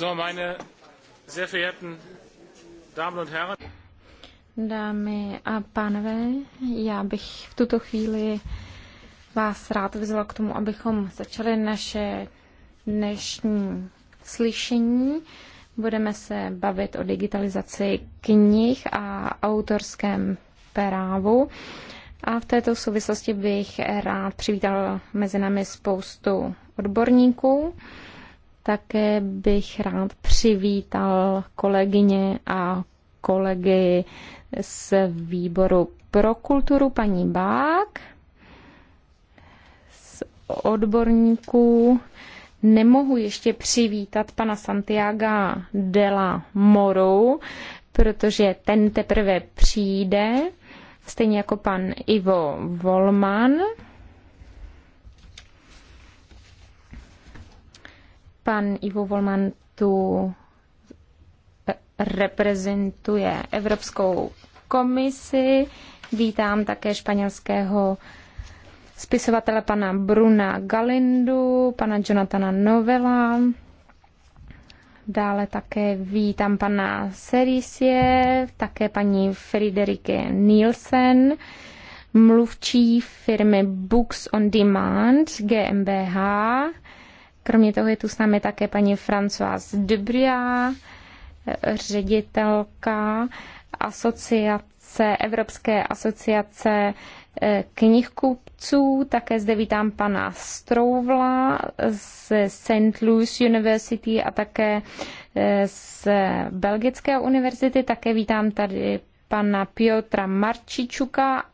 meine sehr verehrten Damen und Herren. Dámy a pánové, já bych v tuto chvíli vás rád vyzvala k tomu, abychom začali naše dnešní slyšení. Budeme se bavit o digitalizaci knih a autorském právu. A v této souvislosti bych rád přivítal mezi námi spoustu odborníků. Také bych rád přivítal kolegyně a kolegy z výboru pro kulturu paní Bák, z odborníků. Nemohu ještě přivítat pana Santiago de la Moru, protože ten teprve přijde, stejně jako pan Ivo Volman. Pan Ivo Volman tu reprezentuje Evropskou komisi. Vítám také španělského spisovatele pana Bruna Galindu, pana Jonathana Novela. Dále také vítám pana Serisie, také paní Friderike Nielsen, mluvčí firmy Books on Demand GmbH, Kromě toho je tu s námi také paní Françoise Dubria, ředitelka asociace, Evropské asociace eh, knihkupců. Také zde vítám pana Strouvla z St. Louis University a také eh, z Belgické univerzity. Také vítám tady pana Piotra Marčičuka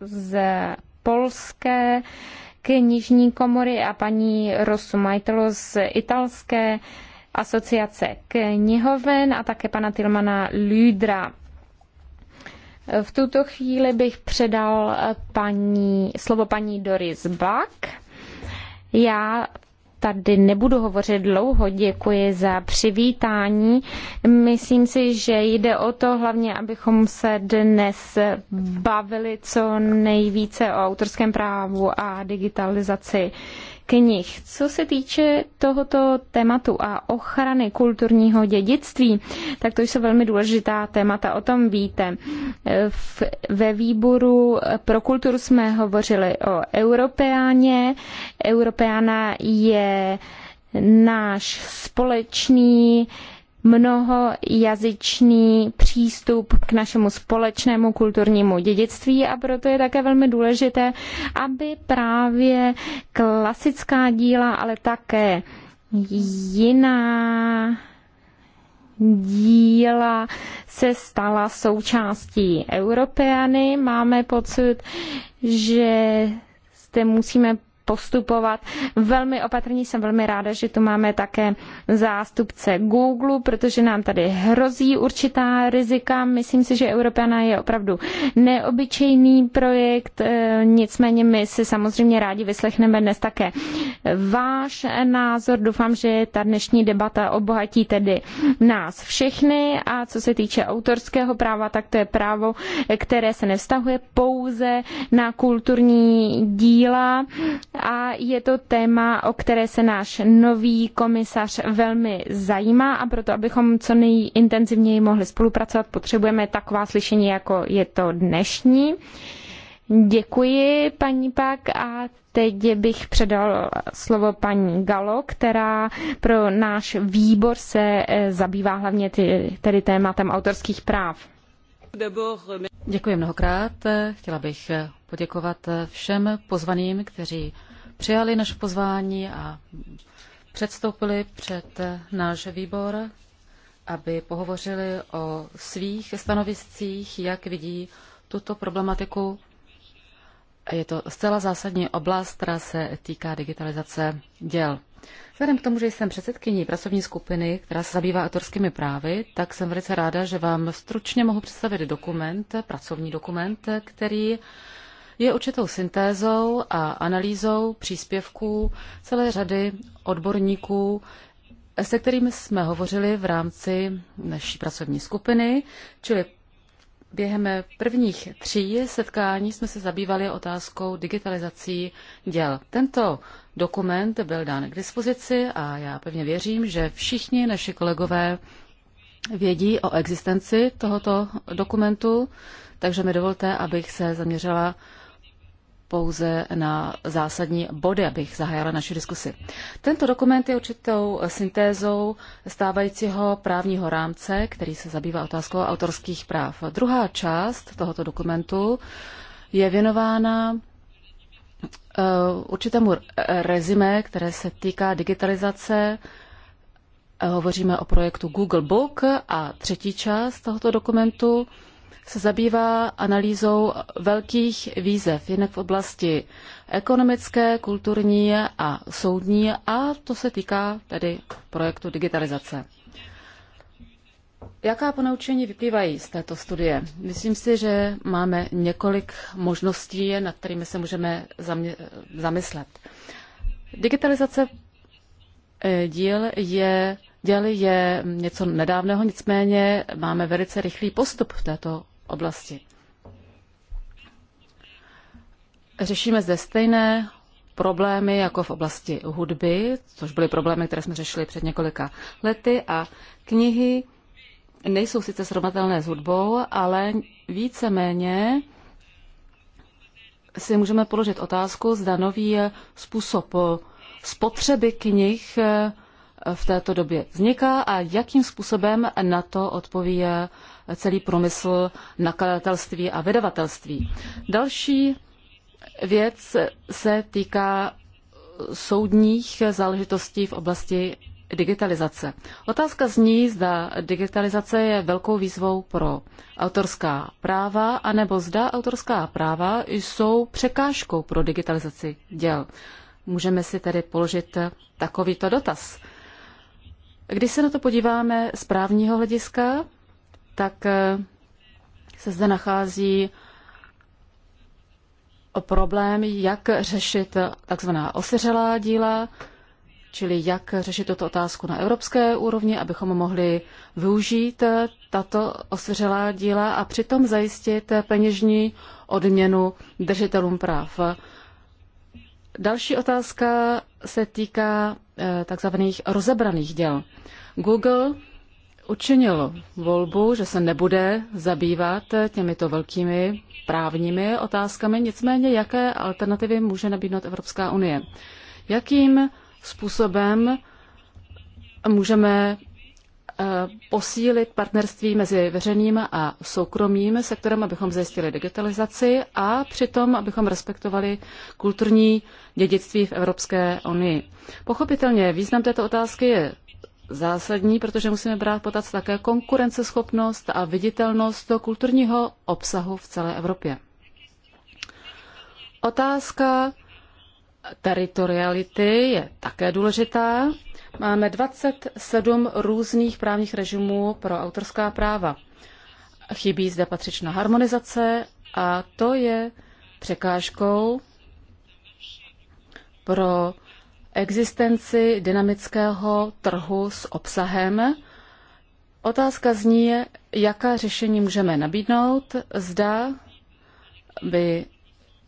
z Polské knižní komory a paní Rosu Majtelo z italské asociace knihoven a také pana Tilmana Lüdra. V tuto chvíli bych předal paní, slovo paní Doris Buck. Já tady nebudu hovořit dlouho, děkuji za přivítání. Myslím si, že jde o to hlavně, abychom se dnes bavili co nejvíce o autorském právu a digitalizaci knih. Co se týče tohoto tématu a ochrany kulturního dědictví, tak to jsou velmi důležitá témata, o tom víte. V, ve výboru pro kulturu jsme hovořili o Europeáně. Europeána je náš společný mnohojazyčný přístup k našemu společnému kulturnímu dědictví a proto je také velmi důležité, aby právě klasická díla, ale také jiná díla se stala součástí Europeany. Máme pocit, že zde musíme postupovat. Velmi opatrně jsem velmi ráda, že tu máme také zástupce Google, protože nám tady hrozí určitá rizika. Myslím si, že Europeana je opravdu neobyčejný projekt, eh, nicméně my si samozřejmě rádi vyslechneme dnes také váš názor. Doufám, že ta dnešní debata obohatí tedy nás všechny a co se týče autorského práva, tak to je právo, které se nevztahuje pouze na kulturní díla, a je to téma, o které se náš nový komisař velmi zajímá a proto, abychom co nejintenzivněji mohli spolupracovat, potřebujeme taková slyšení, jako je to dnešní. Děkuji, paní Pak, a teď bych předal slovo paní Galo, která pro náš výbor se eh, zabývá hlavně tedy tématem autorských práv. Děkuji mnohokrát. Chtěla bych poděkovat všem pozvaným, kteří přijali naše pozvání a předstoupili před náš výbor, aby pohovořili o svých stanoviscích, jak vidí tuto problematiku. Je to zcela zásadní oblast, která se týká digitalizace děl. Vzhledem k tomu, že jsem předsedkyní pracovní skupiny, která se zabývá autorskými právy, tak jsem velice ráda, že vám stručně mohu představit dokument, pracovní dokument, který je určitou syntézou a analýzou příspěvků celé řady odborníků, se kterými jsme hovořili v rámci naší pracovní skupiny, čili během prvních tří setkání jsme se zabývali otázkou digitalizací děl. Tento dokument byl dán k dispozici a já pevně věřím, že všichni naši kolegové vědí o existenci tohoto dokumentu, takže mi dovolte, abych se zaměřila pouze na zásadní body, abych zahájila naši diskusi. Tento dokument je určitou syntézou stávajícího právního rámce, který se zabývá otázkou autorských práv. Druhá část tohoto dokumentu je věnována eh, určitému rezime, které se týká digitalizace. Eh, hovoříme o projektu Google Book a třetí část tohoto dokumentu se zabývá analýzou velkých výzev, jinak v oblasti ekonomické, kulturní a soudní a to se týká tedy projektu digitalizace. Jaká ponaučení vyplývají z této studie? Myslím si, že máme několik možností, nad kterými se můžeme zamyslet. Digitalizace eh, díl je, díl je něco nedávného, nicméně máme velice rychlý postup v této oblasti. Řešíme zde stejné problémy jako v oblasti hudby, což byly problémy, které jsme řešili před několika lety a knihy nejsou sice srovnatelné s hudbou, ale víceméně si můžeme položit otázku, zda nový způsob spotřeby knih v této době vzniká a jakým způsobem na to odpoví celý průmysl nakladatelství a vydavatelství. Další věc se týká soudních záležitostí v oblasti digitalizace. Otázka zní, zda digitalizace je velkou výzvou pro autorská práva, anebo zda autorská práva jsou překážkou pro digitalizaci děl. Můžeme si tedy položit takovýto dotaz. Když se na to podíváme z právního hlediska, tak eh, se zde nachází problém, jak řešit takzvaná osiřelá díla, čili jak řešit tuto otázku na evropské úrovni, abychom mohli využít eh, tato osiřelá díla a přitom zajistit peněžní odměnu držitelům práv. Další otázka se týká eh, takzvaných rozebraných děl. Google učinil volbu, že se nebude zabývat těmito velkými právními otázkami, nicméně jaké alternativy může nabídnout Evropská unie. Jakým způsobem můžeme eh, posílit partnerství mezi veřejným a soukromým sektorem, abychom zajistili digitalizaci a přitom, abychom respektovali kulturní dědictví v Evropské unii. Pochopitelně význam této otázky je zásadní, protože musíme brát potaz také konkurenceschopnost a viditelnost do kulturního obsahu v celé Evropě. Otázka teritoriality je také důležitá. Máme 27 různých právních režimů pro autorská práva. Chybí zde patřičná harmonizace a to je překážkou pro existenci dynamického trhu s obsahem. Otázka zní, jaká řešení můžeme nabídnout. Zda by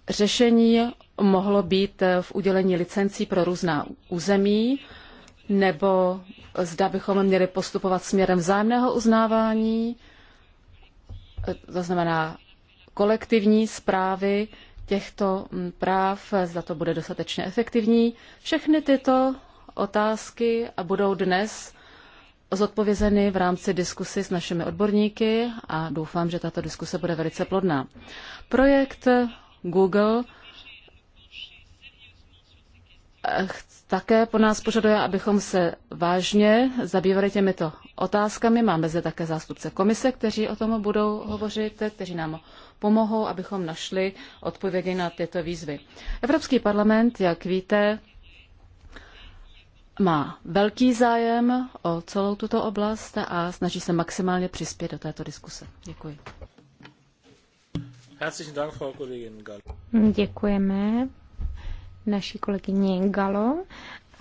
řešení mohlo být v udělení licencí pro různá území, nebo zda bychom měli postupovat směrem vzájemného uznávání, to znamená kolektivní zprávy těchto mm, práv, zda to bude dostatečně efektivní. Všechny tyto otázky a budou dnes zodpovězeny v rámci diskusy s našimi odborníky a doufám, že tato diskuse bude velice plodná. Projekt Google také po nás požaduje, abychom se vážně zabývali těmito otázkami. Máme zde také zástupce komise, kteří o tom budou hovořit, kteří nám pomohou, abychom našli odpovědi na tyto výzvy. Evropský parlament, jak víte, má velký zájem o celou tuto oblast a snaží se maximálně přispět do této diskuse. Děkuji. Děkujeme naší kolegyni Galo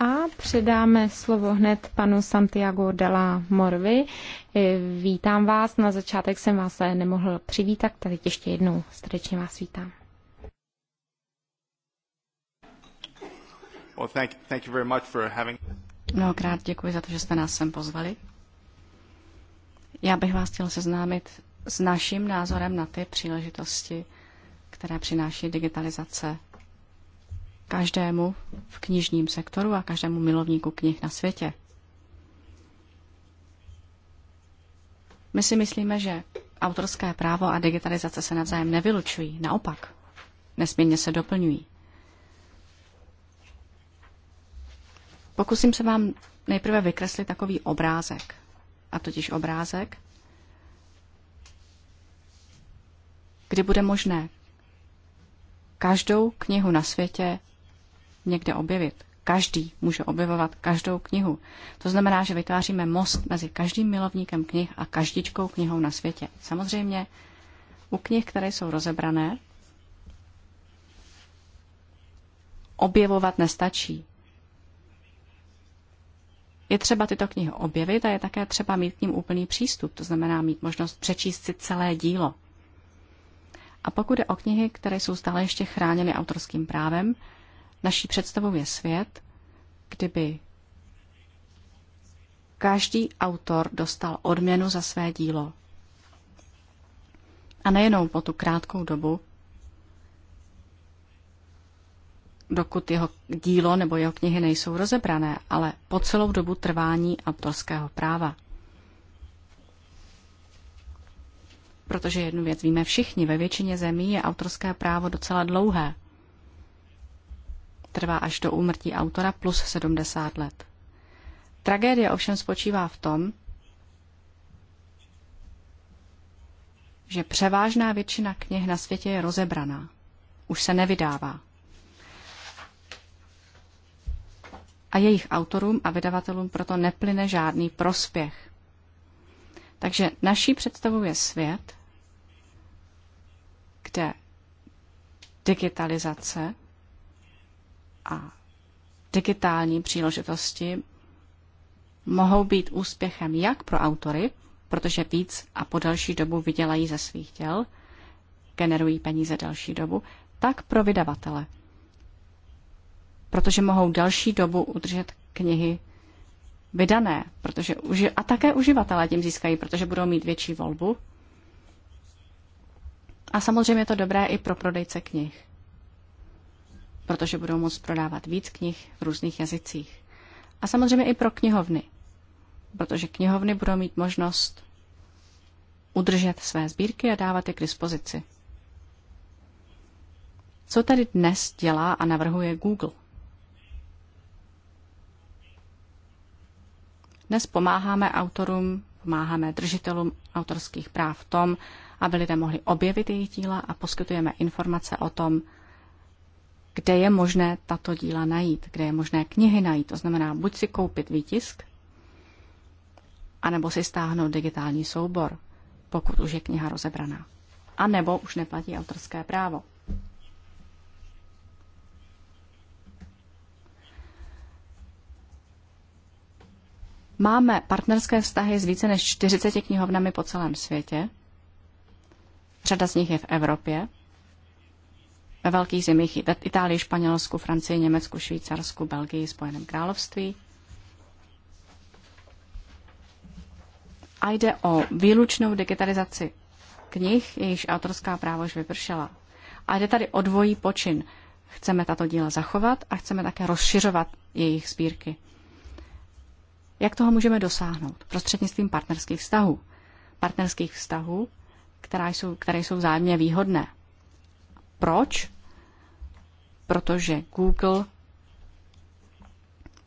a předáme slovo hned panu Santiago de la Morvi. Eh, vítám vás, na začátek jsem vás nemohl přivítat, tady ještě jednou srdečně vás vítám. Well, thank, thank you very much for having... Mnohokrát děkuji za to, že jste nás sem pozvali. Já bych vás chtěl seznámit s naším názorem na ty příležitosti, které přináší digitalizace každému v knižním sektoru a každému milovníku knih na světě. My si myslíme, že autorské právo a digitalizace se navzájem nevylučují, naopak, nesmírně se doplňují. Pokusím se vám nejprve vykreslit takový obrázek, a totiž obrázek, kdy bude možné každou knihu na světě někde objevit. Každý může objevovat každou knihu. To znamená, že vytváříme most mezi každým milovníkem knih a každičkou knihou na světě. Samozřejmě u knih, které jsou rozebrané, objevovat nestačí. Je třeba tyto knihy objevit a je také třeba mít k ním úplný přístup, to znamená mít možnost přečíst si celé dílo. A pokud je o knihy, které jsou stále ještě chráněny autorským právem, Naší představou je svět, kdyby každý autor dostal odměnu za své dílo. A nejenom po tu krátkou dobu, dokud jeho dílo nebo jeho knihy nejsou rozebrané, ale po celou dobu trvání autorského práva. Protože jednu věc víme všichni, ve většině zemí je autorské právo docela dlouhé – trvá až do úmrtí autora plus 70 let. Tragédie ovšem spočívá v tom, že převážná většina knih na světě je rozebraná. Už se nevydává. A jejich autorům a vydavatelům proto neplyne žádný prospěch. Takže naší představou je svět, kde digitalizace a digitální příležitosti mohou být úspěchem jak pro autory, protože víc a po další dobu vydělají ze svých děl, generují peníze další dobu, tak pro vydavatele, protože mohou další dobu udržet knihy vydané, protože uži- a také uživatelé tím získají, protože budou mít větší volbu. A samozřejmě je to dobré i pro prodejce knih protože budou moct prodávat víc knih v různých jazycích. A samozřejmě i pro knihovny, protože knihovny budou mít možnost udržet své sbírky a dávat je k dispozici. Co tady dnes dělá a navrhuje Google? Dnes pomáháme autorům, pomáháme držitelům autorských práv v tom, aby lidé mohli objevit jejich díla a poskytujeme informace o tom, kde je možné tato díla najít, kde je možné knihy najít. To znamená, buď si koupit výtisk, anebo si stáhnout digitální soubor, pokud už je kniha rozebraná. A nebo už neplatí autorské právo. Máme partnerské vztahy s více než 40 knihovnami po celém světě. Řada z nich je v Evropě ve velkých zemích Itálii, Španělsku, Francii, Německu, Švýcarsku, Belgii, Spojeném království. A jde o výlučnou digitalizaci knih, jejichž autorská práva už vypršela. A jde tady o dvojí počin. Chceme tato díla zachovat a chceme také rozšiřovat jejich sbírky. Jak toho můžeme dosáhnout? Prostřednictvím partnerských vztahů. Partnerských vztahů, které jsou, které jsou vzájemně výhodné. Proč? protože Google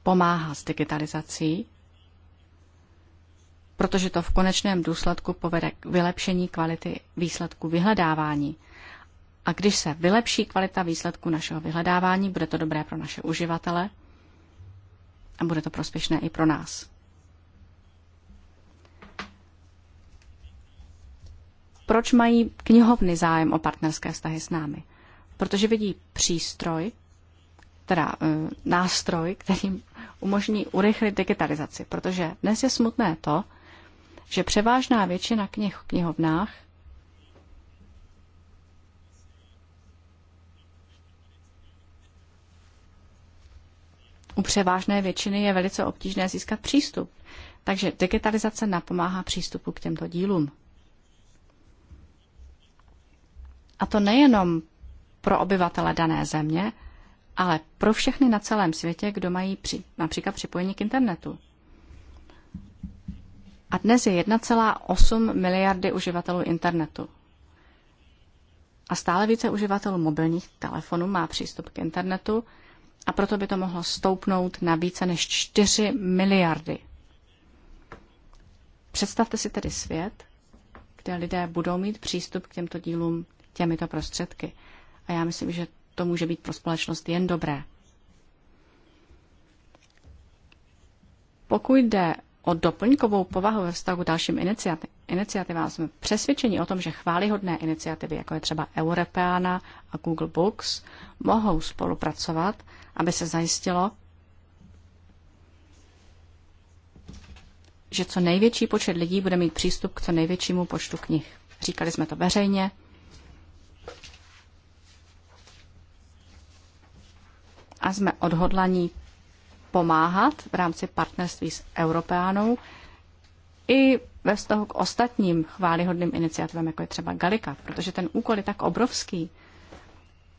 pomáhá s digitalizací, protože to v konečném důsledku povede k vylepšení kvality výsledku vyhledávání. A když se vylepší kvalita výsledku našeho vyhledávání, bude to dobré pro naše uživatele a bude to prospěšné i pro nás. Proč mají knihovny zájem o partnerské vztahy s námi? protože vidí přístroj, teda eh, nástroj, který umožní urychlit digitalizaci. Protože dnes je smutné to, že převážná většina knih v knihovnách u převážné většiny je velice obtížné získat přístup. Takže digitalizace napomáhá přístupu k těmto dílům. A to nejenom pro obyvatele dané země, ale pro všechny na celém světě, kdo mají při, například připojení k internetu. A dnes je 1,8 miliardy uživatelů internetu. A stále více uživatelů mobilních telefonů má přístup k internetu a proto by to mohlo stoupnout na více než 4 miliardy. Představte si tedy svět, kde lidé budou mít přístup k těmto dílům těmito prostředky a já myslím, že to může být pro společnost jen dobré. Pokud jde o doplňkovou povahu ve vztahu k dalším iniciativám, jsme přesvědčeni o tom, že chválihodné iniciativy, jako je třeba Europeana a Google Books, mohou spolupracovat, aby se zajistilo, že co největší počet lidí bude mít přístup k co největšímu počtu knih. Říkali jsme to veřejně a jsme odhodlaní pomáhat v rámci partnerství s Europeánou i ve vztahu k ostatním chválihodným iniciativám, jako je třeba Galika, protože ten úkol je tak obrovský,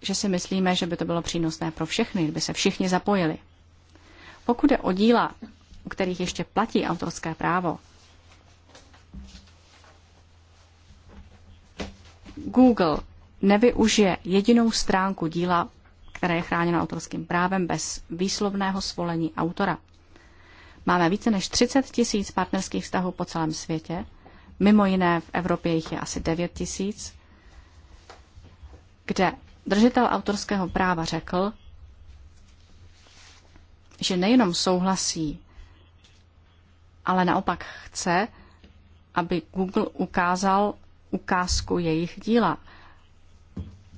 že si myslíme, že by to bylo přínosné pro všechny, kdyby se všichni zapojili. Pokud je o díla, u kterých ještě platí autorské právo, Google nevyužije jedinou stránku díla které je chráněno autorským právem bez výslovného svolení autora. Máme více než 30 tisíc partnerských vztahů po celém světě, mimo jiné v Evropě jich je asi 9 tisíc, kde držitel autorského práva řekl, že nejenom souhlasí, ale naopak chce, aby Google ukázal ukázku jejich díla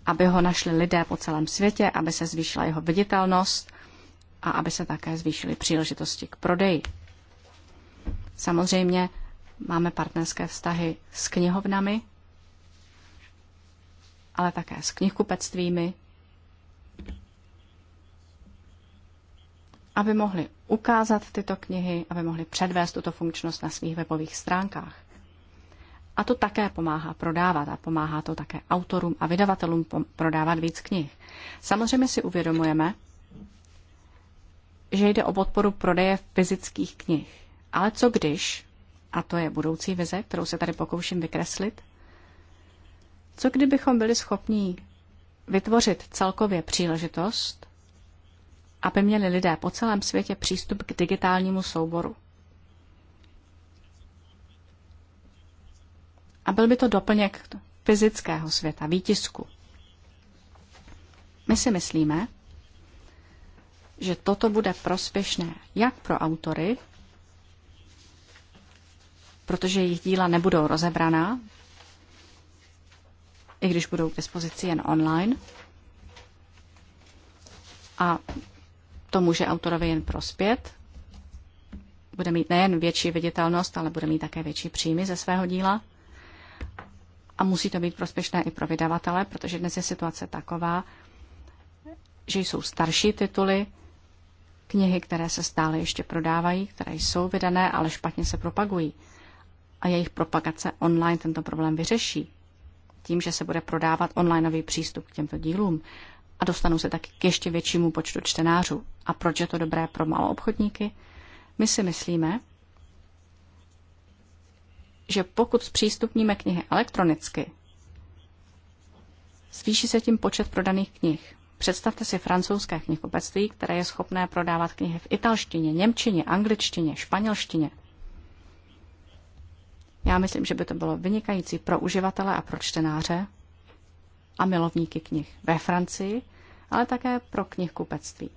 aby ho našli lidé po celém světě, aby se zvýšila jeho viditelnost a aby se také zvýšily příležitosti k prodeji. Samozřejmě máme partnerské vztahy s knihovnami, ale také s knihkupectvími, aby mohli ukázat tyto knihy, aby mohli předvést tuto funkčnost na svých webových stránkách. A to také pomáhá prodávat a pomáhá to také autorům a vydavatelům prodávat víc knih. Samozřejmě si uvědomujeme, že jde o podporu prodeje fyzických knih. Ale co když, a to je budoucí vize, kterou se tady pokouším vykreslit, co kdybychom byli schopni vytvořit celkově příležitost, aby měli lidé po celém světě přístup k digitálnímu souboru? A byl by to doplněk fyzického světa, výtisku. My si myslíme, že toto bude prospěšné jak pro autory, protože jejich díla nebudou rozebraná, i když budou k dispozici jen online. A to může autorovi jen prospět. Bude mít nejen větší viditelnost, ale bude mít také větší příjmy ze svého díla. A musí to být prospěšné i pro vydavatele, protože dnes je situace taková, že jsou starší tituly, knihy, které se stále ještě prodávají, které jsou vydané, ale špatně se propagují. A jejich propagace online tento problém vyřeší. Tím, že se bude prodávat onlineový přístup k těmto dílům a dostanou se taky k ještě většímu počtu čtenářů. A proč je to dobré pro maloobchodníky? My si myslíme, že pokud zpřístupníme knihy elektronicky, zvýší se tím počet prodaných knih. Představte si francouzské knihkupectví, které je schopné prodávat knihy v italštině, němčině, angličtině, španělštině. Já myslím, že by to bylo vynikající pro uživatele a pro čtenáře a milovníky knih ve Francii, ale také pro knihkupectví,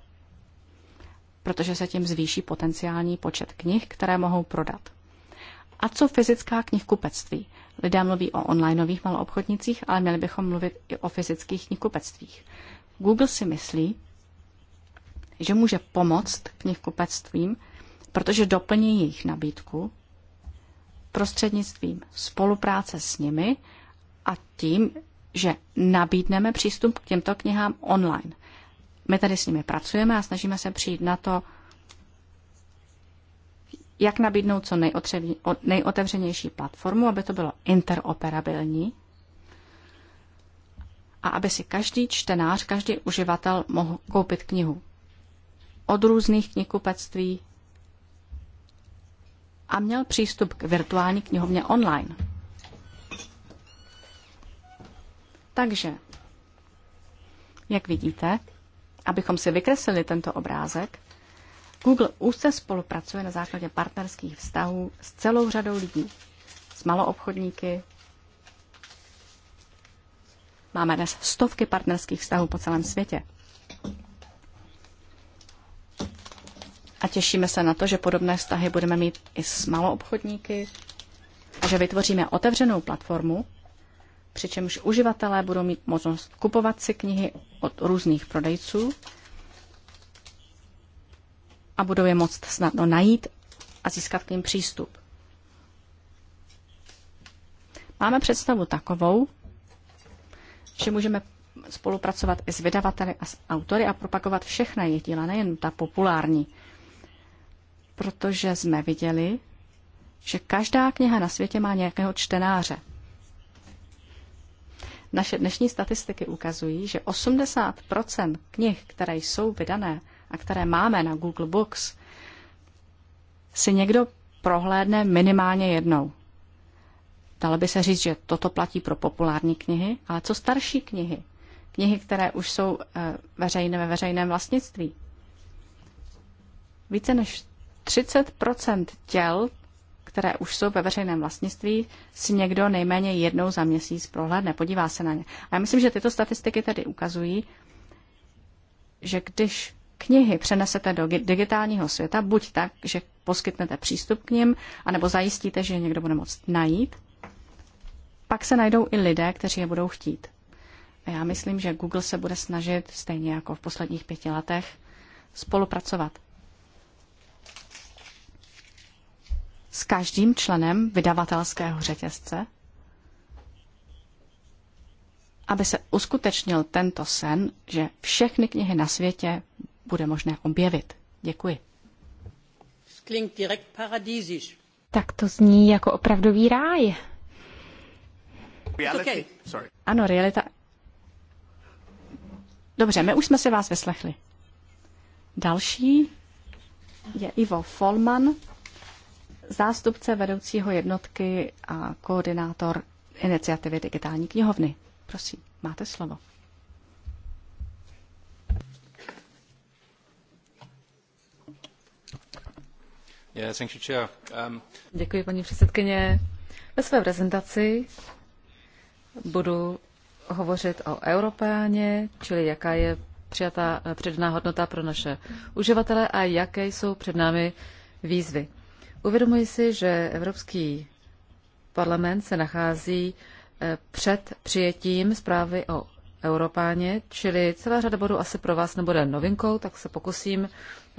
protože se tím zvýší potenciální počet knih, které mohou prodat. A co fyzická knihkupectví? Lidé mluví o onlineových maloobchodnicích, ale měli bychom mluvit i o fyzických knihkupectvích. Google si myslí, že může pomoct knihkupectvím, protože doplní jejich nabídku prostřednictvím spolupráce s nimi a tím, že nabídneme přístup k těmto knihám online. My tady s nimi pracujeme a snažíme se přijít na to, jak nabídnout co nejotevřenější platformu, aby to bylo interoperabilní a aby si každý čtenář, každý uživatel mohl koupit knihu od různých knihkupectví a měl přístup k virtuální knihovně online. Takže, jak vidíte, abychom si vykreslili tento obrázek, Google úzce spolupracuje na základě partnerských vztahů s celou řadou lidí, s maloobchodníky. Máme dnes stovky partnerských vztahů po celém světě. A těšíme se na to, že podobné vztahy budeme mít i s maloobchodníky a že vytvoříme otevřenou platformu, přičemž uživatelé budou mít možnost kupovat si knihy od různých prodejců a budou je moct snadno najít a získat k ním přístup. Máme představu takovou, že můžeme spolupracovat i s vydavateli a s autory a propagovat všechna jejich díla, nejen ta populární. Protože jsme viděli, že každá kniha na světě má nějakého čtenáře. Naše dnešní statistiky ukazují, že 80 knih, které jsou vydané, a které máme na Google Books, si někdo prohlédne minimálně jednou. Dalo by se říct, že toto platí pro populární knihy, ale co starší knihy? Knihy, které už jsou eh, veřejné ve veřejném vlastnictví. Více než 30 těl, které už jsou ve veřejném vlastnictví, si někdo nejméně jednou za měsíc prohlédne, podívá se na ně. A já myslím, že tyto statistiky tedy ukazují, že když knihy přenesete do digitálního světa, buď tak, že poskytnete přístup k ním, anebo zajistíte, že je někdo bude moct najít, pak se najdou i lidé, kteří je budou chtít. A já myslím, že Google se bude snažit, stejně jako v posledních pěti letech, spolupracovat s každým členem vydavatelského řetězce, aby se uskutečnil tento sen, že všechny knihy na světě bude možné objevit. Děkuji. Tak to zní jako opravdový ráj. Ano, realita. Dobře, my už jsme si vás vyslechli. Další je Ivo Folman, zástupce vedoucího jednotky a koordinátor iniciativy Digitální knihovny. Prosím, máte slovo. Um, Děkuji, paní předsedkyně. Ve své prezentaci budu hovořit o europeaně čili jaká je přijatá eh, přidaná hodnota pro naše uživatele a jaké jsou před námi výzvy. Uvědomuji si, že Evropský parlament se nachází eh, před přijetím zprávy o Europáně, čili celá řada bodů asi pro vás nebude novinkou, tak se pokusím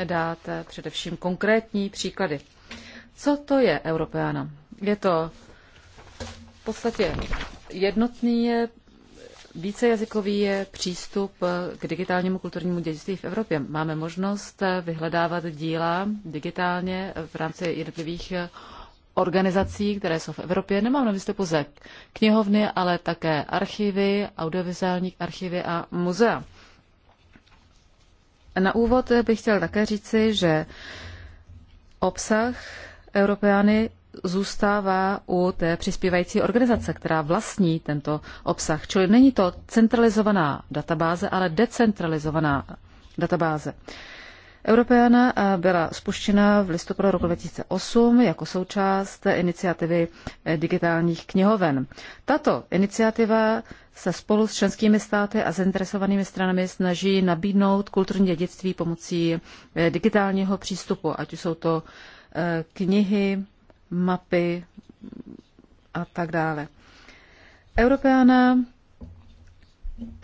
dát eh, především konkrétní příklady. Co to je Europeana? Je to v podstatě jednotný vícejazykový přístup eh, k digitálnímu kulturnímu dědictví v Evropě. Máme možnost eh, vyhledávat díla digitálně v rámci jednotlivých organizací, které jsou v Evropě. Nemám na mysli pouze knihovny, ale také archivy, audiovizuální archivy a muzea. Na úvod bych chtěl také říci, že obsah Europeány zůstává u té přispívající organizace, která vlastní tento obsah. Čili není to centralizovaná databáze, ale decentralizovaná databáze. Europeana byla spuštěna v listopadu roku 2008 jako součást iniciativy eh, digitálních knihoven. Tato iniciativa se spolu s členskými státy a zainteresovanými stranami snaží nabídnout kulturní dědictví pomocí eh, digitálního přístupu, ať už jsou to eh, knihy, mapy a tak dále. Europeana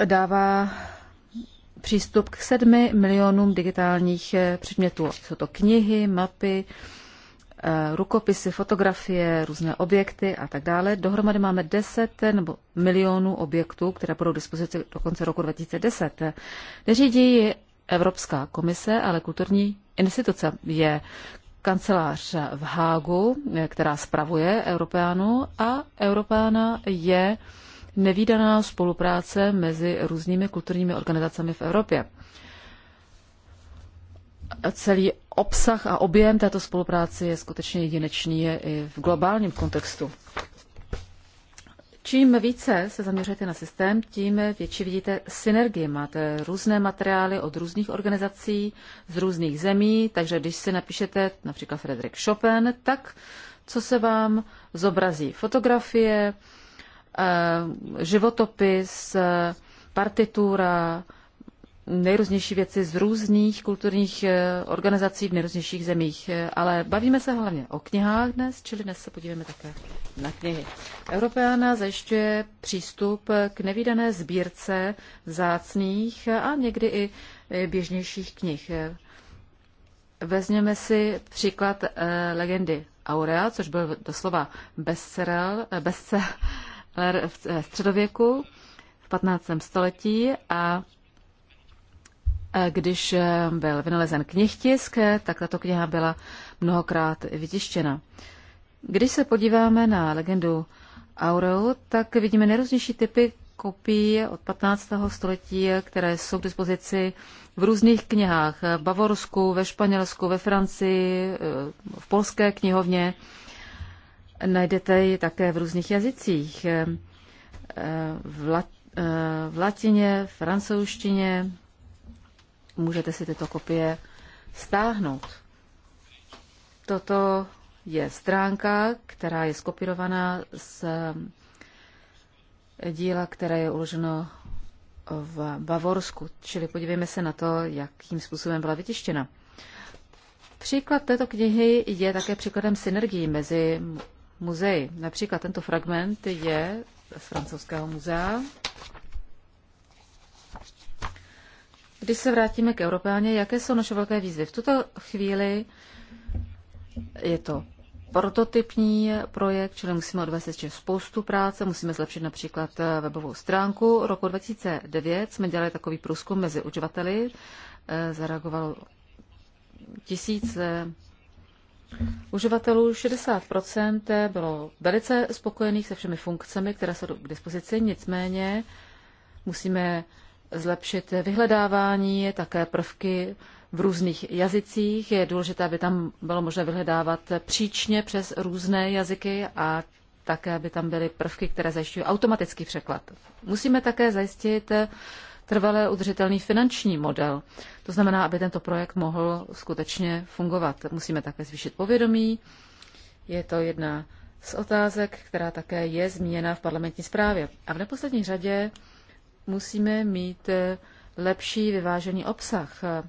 dává přístup k sedmi milionům digitálních eh, předmětů. Jsou to knihy, mapy, eh, rukopisy, fotografie, různé objekty a tak dále. Dohromady máme 10 eh, nebo milionů objektů, které budou k dispozici do konce roku 2010. Neřídí je Evropská komise, ale kulturní instituce je kancelář v Hágu, která spravuje Europeánu a Evropána je nevýdaná spolupráce mezi různými kulturními organizacemi v Evropě. Celý obsah a objem této spolupráce je skutečně jedinečný je i v globálním kontextu. Čím více se zaměřujete na systém, tím větší vidíte synergie. Máte různé materiály od různých organizací z různých zemí, takže když si napíšete například Frederick Chopin, tak co se vám zobrazí? Fotografie, Eh, životopis, eh, partitura, nejrůznější věci z různých kulturních eh, organizací v nejrůznějších zemích. Ale bavíme se hlavně o knihách dnes, čili dnes se podíváme také na knihy. Europeana zajišťuje přístup k nevýdané sbírce zácných a někdy i běžnějších knih. Vezměme si příklad legendy Aurea, což byl doslova bestseller, bestseller Eh, v středověku v 15. století a eh, když eh, byl vynalezen knihtisk, tak tato kniha byla mnohokrát vytištěna. Když se podíváme na legendu Aureu, tak vidíme nejrůznější typy kopií od 15. století, které jsou k dispozici v různých knihách. V Bavorsku, ve Španělsku, ve Francii, v polské knihovně. Najdete ji také v různých jazycích. Eh, v, lat, eh, v latině, francouzštině. Můžete si tyto kopie stáhnout. Toto je stránka, která je skopirovaná z díla, které je uloženo v Bavorsku. Čili podívejme se na to, jakým způsobem byla vytištěna. Příklad této knihy je také příkladem synergii mezi muzeji. Například tento fragment je z francouzského muzea. Když se vrátíme k Evropáně, jaké jsou naše velké výzvy? V tuto chvíli je to prototypní projekt, čili musíme odvést ještě spoustu práce, musíme zlepšit například eh, webovou stránku. Roku 2009 jsme dělali takový průzkum mezi uživateli, eh, zareagovalo tisíce uživatelů, 60 bylo velice spokojených se všemi funkcemi, které jsou k dispozici, nicméně musíme zlepšit vyhledávání, také prvky v různých jazycích. Je důležité, aby tam bylo možné vyhledávat příčně přes různé jazyky a také, aby tam byly prvky, které zajišťují automatický překlad. Musíme také zajistit trvalé udržitelný finanční model. To znamená, aby tento projekt mohl skutečně fungovat. Musíme také zvýšit povědomí. Je to jedna z otázek, která také je zmíněna v parlamentní zprávě. A v neposlední řadě musíme mít lepší vyvážený obsah, eh,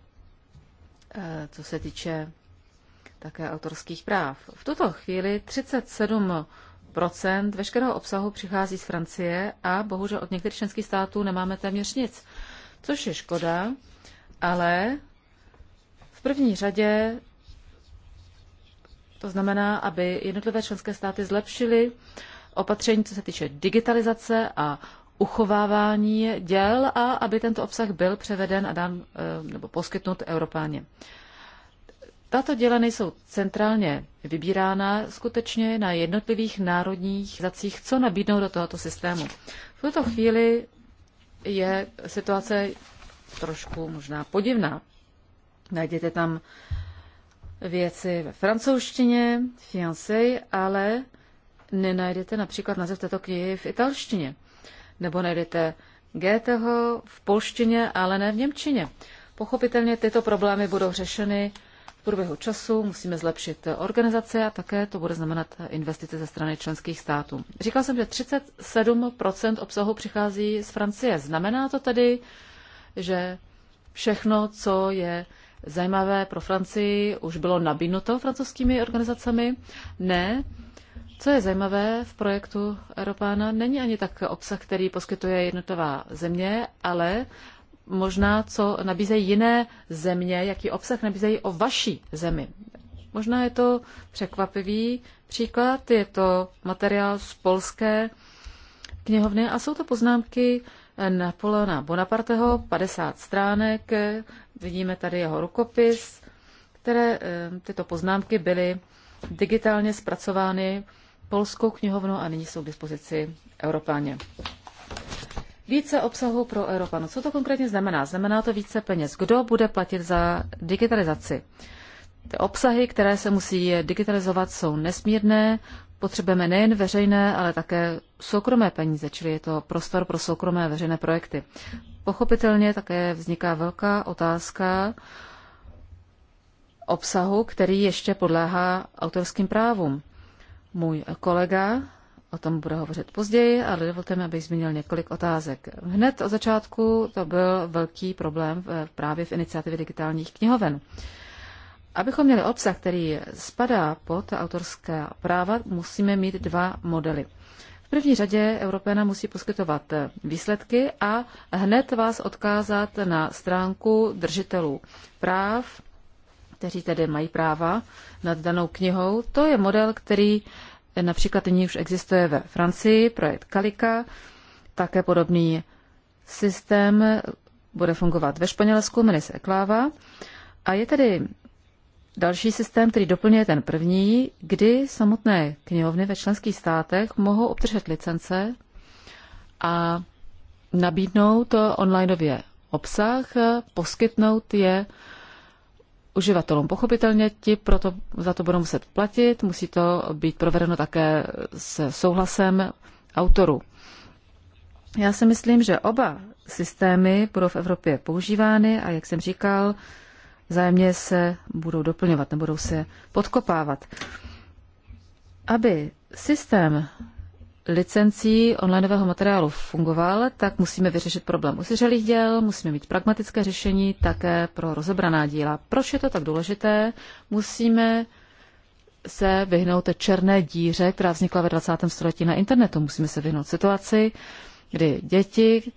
co se týče také autorských práv. V tuto chvíli 37 procent veškerého obsahu přichází z Francie a bohužel od některých členských států nemáme téměř nic, což je škoda, ale v první řadě to znamená, aby jednotlivé členské státy zlepšily opatření, co se týče digitalizace a uchovávání děl a aby tento obsah byl převeden a dán eh, nebo poskytnut Europáně. Tato děla nejsou centrálně vybírána skutečně na jednotlivých národních zacích, co nabídnou do tohoto systému. V tuto chvíli je situace trošku možná podivná. Najdete tam věci ve francouzštině, fiancé, ale nenajdete například název této knihy v italštině. Nebo najdete Goetheho v polštině, ale ne v němčině. Pochopitelně tyto problémy budou řešeny průběhu času musíme zlepšit organizace a také to bude znamenat investice ze strany členských států. Říkal jsem, že 37 obsahu přichází z Francie. Znamená to tedy, že všechno, co je zajímavé pro Francii, už bylo nabídnuto francouzskými organizacemi? Ne. Co je zajímavé v projektu Europána, není ani tak obsah, který poskytuje jednotová země, ale možná, co nabízejí jiné země, jaký obsah nabízejí o vaší zemi. Možná je to překvapivý příklad, je to materiál z polské knihovny a jsou to poznámky Napoleona Bonaparteho, 50 stránek, vidíme tady jeho rukopis, které eh, tyto poznámky byly digitálně zpracovány polskou knihovnou a nyní jsou k dispozici Europáně. Více obsahu pro Europanu. Co to konkrétně znamená? Znamená to více peněz. Kdo bude platit za digitalizaci? Ty obsahy, které se musí digitalizovat, jsou nesmírné. Potřebujeme nejen veřejné, ale také soukromé peníze, čili je to prostor pro soukromé veřejné projekty. Pochopitelně také vzniká velká otázka obsahu, který ještě podléhá autorským právům. Můj kolega O tom budu hovořit později, ale dovolte mi, abych zmínil několik otázek. Hned od začátku to byl velký problém právě v iniciativě digitálních knihoven. Abychom měli obsah, který spadá pod autorská práva, musíme mít dva modely. V první řadě Evropéna musí poskytovat výsledky a hned vás odkázat na stránku držitelů práv, kteří tedy mají práva nad danou knihou. To je model, který Například nyní už existuje ve Francii projekt Kalika, také podobný systém bude fungovat ve Španělsku, jmenuje se Ekláva. A je tady další systém, který doplňuje ten první, kdy samotné knihovny ve členských státech mohou obdržet licence a nabídnout onlineově obsah, poskytnout je uživatelům. Pochopitelně ti proto, za to budou muset platit, musí to být provedeno také se souhlasem autorů. Já si myslím, že oba systémy budou v Evropě používány a jak jsem říkal, zájemně se budou doplňovat, nebudou se podkopávat. Aby systém licencí onlineového materiálu fungoval, tak musíme vyřešit problém usiřelých děl, musíme mít pragmatické řešení také pro rozebraná díla. Proč je to tak důležité? Musíme se vyhnout černé díře, která vznikla ve 20. století na internetu. Musíme se vyhnout situaci, kdy děti,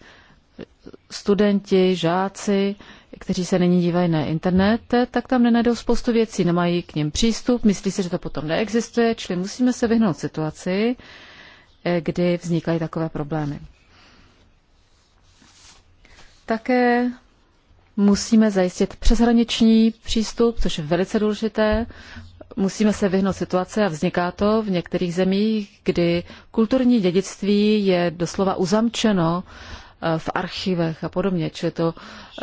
studenti, žáci, kteří se nyní dívají na internet, tak tam nenajdou spoustu věcí, nemají k ním přístup, myslí si, že to potom neexistuje, čili musíme se vyhnout situaci, kdy vznikají takové problémy. Také musíme zajistit přeshraniční přístup, což je velice důležité. Musíme se vyhnout situace a vzniká to v některých zemích, kdy kulturní dědictví je doslova uzamčeno eh, v archivech a podobně, čili to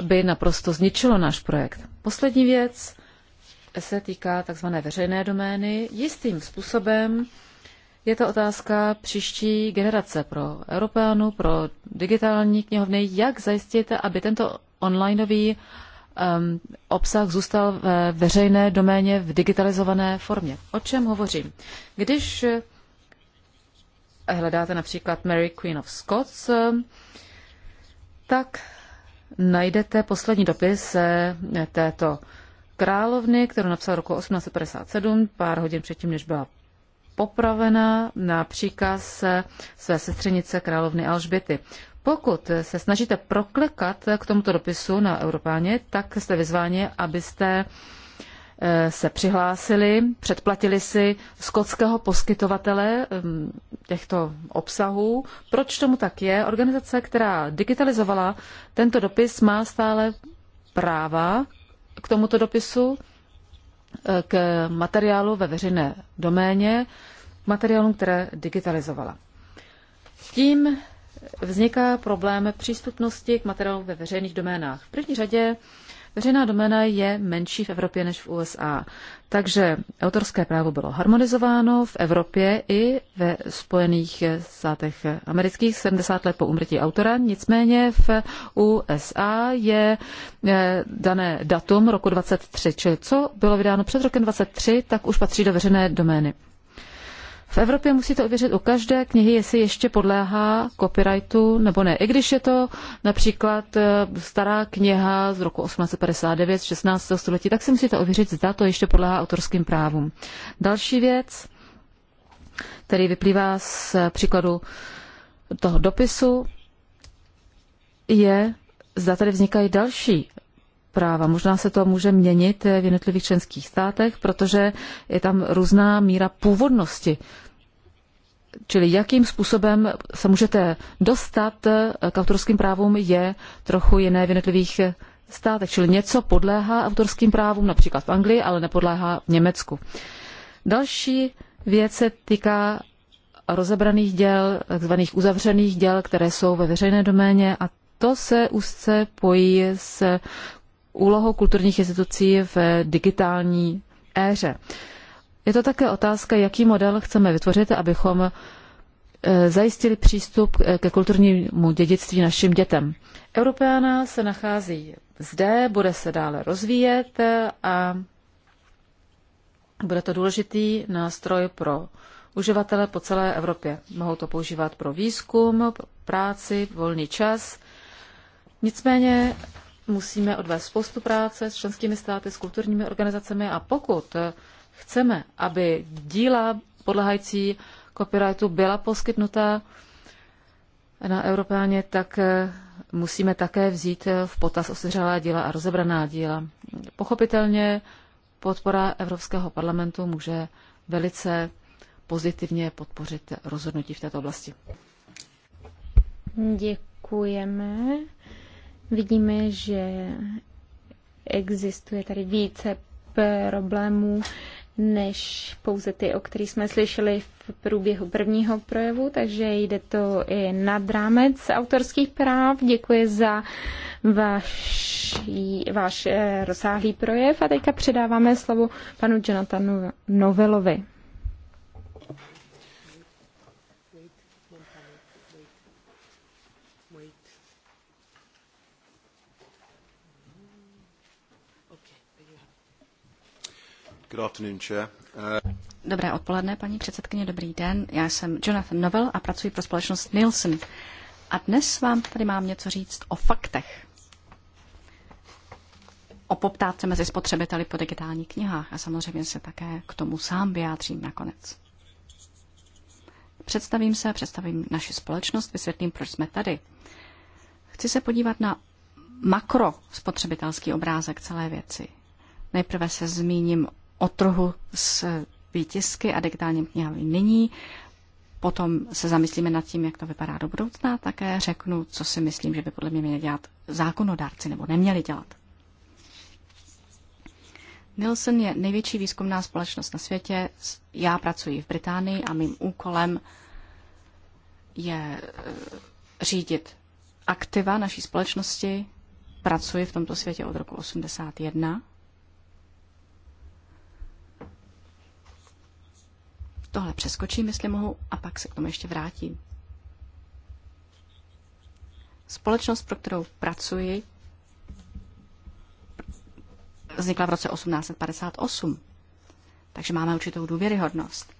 by naprosto zničilo náš projekt. Poslední věc se týká tzv. veřejné domény. Jistým způsobem je to otázka příští generace pro Europeanu, pro digitální knihovny, jak zajistit, aby tento onlineový um, obsah zůstal ve veřejné doméně v digitalizované formě. O čem hovořím? Když eh, hledáte například Mary Queen of Scots, tak najdete poslední dopis eh, této královny, kterou napsal roku 1857, pár hodin předtím, než byla popravena na příkaz své sestřenice královny Alžběty. Pokud se snažíte proklekat k tomuto dopisu na Europáně, tak jste vyzváni, abyste eh, se přihlásili, předplatili si skotského poskytovatele ehm, těchto obsahů. Proč tomu tak je? Organizace, která digitalizovala tento dopis, má stále práva k tomuto dopisu k materiálu ve veřejné doméně, k materiálům, které digitalizovala. Tím vzniká problém přístupnosti k materiálu ve veřejných doménách. V první řadě Veřejná doména je menší v Evropě než v USA. Takže autorské právo bylo harmonizováno v Evropě i ve Spojených státech amerických 70 let po umrtí autora. Nicméně v USA je eh, dané datum roku 23, čili co bylo vydáno před rokem 23, tak už patří do veřejné domény. V Evropě musíte ověřit u každé knihy, jestli ještě podléhá copyrightu nebo ne. I když je to například eh, stará kniha z roku 1859, 16. století, tak si musíte ověřit, zda to ještě podléhá autorským právům. Další věc, který vyplývá z příkladu toho dopisu, je, zda tady vznikají další práva. Možná se to může měnit v jednotlivých členských státech, protože je tam různá míra původnosti. Čili jakým způsobem se můžete dostat k autorským právům je trochu jiné v jednotlivých státech. Čili něco podléhá autorským právům, například v Anglii, ale nepodléhá v Německu. Další věc se týká rozebraných děl, takzvaných uzavřených děl, které jsou ve veřejné doméně a to se úzce pojí s úlohou kulturních institucí v digitální éře. Je to také otázka, jaký model chceme vytvořit, abychom e, zajistili přístup ke kulturnímu dědictví našim dětem. Europeana se nachází zde, bude se dále rozvíjet a bude to důležitý nástroj pro uživatele po celé Evropě. Mohou to používat pro výzkum, pro práci, volný čas. Nicméně musíme odvést spoustu práce s členskými státy, s kulturními organizacemi a pokud chceme, aby díla podlehající copyrightu byla poskytnuta na Evropáně, tak eh, musíme také vzít eh, v potaz osiřelá díla a rozebraná díla. Pochopitelně podpora Evropského parlamentu může velice pozitivně podpořit rozhodnutí v této oblasti. Děkujeme. Vidíme, že existuje tady více problémů než pouze ty, o kterých jsme slyšeli v průběhu prvního projevu, takže jde to i nad rámec autorských práv. Děkuji za váš, váš eh, rozsáhlý projev a teďka předáváme slovo panu Jonathanu Novelovi. Uh, Dobré odpoledne, paní předsedkyně, dobrý den. Já jsem Jonathan Novel a pracuji pro společnost Nielsen. A dnes vám tady mám něco říct o faktech. O poptávce mezi spotřebiteli po digitálních knihách a samozřejmě se také k tomu sám vyjádřím nakonec. Představím se, představím naši společnost, vysvětlím, proč jsme tady. Chci se podívat na makro spotřebitelský obrázek celé věci. Nejprve se zmíním o trhu s výtisky a digitálním knihami nyní. Potom se zamyslíme nad tím, jak to vypadá do budoucna. Také řeknu, co si myslím, že by podle mě měli dělat zákonodárci nebo neměli dělat. Nielsen je největší výzkumná společnost na světě. Já pracuji v Británii a mým úkolem je eh, řídit aktiva naší společnosti. Pracuji v tomto světě od roku 81 Tohle přeskočím, jestli mohu, a pak se k tomu ještě vrátím. Společnost, pro kterou pracuji, vznikla v roce 1858, takže máme určitou důvěryhodnost.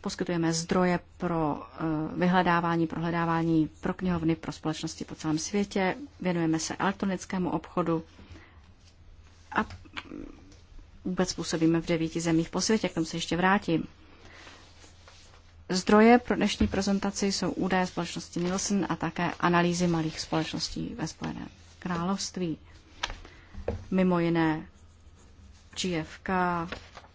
Poskytujeme zdroje pro eh, vyhledávání, prohledávání pro knihovny, pro společnosti po celém světě, věnujeme se elektronickému obchodu a vůbec působíme v devíti zemích po světě, k tomu se ještě vrátím. Zdroje pro dnešní prezentaci jsou údaje společnosti Nielsen a také analýzy malých společností ve Spojeném království. Mimo jiné GFK,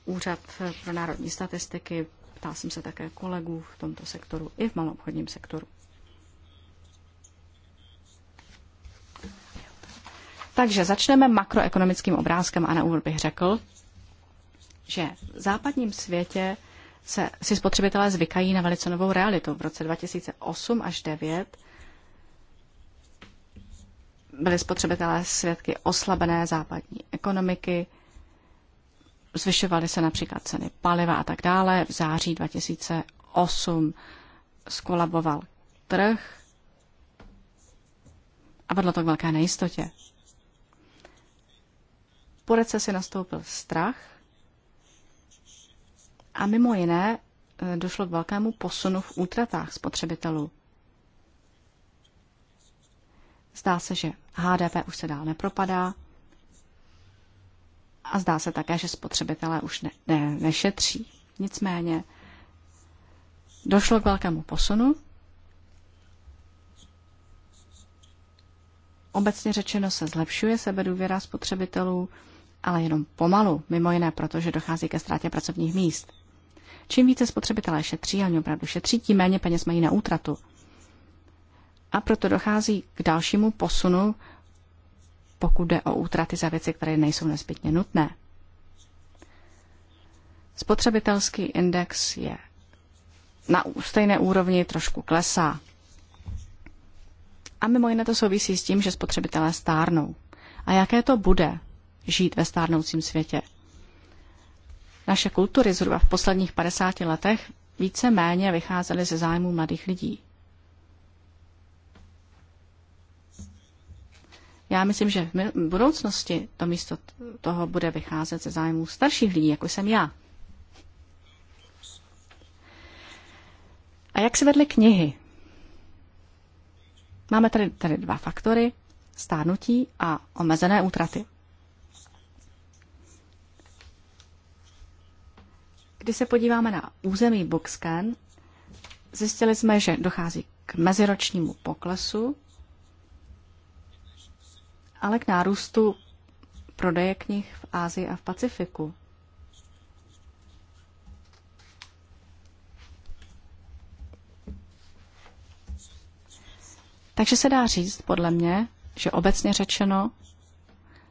Úřad pro národní statistiky, ptá jsem se také kolegů v tomto sektoru i v malobchodním sektoru. Takže začneme makroekonomickým obrázkem a na úvod bych řekl, že v západním světě se, si spotřebitelé zvykají na velice novou realitu. V roce 2008 až 2009 byli spotřebitelé svědky oslabené západní ekonomiky, zvyšovaly se například ceny paliva a tak dále. V září 2008 skolaboval trh a vedlo to k velké nejistotě. Po recesi nastoupil strach a mimo jiné e, došlo k velkému posunu v útratách spotřebitelů. Zdá se, že HDP už se dál nepropadá a zdá se také, že spotřebitelé už ne, ne, nešetří. Nicméně došlo k velkému posunu. Obecně řečeno se zlepšuje sebedůvěra spotřebitelů, ale jenom pomalu, mimo jiné proto, že dochází ke ztrátě pracovních míst. Čím více spotřebitelé šetří, a oni opravdu šetří, tím méně peněz mají na útratu. A proto dochází k dalšímu posunu, pokud jde o útraty za věci, které nejsou nezbytně nutné. Spotřebitelský index je na stejné úrovni trošku klesá. A mimo jiné to souvisí s tím, že spotřebitelé stárnou. A jaké to bude žít ve stárnoucím světě? Naše kultury zhruba v posledních 50 letech více méně vycházely ze zájmu mladých lidí. Já myslím, že v budoucnosti to místo toho bude vycházet ze zájmu starších lidí, jako jsem já. A jak se vedly knihy? Máme tady, tady dva faktory, stárnutí a omezené útraty. Když se podíváme na území Buxken, zjistili jsme, že dochází k meziročnímu poklesu, ale k nárůstu prodeje knih v Ázii a v Pacifiku. Takže se dá říct, podle mě, že obecně řečeno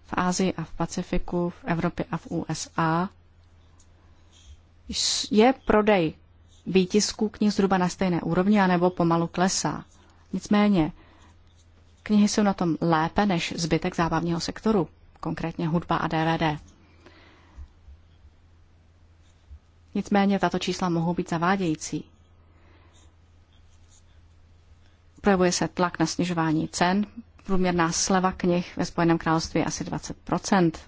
v Ázii a v Pacifiku, v Evropě a v USA je prodej výtisků knih zhruba na stejné úrovni, anebo pomalu klesá. Nicméně knihy jsou na tom lépe než zbytek zábavního sektoru, konkrétně hudba a DVD. Nicméně tato čísla mohou být zavádějící. Projevuje se tlak na snižování cen, průměrná sleva knih ve Spojeném království je asi 20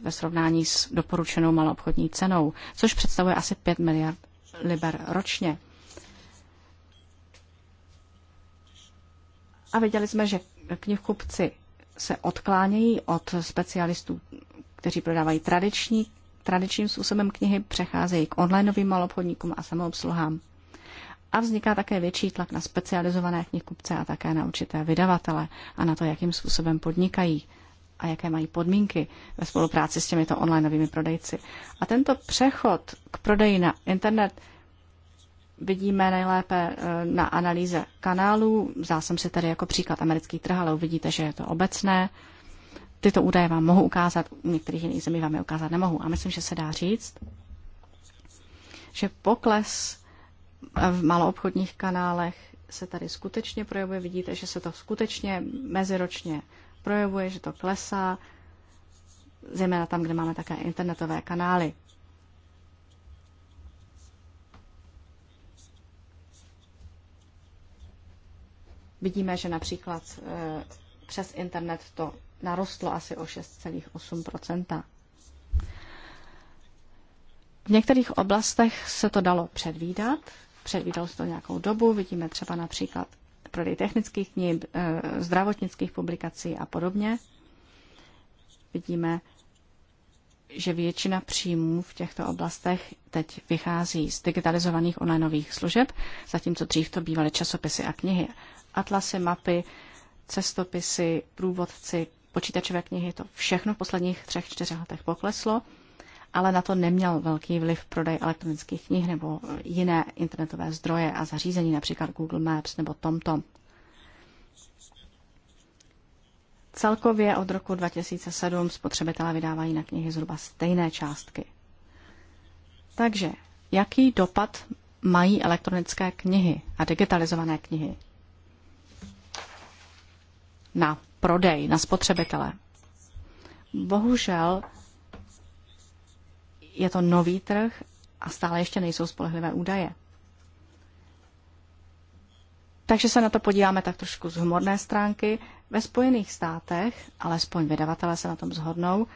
ve srovnání s doporučenou maloobchodní cenou, což představuje asi 5 miliard liber ročně. A viděli jsme, že knihkupci se odklánějí od specialistů, kteří prodávají tradiční, tradičním způsobem knihy, přecházejí k onlineovým malobchodníkům a samoobsluhám. A vzniká také větší tlak na specializované knihkupce a také na určité vydavatele a na to, jakým způsobem podnikají a jaké mají podmínky ve spolupráci s těmito novými prodejci. A tento přechod k prodeji na internet vidíme nejlépe e, na analýze kanálů. Vzal jsem si tady jako příklad americký trh, ale uvidíte, že je to obecné. Tyto údaje vám mohu ukázat, u některých jiných zemí vám je ukázat nemohu. A myslím, že se dá říct, že pokles v maloobchodních kanálech se tady skutečně projevuje. Vidíte, že se to skutečně meziročně projevuje, že to klesá, zejména tam, kde máme také internetové kanály. Vidíme, že například eh, přes internet to narostlo asi o 6,8 V některých oblastech se to dalo předvídat, Předvídal se to nějakou dobu, vidíme třeba například prodej technických knih, eh, zdravotnických publikací a podobně. Vidíme, že většina příjmů v těchto oblastech teď vychází z digitalizovaných nových služeb, zatímco dřív to bývaly časopisy a knihy. Atlasy, mapy, cestopisy, průvodci, počítačové knihy, to všechno v posledních třech, čtyřech letech pokleslo ale na to neměl velký vliv prodej elektronických knih nebo jiné internetové zdroje a zařízení, například Google Maps nebo TomTom. Celkově od roku 2007 spotřebitelé vydávají na knihy zhruba stejné částky. Takže jaký dopad mají elektronické knihy a digitalizované knihy na prodej, na spotřebitele? Bohužel je to nový trh a stále ještě nejsou spolehlivé údaje. Takže se na to podíváme tak trošku z humorné stránky. Ve Spojených státech, alespoň vydavatelé se na tom zhodnou,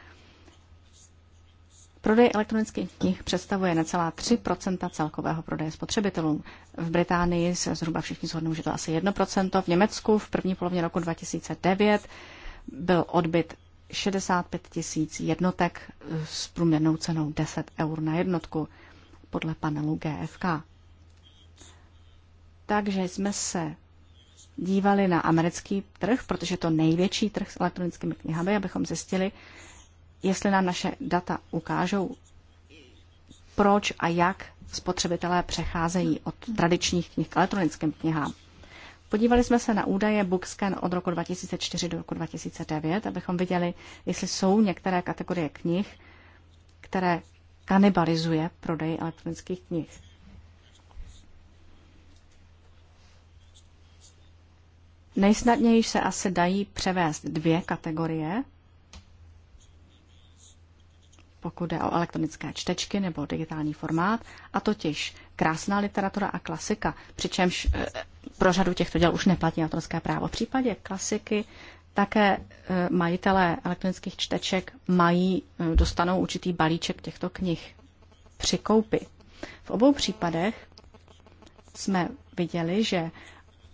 Prodej elektronických knih představuje necelá 3 celkového prodeje spotřebitelům. V Británii se zhruba všichni zhodnou, že to asi 1 V Německu v první polovině roku 2009 byl odbyt 65 tisíc jednotek s průměrnou cenou 10 eur na jednotku podle panelu GFK. Takže jsme se dívali na americký trh, protože je to největší trh s elektronickými knihami, abychom zjistili, jestli nám naše data ukážou, proč a jak spotřebitelé přecházejí od tradičních knih k elektronickým knihám. Podívali jsme se na údaje Bookscan od roku 2004 do roku 2009, abychom viděli, jestli jsou některé kategorie knih, které kanibalizuje prodej elektronických knih. Nejsnadněji se asi dají převést dvě kategorie – pokud jde o elektronické čtečky nebo digitální formát, a totiž krásná literatura a klasika, přičemž eh, pro řadu těchto děl už neplatí autorské právo. V případě klasiky také eh, majitelé elektronických čteček mají, eh, dostanou určitý balíček těchto knih při koupi. V obou případech jsme viděli, že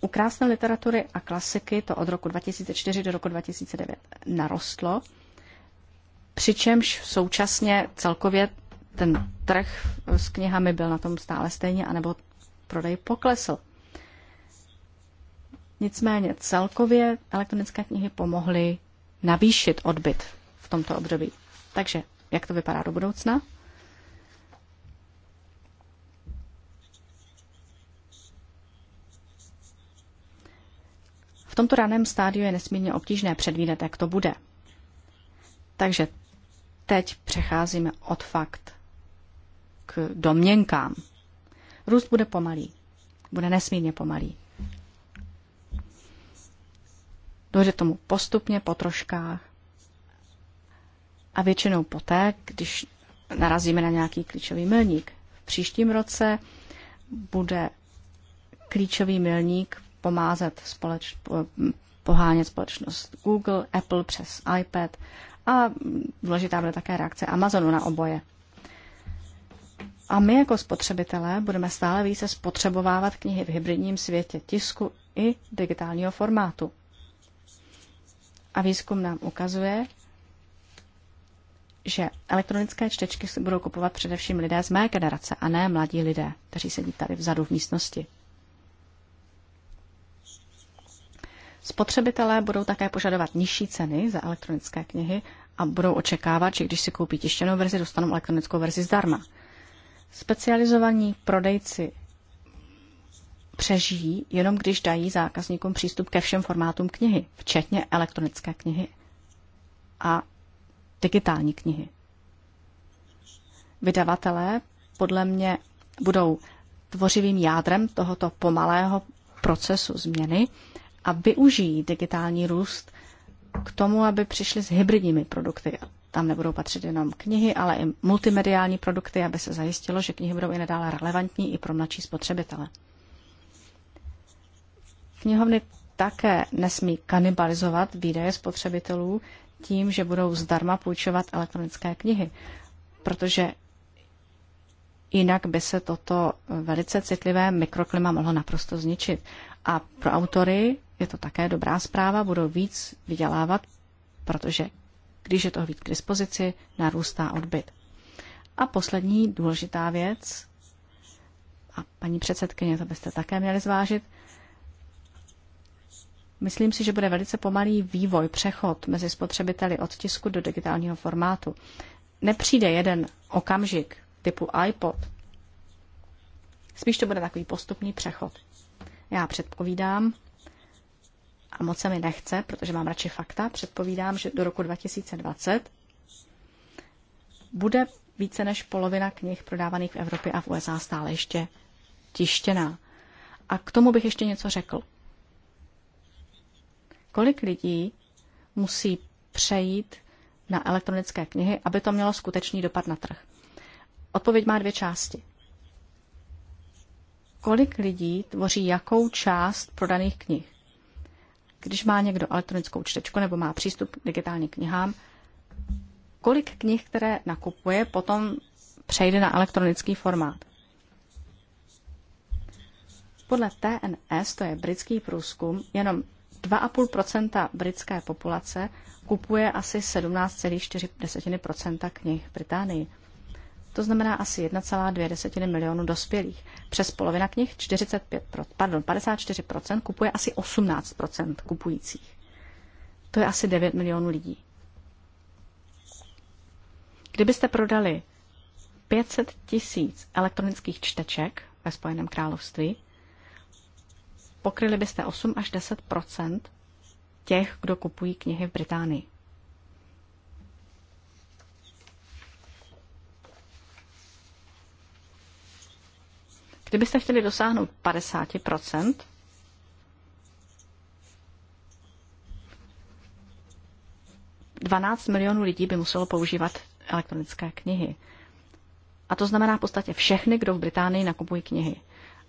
u krásné literatury a klasiky to od roku 2004 do roku 2009 narostlo přičemž současně celkově ten trh s knihami byl na tom stále stejně, anebo prodej poklesl. Nicméně celkově elektronické knihy pomohly navýšit odbyt v tomto období. Takže jak to vypadá do budoucna? V tomto raném stádiu je nesmírně obtížné předvídat, jak to bude. Takže Teď přecházíme od fakt k domněnkám. Růst bude pomalý. Bude nesmírně pomalý. Dojde tomu postupně, po troškách. A většinou poté, když narazíme na nějaký klíčový milník. V příštím roce bude klíčový milník pomázet společ, pohánět společnost Google, Apple přes iPad a důležitá bude také reakce Amazonu na oboje. A my jako spotřebitelé budeme stále více spotřebovávat knihy v hybridním světě tisku i digitálního formátu. A výzkum nám ukazuje, že elektronické čtečky si budou kupovat především lidé z mé generace a ne mladí lidé, kteří sedí tady vzadu v místnosti. Spotřebitelé budou také požadovat nižší ceny za elektronické knihy a budou očekávat, že když si koupí tištěnou verzi, dostanou elektronickou verzi zdarma. Specializovaní prodejci přežijí jenom když dají zákazníkům přístup ke všem formátům knihy, včetně elektronické knihy a digitální knihy. Vydavatelé podle mě budou tvořivým jádrem tohoto pomalého procesu změny a využijí digitální růst k tomu, aby přišli s hybridními produkty. Tam nebudou patřit jenom knihy, ale i multimediální produkty, aby se zajistilo, že knihy budou i nadále relevantní i pro mladší spotřebitele. Knihovny také nesmí kanibalizovat výdaje spotřebitelů tím, že budou zdarma půjčovat elektronické knihy, protože jinak by se toto velice citlivé mikroklima mohlo naprosto zničit. A pro autory je to také dobrá zpráva, budou víc vydělávat, protože když je toho víc k dispozici, narůstá odbyt. A poslední důležitá věc, a paní předsedkyně, to byste také měli zvážit, Myslím si, že bude velice pomalý vývoj, přechod mezi spotřebiteli od tisku do digitálního formátu. Nepřijde jeden okamžik typu iPod. Spíš to bude takový postupný přechod. Já předpovídám, a moc se mi nechce, protože mám radši fakta, předpovídám, že do roku 2020 bude více než polovina knih prodávaných v Evropě a v USA stále ještě tištěná. A k tomu bych ještě něco řekl. Kolik lidí musí přejít na elektronické knihy, aby to mělo skutečný dopad na trh? Odpověď má dvě části kolik lidí tvoří jakou část prodaných knih. Když má někdo elektronickou čtečku nebo má přístup k digitálním knihám, kolik knih, které nakupuje, potom přejde na elektronický formát. Podle TNS, to je britský průzkum, jenom 2,5 britské populace kupuje asi 17,4 knih v Británii. To znamená asi 1,2 milionu dospělých. Přes polovina knih, 45, pardon, 54%, kupuje asi 18% kupujících. To je asi 9 milionů lidí. Kdybyste prodali 500 tisíc elektronických čteček ve Spojeném království, pokryli byste 8 až 10 těch, kdo kupují knihy v Británii. Kdybyste chtěli dosáhnout 50%, 12 milionů lidí by muselo používat elektronické knihy. A to znamená v podstatě všechny, kdo v Británii nakupují knihy.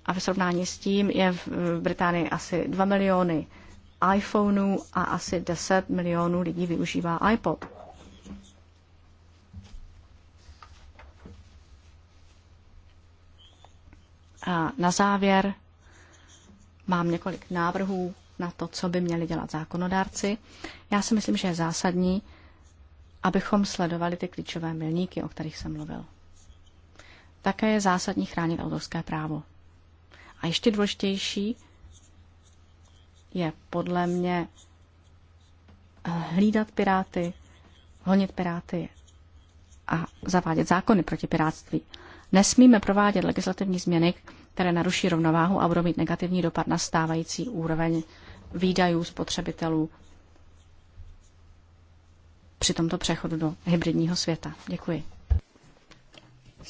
A ve srovnání s tím je v Británii asi 2 miliony iPhoneů a asi 10 milionů lidí využívá iPod. A na závěr mám několik návrhů na to, co by měli dělat zákonodárci. Já si myslím, že je zásadní, abychom sledovali ty klíčové milníky, o kterých jsem mluvil. Také je zásadní chránit autorské právo. A ještě důležitější je podle mě eh, hlídat piráty, honit piráty a zavádět zákony proti pirátství. Nesmíme provádět legislativní změny, které naruší rovnováhu a budou mít negativní dopad na stávající úroveň výdajů spotřebitelů při tomto přechodu do hybridního světa. Děkuji.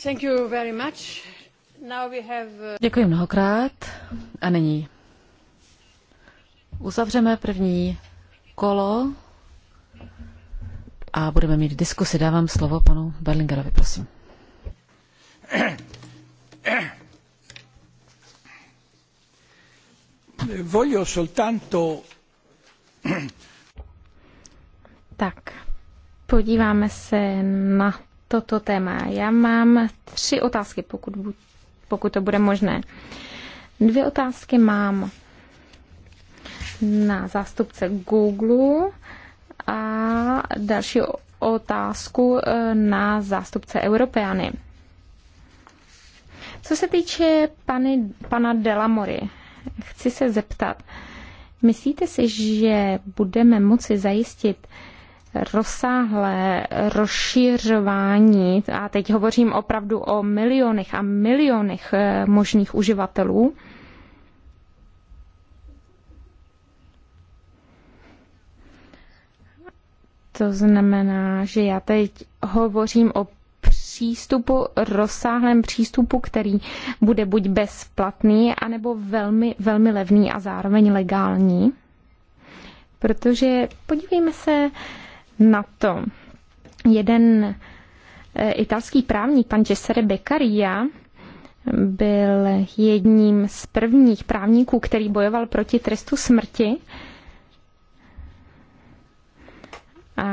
Thank you very much. Now we have... Uh, Děkuji mnohokrát. A nyní uzavřeme první kolo a budeme mít diskusi. Dávám slovo panu Berlingerovi, prosím. Eh, voglio soltanto... Tak, podíváme se na toto téma. Já mám tři otázky, pokud, buď, pokud to bude možné. Dvě otázky mám na zástupce Google a další otázku eh, na zástupce Europeany. Co se týče pany, pana Delamory, chci se zeptat, myslíte si, že budeme moci zajistit rozsáhlé rozšiřování, a teď hovořím opravdu o milionech a milionech eh, možných uživatelů, To znamená, že já teď hovořím o přístupu, rozsáhlém přístupu, který bude buď bezplatný, anebo velmi, velmi levný a zároveň legální. Protože podívejme se na to. Jeden eh, italský právník, pan Cesare Beccaria, byl jedním z prvních právníků, který bojoval proti trestu smrti. A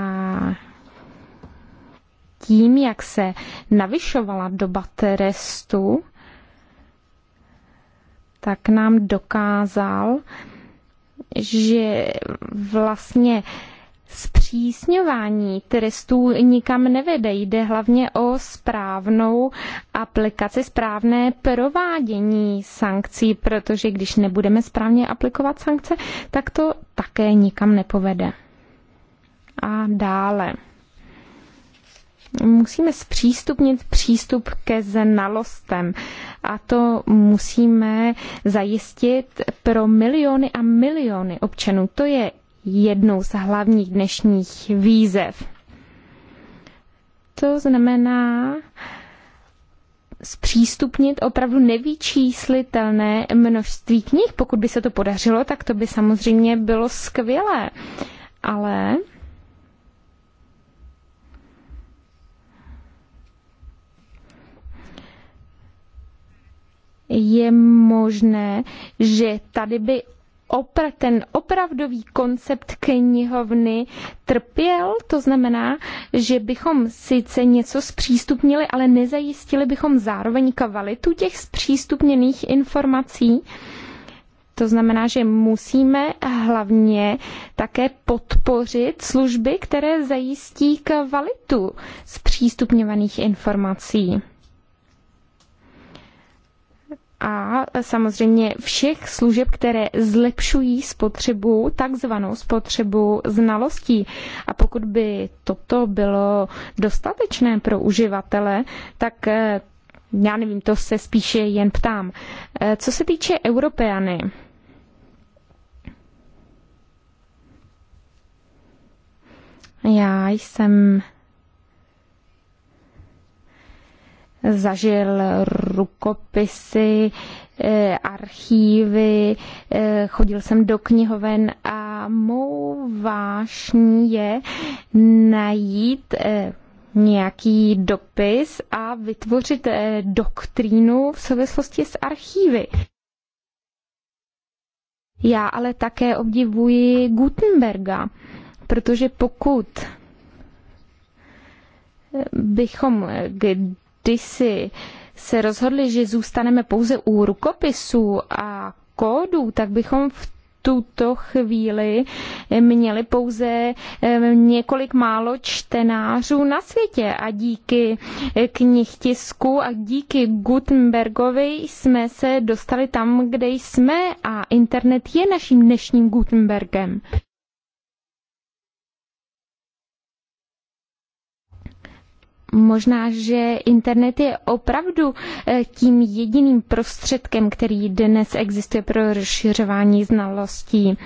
tím, jak se navyšovala doba trestu, tak nám dokázal, že vlastně zpřísňování trestů nikam nevede. Jde hlavně o správnou aplikaci, správné provádění sankcí, protože když nebudeme správně aplikovat sankce, tak to také nikam nepovede. A dále musíme zpřístupnit přístup ke znalostem a to musíme zajistit pro miliony a miliony občanů. To je jednou z hlavních dnešních výzev. To znamená zpřístupnit opravdu nevyčíslitelné množství knih. Pokud by se to podařilo, tak to by samozřejmě bylo skvělé. Ale je možné, že tady by opra- ten opravdový koncept knihovny trpěl. To znamená, že bychom sice něco zpřístupnili, ale nezajistili bychom zároveň kvalitu těch zpřístupněných informací. To znamená, že musíme hlavně také podpořit služby, které zajistí kvalitu zpřístupňovaných informací a samozřejmě všech služeb, které zlepšují spotřebu, takzvanou spotřebu znalostí. A pokud by toto bylo dostatečné pro uživatele, tak eh, já nevím, to se spíše jen ptám. Eh, co se týče Europeany, já jsem zažil rukopisy, eh, archívy, eh, chodil jsem do knihoven a mou vášní je najít eh, nějaký dopis a vytvořit doktrínu v souvislosti s archívy. Já ale také obdivuji Gutenberga, protože pokud bychom k kdysi se rozhodli, že zůstaneme pouze u rukopisů a kódů, tak bychom v tuto chvíli měli pouze eh, několik málo čtenářů na světě a díky eh, knihtisku a díky Gutenbergovi jsme se dostali tam, kde jsme a internet je naším dnešním Gutenbergem. Možná, že internet je opravdu eh, tím jediným prostředkem, který dnes existuje pro rozšiřování znalostí.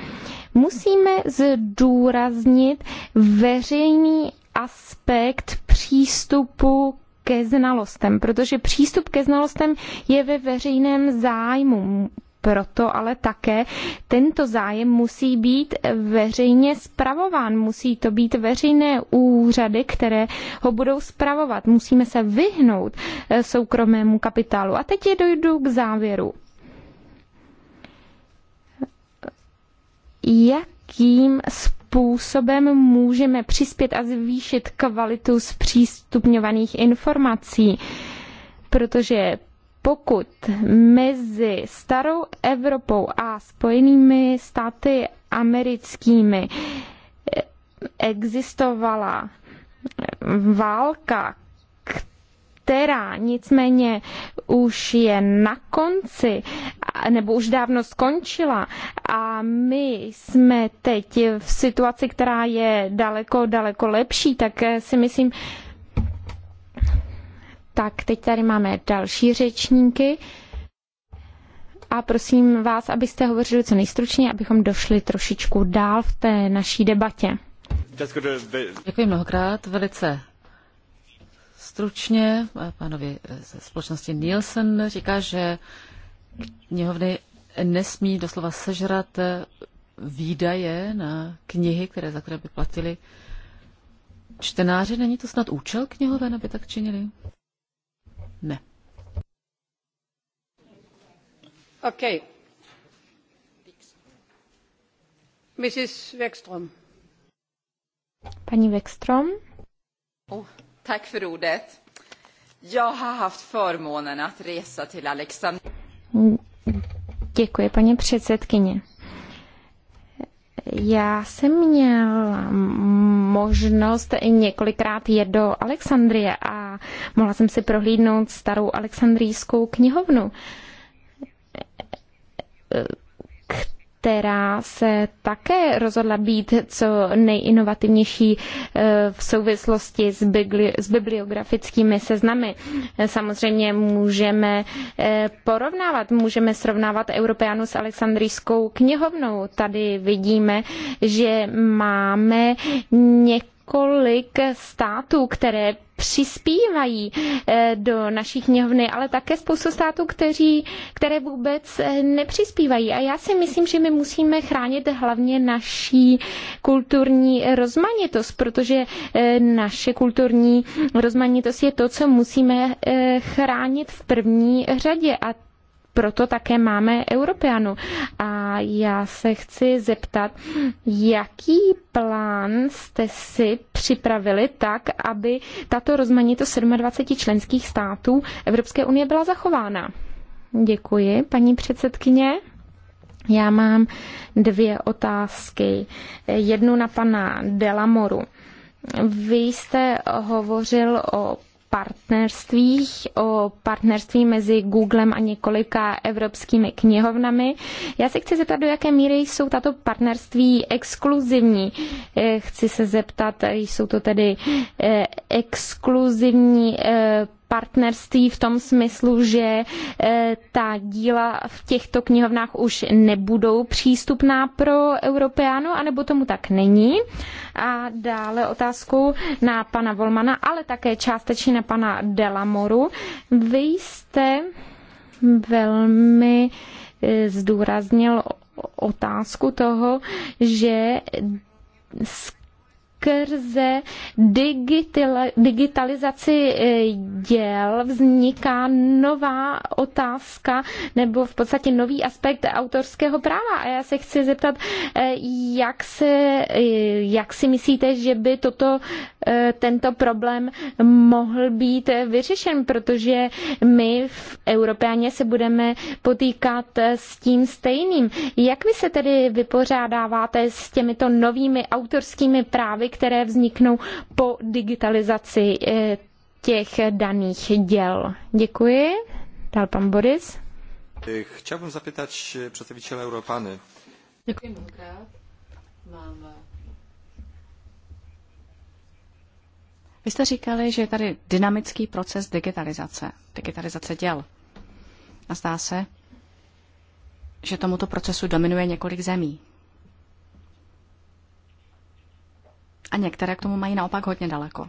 Musíme zdůraznit veřejný aspekt přístupu ke znalostem, protože přístup ke znalostem je ve veřejném zájmu proto ale také tento zájem musí být veřejně spravován. Musí to být veřejné úřady, které ho budou spravovat. Musíme se vyhnout eh, soukromému kapitálu. A teď je dojdu k závěru. Jakým způsobem můžeme přispět a zvýšit kvalitu zpřístupňovaných informací? protože pokud mezi starou Evropou a spojenými státy americkými eh, existovala válka, která nicméně už je na konci, nebo už dávno skončila a my jsme teď v situaci, která je daleko, daleko lepší, tak eh, si myslím, tak, teď tady máme další řečníky. A prosím vás, abyste hovořili co nejstručněji, abychom došli trošičku dál v té naší debatě. Děkuji mnohokrát, velice stručně. Pánovi ze společnosti Nielsen říká, že knihovny nesmí doslova sežrat výdaje na knihy, které, za které by platili čtenáři. Není to snad účel knihoven, aby tak činili? dne. Okay. Mrs. Wexström. Paní Wexström. Oh, tack för ordet. Jag har haft förmånen att resa till Alexandria. Děkuji, paní předsedkyně. Já jsem měl možnost několikrát jet do Alexandrie a mohla jsem si prohlídnout starou alexandrijskou knihovnu která se také rozhodla být co nejinovativnější eh, v souvislosti s, bibli- s bibliografickými seznamy. Samozřejmě můžeme eh, porovnávat, můžeme srovnávat Europeanu s Alexandrijskou knihovnou. Tady vidíme, že máme několik kolik států, které přispívají eh, do naší knihovny, ale také spoustu států, kteří, které vůbec eh, nepřispívají. A já si myslím, že my musíme chránit hlavně naší kulturní rozmanitost, protože eh, naše kulturní rozmanitost je to, co musíme chránit v první řadě. A proto také máme Europeanu. A já se chci zeptat, jaký plán jste si připravili tak, aby tato rozmanitost 27 členských států Evropské unie byla zachována? Děkuji, paní předsedkyně. Já mám dvě otázky. Jednu na pana Delamoru. Vy jste hovořil o partnerstvích, o partnerství mezi Googlem a několika evropskými knihovnami. Já se chci zeptat, do jaké míry jsou tato partnerství exkluzivní. Eh, chci se zeptat, jsou to tedy eh, exkluzivní eh, partnerství v tom smyslu, že e, ta díla v těchto knihovnách už nebudou přístupná pro Europeánu, anebo tomu tak není. A dále otázku na pana Volmana, ale také částečně na pana Delamoru. Vy jste velmi e, zdůraznil otázku toho, že skrze digitalizaci eh, děl vzniká nová otázka nebo v podstatě nový aspekt autorského práva. A já se chci zeptat, eh, jak, se, eh, jak si myslíte, že by toto, tento problém mohl být vyřešen, protože my v Evropáně se budeme potýkat s tím stejným. Jak vy se tedy vypořádáváte s těmito novými autorskými právy, které vzniknou po digitalizaci eh, těch daných děl. Děkuji. Dal pan Boris. bych zapytać eh, představitele Europany. Děkuji Mám... Vy jste říkali, že je tady dynamický proces digitalizace, digitalizace děl. A zdá se, že tomuto procesu dominuje několik zemí. A některé k tomu mají naopak hodně daleko.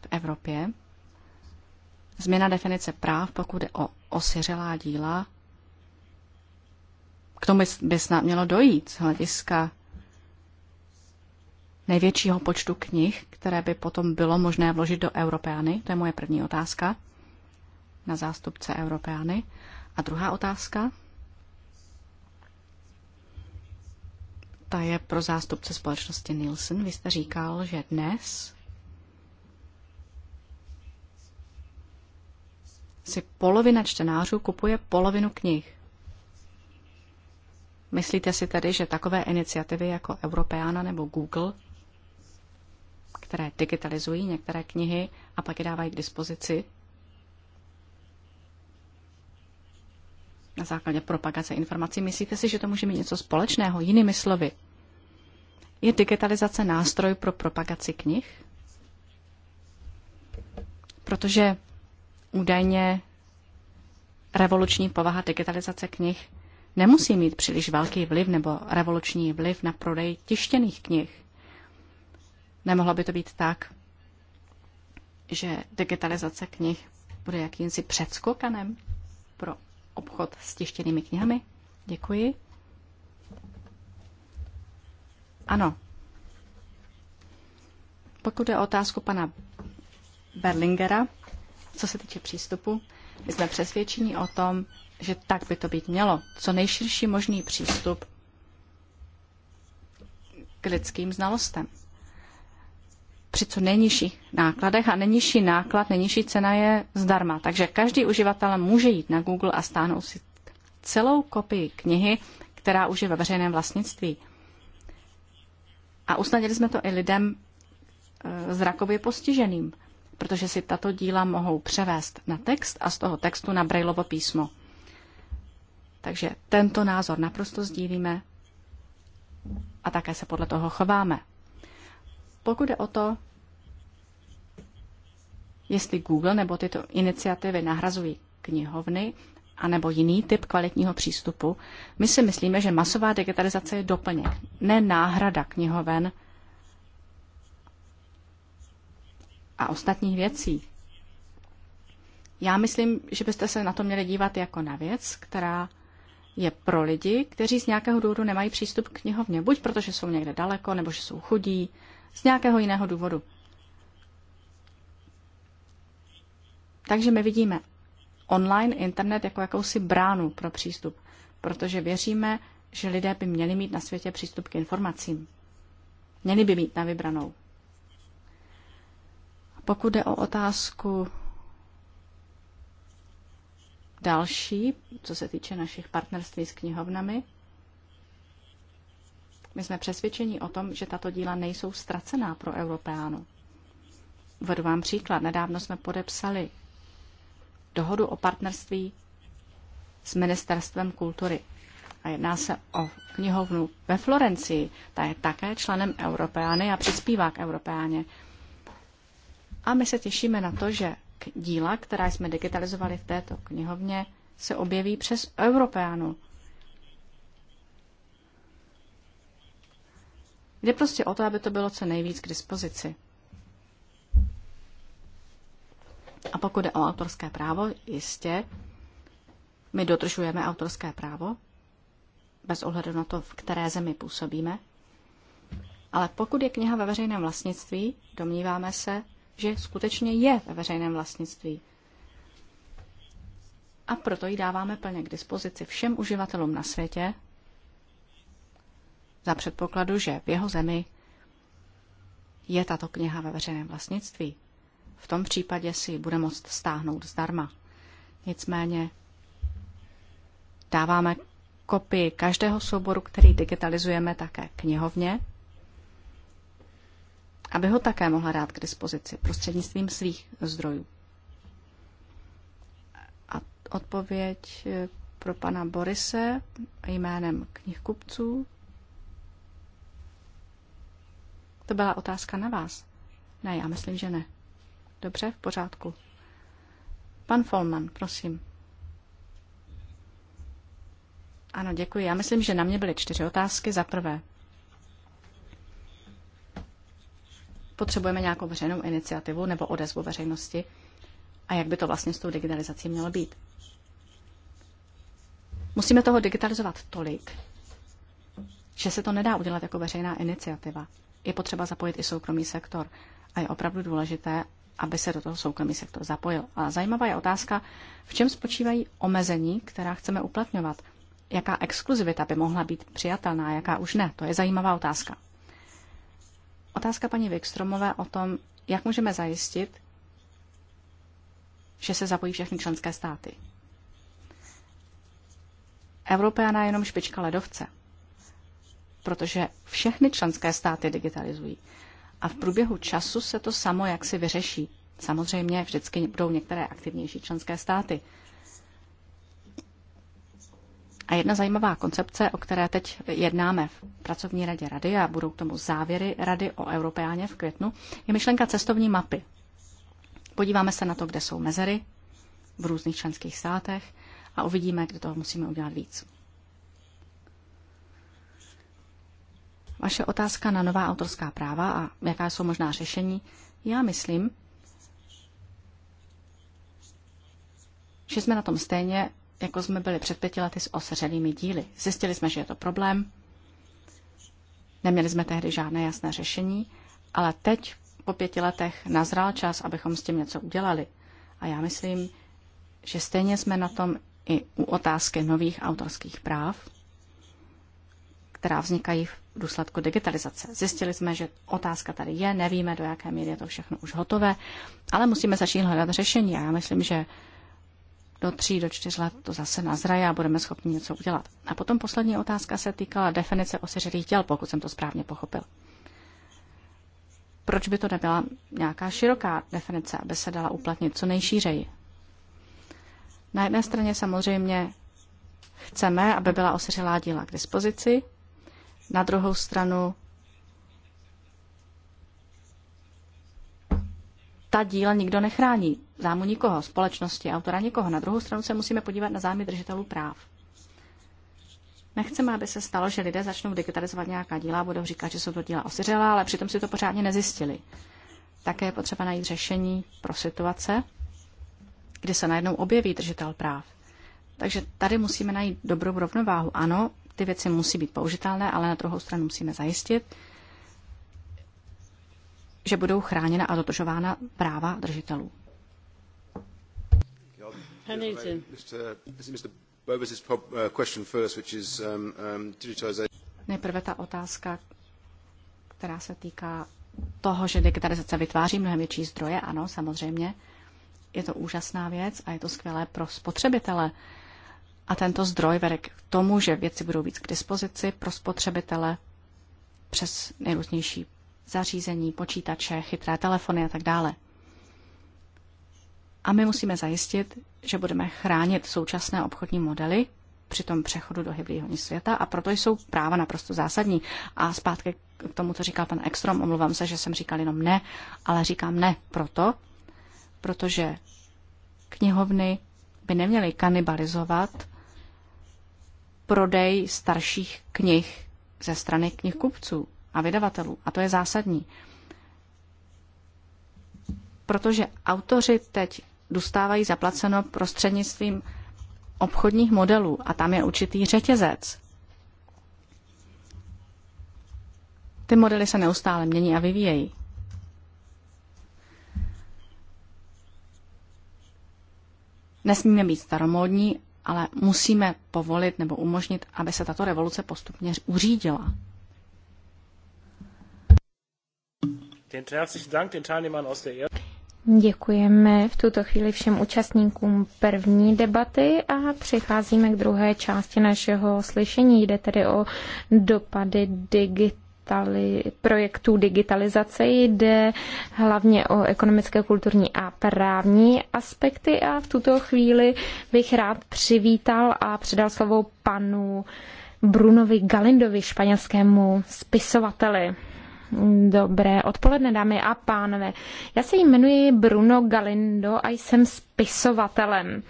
V Evropě změna definice práv, pokud je o osiřelá díla, k tomu by snad mělo dojít z hlediska největšího počtu knih, které by potom bylo možné vložit do Europeány? To je moje první otázka na zástupce Europeány. A druhá otázka. Ta je pro zástupce společnosti Nielsen. Vy jste říkal, že dnes si polovina čtenářů kupuje polovinu knih. Myslíte si tedy, že takové iniciativy jako Europeana nebo Google, které digitalizují některé knihy a pak je dávají k dispozici, na základě propagace informací. Myslíte si, že to může mít něco společného? Jinými slovy, je digitalizace nástroj pro propagaci knih? Protože údajně revoluční povaha digitalizace knih nemusí mít příliš velký vliv nebo revoluční vliv na prodej tištěných knih. Nemohlo by to být tak, že digitalizace knih bude jakýmsi předskokanem pro obchod s tištěnými knihami? Děkuji. Ano. Pokud je o otázku pana Berlingera, co se týče přístupu, my jsme přesvědčeni o tom, že tak by to být mělo. Co nejširší možný přístup k lidským znalostem při co nejnižších nákladech a nejnižší náklad, nejnižší cena je zdarma. Takže každý uživatel může jít na Google a stáhnout si celou kopii knihy, která už je ve veřejném vlastnictví. A usnadili jsme to i lidem e, zrakově postiženým, protože si tato díla mohou převést na text a z toho textu na Braillovo písmo. Takže tento názor naprosto sdílíme a také se podle toho chováme. Pokud je o to, jestli Google nebo tyto iniciativy nahrazují knihovny, anebo jiný typ kvalitního přístupu, my si myslíme, že masová digitalizace je doplněk, ne náhrada knihoven a ostatních věcí. Já myslím, že byste se na to měli dívat jako na věc, která je pro lidi, kteří z nějakého důvodu nemají přístup k knihovně, buď protože jsou někde daleko, nebo že jsou chudí, z nějakého jiného důvodu. Takže my vidíme online internet jako jakousi bránu pro přístup, protože věříme, že lidé by měli mít na světě přístup k informacím. Měli by mít na vybranou. Pokud jde o otázku další, co se týče našich partnerství s knihovnami, my jsme přesvědčeni o tom, že tato díla nejsou ztracená pro Europeánu. Vedu vám příklad. Nedávno jsme podepsali dohodu o partnerství s Ministerstvem kultury. A jedná se o knihovnu ve Florencii. Ta je také členem Europeány a přispívá k Europeáně. A my se těšíme na to, že díla, která jsme digitalizovali v této knihovně, se objeví přes Europeánu Jde prostě o to, aby to bylo co nejvíc k dispozici. A pokud jde o autorské právo, jistě, my dotržujeme autorské právo, bez ohledu na to, v které zemi působíme. Ale pokud je kniha ve veřejném vlastnictví, domníváme se, že skutečně je ve veřejném vlastnictví. A proto ji dáváme plně k dispozici všem uživatelům na světě, za předpokladu, že v jeho zemi je tato kniha ve veřejném vlastnictví. V tom případě si ji bude moct stáhnout zdarma. Nicméně dáváme kopii každého souboru, který digitalizujeme také knihovně, aby ho také mohla dát k dispozici prostřednictvím svých zdrojů. A odpověď pro pana Borise jménem knihkupců. To byla otázka na vás. Ne, já myslím, že ne. Dobře, v pořádku. Pan Folman, prosím. Ano, děkuji. Já myslím, že na mě byly čtyři otázky. Za prvé, potřebujeme nějakou veřejnou iniciativu nebo odezvu veřejnosti a jak by to vlastně s tou digitalizací mělo být. Musíme toho digitalizovat tolik, že se to nedá udělat jako veřejná iniciativa je potřeba zapojit i soukromý sektor. A je opravdu důležité, aby se do toho soukromý sektor zapojil. A zajímavá je otázka, v čem spočívají omezení, která chceme uplatňovat. Jaká exkluzivita by mohla být přijatelná, jaká už ne? To je zajímavá otázka. Otázka paní Wikstromové o tom, jak můžeme zajistit, že se zapojí všechny členské státy. Evropa je jenom špička ledovce protože všechny členské státy digitalizují. A v průběhu času se to samo jaksi vyřeší. Samozřejmě vždycky budou některé aktivnější členské státy. A jedna zajímavá koncepce, o které teď jednáme v pracovní radě rady a budou k tomu závěry rady o Europeáně v květnu, je myšlenka cestovní mapy. Podíváme se na to, kde jsou mezery v různých členských státech a uvidíme, kde toho musíme udělat víc. Vaše otázka na nová autorská práva a jaká jsou možná řešení, já myslím, že jsme na tom stejně, jako jsme byli před pěti lety s osřelými díly. Zjistili jsme, že je to problém, neměli jsme tehdy žádné jasné řešení, ale teď po pěti letech nazrál čas, abychom s tím něco udělali. A já myslím, že stejně jsme na tom i u otázky nových autorských práv, která vznikají v v důsledku digitalizace. Zjistili jsme, že otázka tady je, nevíme, do jaké míry je to všechno už hotové, ale musíme začít hledat řešení a já myslím, že do tří, do čtyř let to zase nazraje a budeme schopni něco udělat. A potom poslední otázka se týkala definice osiřelých děl, pokud jsem to správně pochopil. Proč by to nebyla nějaká široká definice, aby se dala uplatnit co nejšířeji? Na jedné straně samozřejmě chceme, aby byla osiřelá díla k dispozici, na druhou stranu ta díla nikdo nechrání. Zámu nikoho, společnosti, autora nikoho. Na druhou stranu se musíme podívat na zájmy držitelů práv. Nechceme, aby se stalo, že lidé začnou digitalizovat nějaká díla a budou říkat, že jsou to díla osiřelá, ale přitom si to pořádně nezjistili. Také je potřeba najít řešení pro situace, kdy se najednou objeví držitel práv. Takže tady musíme najít dobrou rovnováhu. Ano, ty věci musí být použitelné, ale na druhou stranu musíme zajistit, že budou chráněna a dodržována práva držitelů. Uh, um, um, Nejprve ta otázka, která se týká toho, že digitalizace vytváří mnohem větší zdroje, ano, samozřejmě. Je to úžasná věc a je to skvělé pro spotřebitele, a tento zdroj vede k tomu, že věci budou víc k dispozici pro spotřebitele přes nejrůznější zařízení, počítače, chytré telefony a tak dále. A my musíme zajistit, že budeme chránit současné obchodní modely při tom přechodu do hybridního světa a proto jsou práva naprosto zásadní. A zpátky k tomu, co říkal pan Ekstrom, omluvám se, že jsem říkal jenom ne, ale říkám ne proto, protože knihovny by neměly kanibalizovat prodej starších knih ze strany knihkupců a vydavatelů. A to je zásadní. Protože autoři teď dostávají zaplaceno prostřednictvím obchodních modelů a tam je určitý řetězec. Ty modely se neustále mění a vyvíjejí. Nesmíme být staromódní ale musíme povolit nebo umožnit, aby se tato revoluce postupně uřídila. Děkujeme v tuto chvíli všem účastníkům první debaty a přicházíme k druhé části našeho slyšení. Jde tedy o dopady digitální digitali, projektů digitalizace jde hlavně o ekonomické, kulturní a právní aspekty a v tuto chvíli bych rád přivítal a předal slovo panu Brunovi Galindovi, španělskému spisovateli. Dobré odpoledne, dámy a pánové. Já se jmenuji Bruno Galindo a jsem spisovatelem.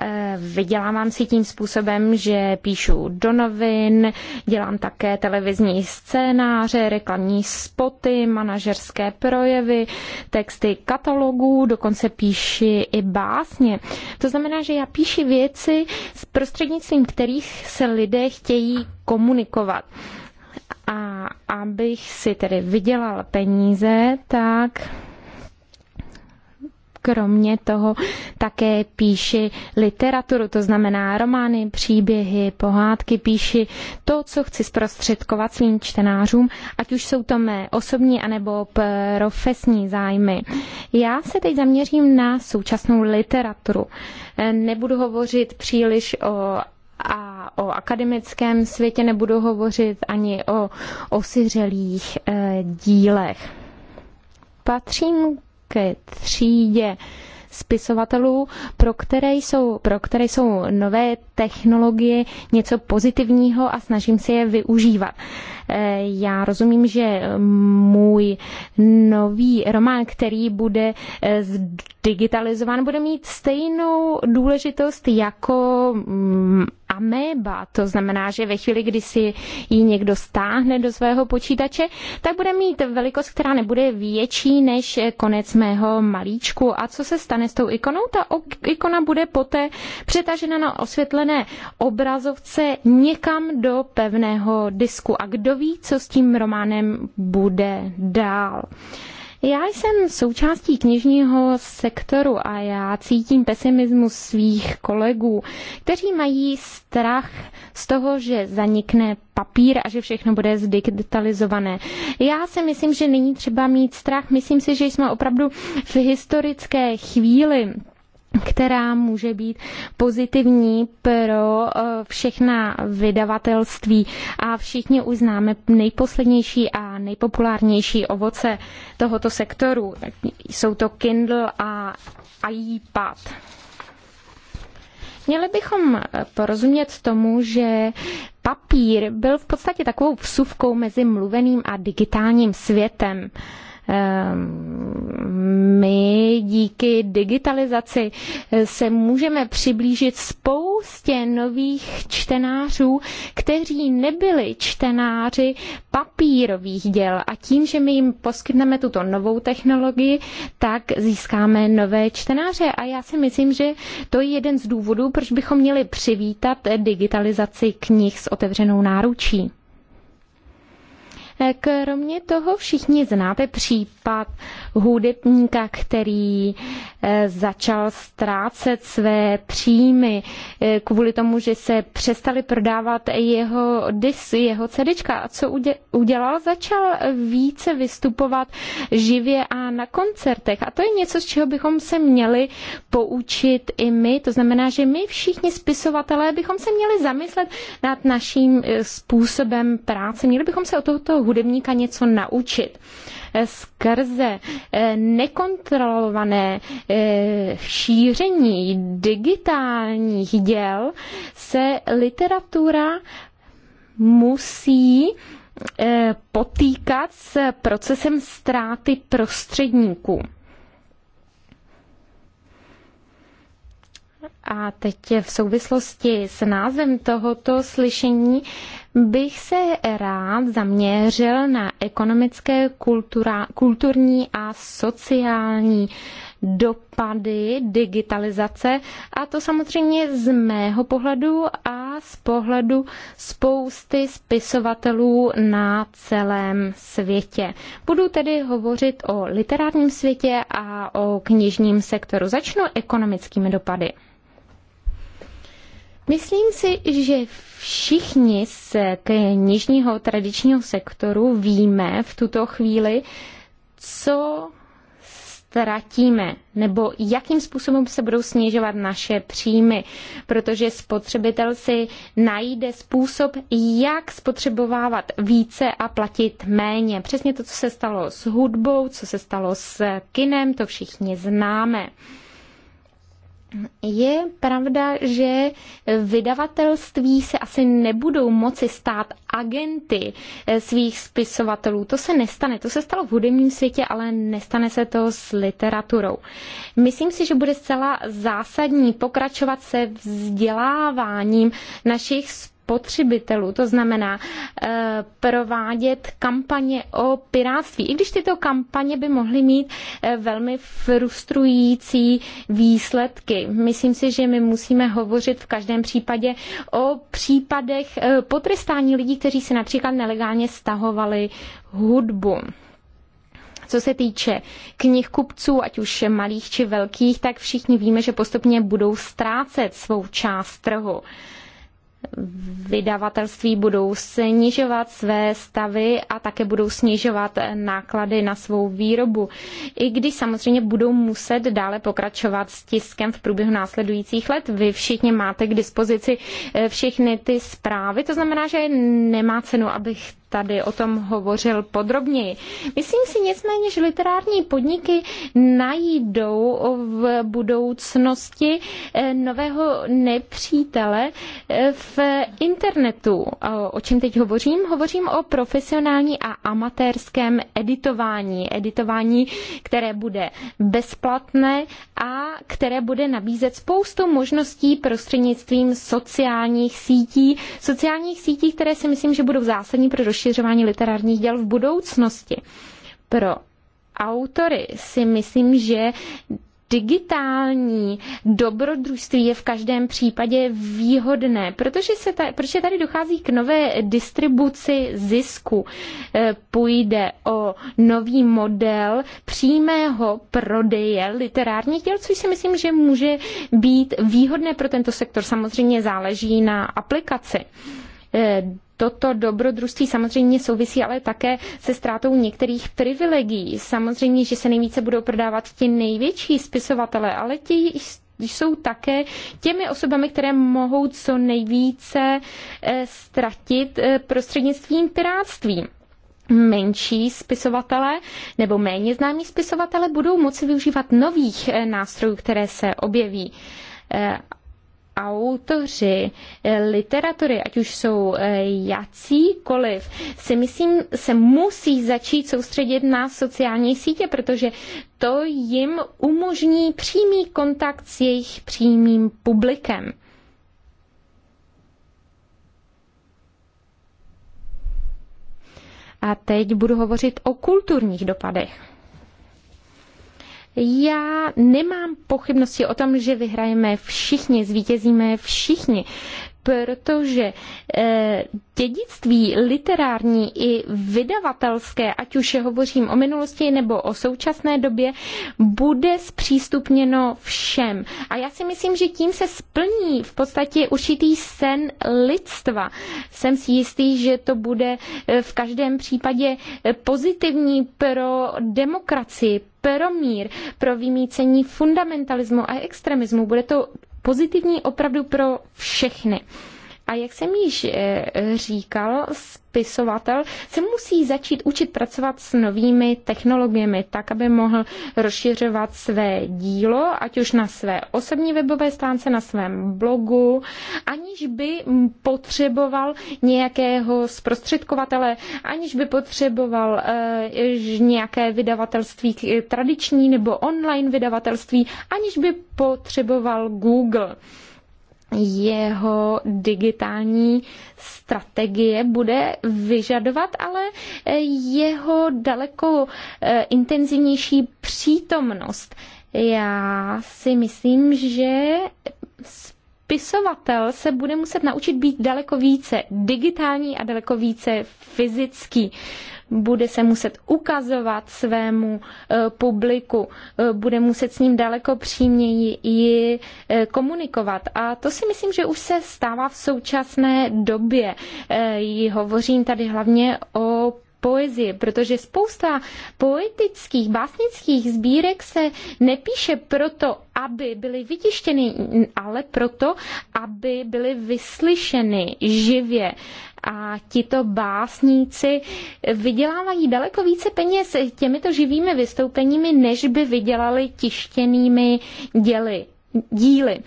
Eh, vydělávám si tím způsobem, že píšu do novin, dělám také televizní scénáře, reklamní spoty, manažerské projevy, texty katalogů, dokonce píši i básně. To znamená, že já píši věci, s prostřednictvím kterých se lidé chtějí komunikovat. A abych si tedy vydělal peníze, tak kromě toho také píši literaturu, to znamená romány, příběhy, pohádky, píši to, co chci zprostředkovat svým čtenářům, ať už jsou to mé osobní anebo profesní zájmy. Já se teď zaměřím na současnou literaturu. Nebudu hovořit příliš o a o akademickém světě nebudu hovořit ani o osiřelých e, dílech. Patřím ke třídě spisovatelů, pro které, jsou, pro které jsou nové technologie něco pozitivního a snažím se je využívat. Eh, já rozumím, že eh, můj nový román, který bude eh, digitalizován, bude mít stejnou důležitost jako mm, ameba, to znamená, že ve chvíli, kdy si ji někdo stáhne do svého počítače, tak bude mít velikost, která nebude větší než konec mého malíčku. A co se stane s tou ikonou? Ta ikona bude poté přetažena na osvětlené obrazovce někam do pevného disku. A kdo ví, co s tím románem bude dál. Já jsem součástí knižního sektoru a já cítím pesimismus svých kolegů, kteří mají strach z toho, že zanikne papír a že všechno bude zdigitalizované. Já si myslím, že není třeba mít strach. Myslím si, že jsme opravdu v historické chvíli která může být pozitivní pro eh, všechna vydavatelství. A všichni už známe nejposlednější a nejpopulárnější ovoce tohoto sektoru. Jsou to Kindle a iPad. Měli bychom eh, porozumět tomu, že papír byl v podstatě takovou vsuvkou mezi mluveným a digitálním světem. Ehm, my díky digitalizaci eh, se můžeme přiblížit spoustě nových čtenářů, kteří nebyli čtenáři papírových děl a tím, že my jim poskytneme tuto novou technologii, tak získáme nové čtenáře a já si myslím, že to je jeden z důvodů, proč bychom měli přivítat digitalizaci knih s otevřenou náručí. Kromě toho všichni znáte případ hudebníka, který eh, začal ztrácet své příjmy eh, kvůli tomu, že se přestali prodávat jeho disy, jeho cedička. A co udělal? Začal více vystupovat živě a na koncertech. A to je něco, z čeho bychom se měli poučit i my. To znamená, že my všichni spisovatelé bychom se měli zamyslet nad naším eh, způsobem práce. Měli bychom se od tohoto hudebníka něco naučit. Eh, skrze eh, nekontrolované eh, šíření digitálních děl se literatura musí potýkat s procesem ztráty prostředníků. A teď v souvislosti s názvem tohoto slyšení bych se rád zaměřil na ekonomické, kultura, kulturní a sociální dopady digitalizace a to samozřejmě z mého pohledu a z pohledu spousty spisovatelů na celém světě. Budu tedy hovořit o literárním světě a o knižním sektoru. Začnu ekonomickými dopady. Myslím si, že všichni z knižního tradičního sektoru víme v tuto chvíli, co ztratíme, nebo jakým způsobem se budou snižovat naše příjmy, protože spotřebitel si najde způsob, jak spotřebovávat více a platit méně. Přesně to, co se stalo s hudbou, co se stalo s kinem, to všichni známe. Je pravda, že vydavatelství se asi nebudou moci stát agenty eh, svých spisovatelů. To se nestane. To se stalo v hudebním světě, ale nestane se to s literaturou. Myslím si, že bude zcela zásadní pokračovat se vzděláváním našich spotřebitelů. To znamená eh, provádět kampaně o piráctví. I když tyto kampaně by mohly mít eh, velmi frustrující výsledky. Myslím si, že my musíme hovořit v každém případě o případech eh, potrestání lidí, kteří si například nelegálně stahovali hudbu co se týče knihkupců, ať už malých či velkých, tak všichni víme, že postupně budou ztrácet svou část trhu vydavatelství budou snižovat své stavy a také budou snižovat náklady na svou výrobu. I když samozřejmě budou muset dále pokračovat s tiskem v průběhu následujících let. Vy všichni máte k dispozici eh, všechny ty zprávy, to znamená, že nemá cenu, abych tady o tom hovořil podrobněji. Myslím si nicméně, že literární podniky najdou v budoucnosti eh, nového nepřítele eh, v internetu. O čem teď hovořím? Hovořím o profesionální a amatérském editování. Editování, které bude bezplatné a které bude nabízet spoustu možností prostřednictvím sociálních sítí. Sociálních sítí, které si myslím, že budou zásadní pro rozšiřování literárních děl v budoucnosti. Pro autory si myslím, že digitální dobrodružství je v každém případě výhodné, protože, se ta, protože tady dochází k nové distribuci zisku. E, půjde o nový model přímého prodeje literárních děl, což si myslím, že může být výhodné pro tento sektor. Samozřejmě záleží na aplikaci. Eh, toto dobrodružství samozřejmě souvisí ale také se ztrátou některých privilegií. Samozřejmě, že se nejvíce budou prodávat ti největší spisovatele, ale ti jsou také těmi osobami, které mohou co nejvíce eh, ztratit eh, prostřednictvím pirátství. menší spisovatele nebo méně známí spisovatele budou moci využívat nových nástrojů, které se objeví autoři eh, literatury, ať už jsou eh, jacíkoliv, si myslím, se musí začít soustředit na sociální sítě, protože to jim umožní přímý kontakt s jejich přímým publikem. A teď budu hovořit o kulturních dopadech. Já nemám pochybnosti o tom, že vyhrajeme všichni, zvítězíme všichni protože eh, dědictví literární i vydavatelské, ať už hovořím o minulosti nebo o současné době, bude zpřístupněno všem. A já si myslím, že tím se splní v podstatě určitý sen lidstva. Jsem si jistý, že to bude eh, v každém případě eh, pozitivní pro demokracii, pro mír, pro vymícení fundamentalismu a extremismu. Bude to pozitivní opravdu pro všechny. A jak jsem již eh, říkal, spisovatel se musí začít učit pracovat s novými technologiemi, tak, aby mohl rozšiřovat své dílo, ať už na své osobní webové stránce, na svém blogu, aniž by potřeboval nějakého zprostředkovatele, aniž by potřeboval uh, nějaké vydavatelství tradiční nebo online vydavatelství, aniž by potřeboval Google jeho digitální strategie bude vyžadovat, ale jeho daleko eh, intenzivnější přítomnost. Já si myslím, že spisovatel se bude muset naučit být daleko více digitální a daleko více fyzický bude se muset ukazovat svému eh, publiku, eh, bude muset s ním daleko příměji eh, komunikovat. A to si myslím, že už se stává v současné době. Hovořím tady hlavně o poezie, protože spousta poetických, básnických sbírek se nepíše proto, aby byly vytištěny, ale proto, aby byly vyslyšeny živě. A tito básníci vydělávají daleko více peněz těmito živými vystoupeními, než by vydělali tištěnými děly, díly.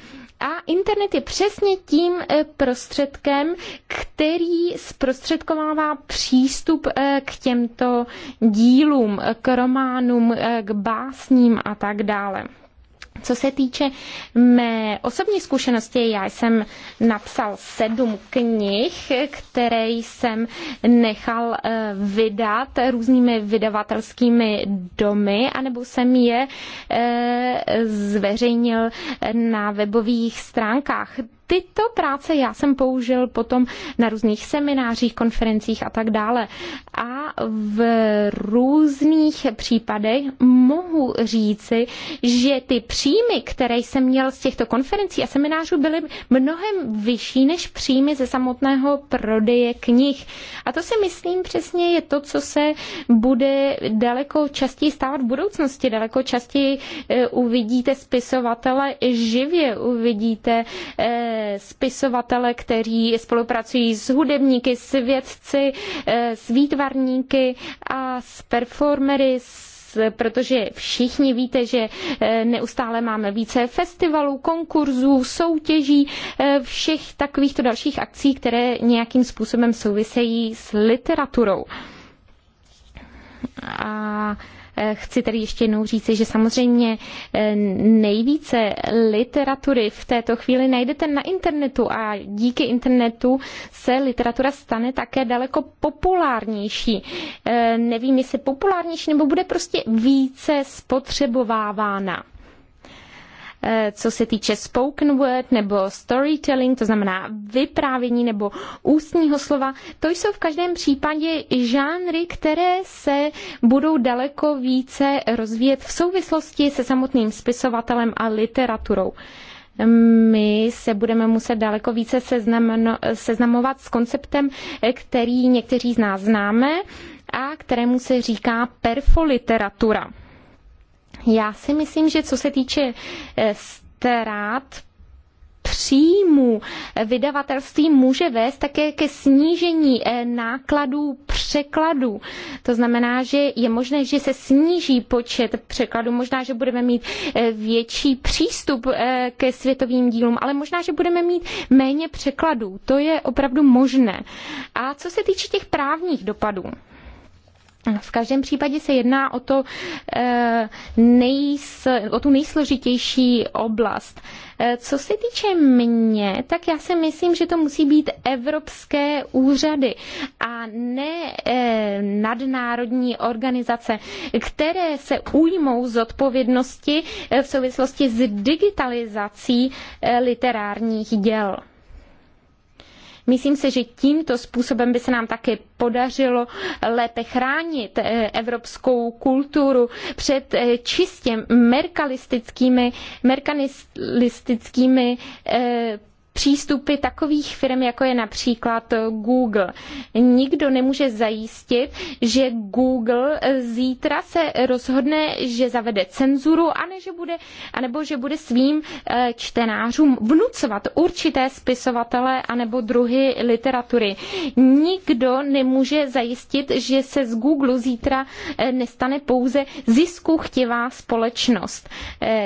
A internet je přesně tím eh, prostředkem, který zprostředkovává přístup eh, k těmto dílům, k románům, eh, k básním a tak dále. Co se týče mé osobní zkušenosti, já jsem napsal sedm knih, které jsem nechal eh, vydat různými vydavatelskými domy, anebo jsem je eh, zveřejnil na webových stránkách tyto práce já jsem použil potom na různých seminářích, konferencích a tak dále. A v různých případech mohu říci, že ty příjmy, které jsem měl z těchto konferencí a seminářů, byly mnohem vyšší než příjmy ze samotného prodeje knih. A to si myslím přesně je to, co se bude daleko častěji stávat v budoucnosti. Daleko častěji eh, uvidíte spisovatele živě, uvidíte eh, spisovatele, kteří spolupracují s hudebníky, s vědci, eh, s výtvarníky a s performery, protože všichni víte, že eh, neustále máme více festivalů, konkurzů, soutěží, eh, všech takovýchto dalších akcí, které nějakým způsobem souvisejí s literaturou. A Eh, chci tedy ještě jednou říci, že samozřejmě eh, nejvíce literatury v této chvíli najdete na internetu a díky internetu se literatura stane také daleko populárnější. Eh, nevím, jestli populárnější nebo bude prostě více spotřebovávána. Eh, co se týče spoken word nebo storytelling, to znamená vyprávění nebo ústního slova. To jsou v každém případě žánry, které se budou daleko více rozvíjet v souvislosti se samotným spisovatelem a literaturou my se budeme muset daleko více seznamno, seznamovat s konceptem, eh, který někteří z nás známe a kterému se říká perfoliteratura. Já si myslím, že co se týče strát eh, příjmu, eh, vydavatelství může vést také ke snížení eh, nákladů překladů. To znamená, že je možné, že se sníží počet překladů, možná, že budeme mít větší přístup ke světovým dílům, ale možná, že budeme mít méně překladů. To je opravdu možné. A co se týče těch právních dopadů, v každém případě se jedná o, to, eh, nejs, o tu nejsložitější oblast. Eh, co se týče mě, tak já si myslím, že to musí být evropské úřady a ne eh, nadnárodní organizace, které se ujmou z odpovědnosti v souvislosti s digitalizací literárních děl. Myslím se, že tímto způsobem by se nám také podařilo lépe chránit eh, evropskou kulturu před eh, čistě merkalistickými, merkalistickými eh, přístupy takových firm, jako je například eh, Google. Nikdo nemůže zajistit, že Google eh, zítra se rozhodne, že zavede cenzuru, aneže bude, anebo že bude svým eh, čtenářům vnucovat určité spisovatele anebo druhy literatury. Nikdo nemůže zajistit, že se z Google zítra nestane pouze ziskuchtivá společnost.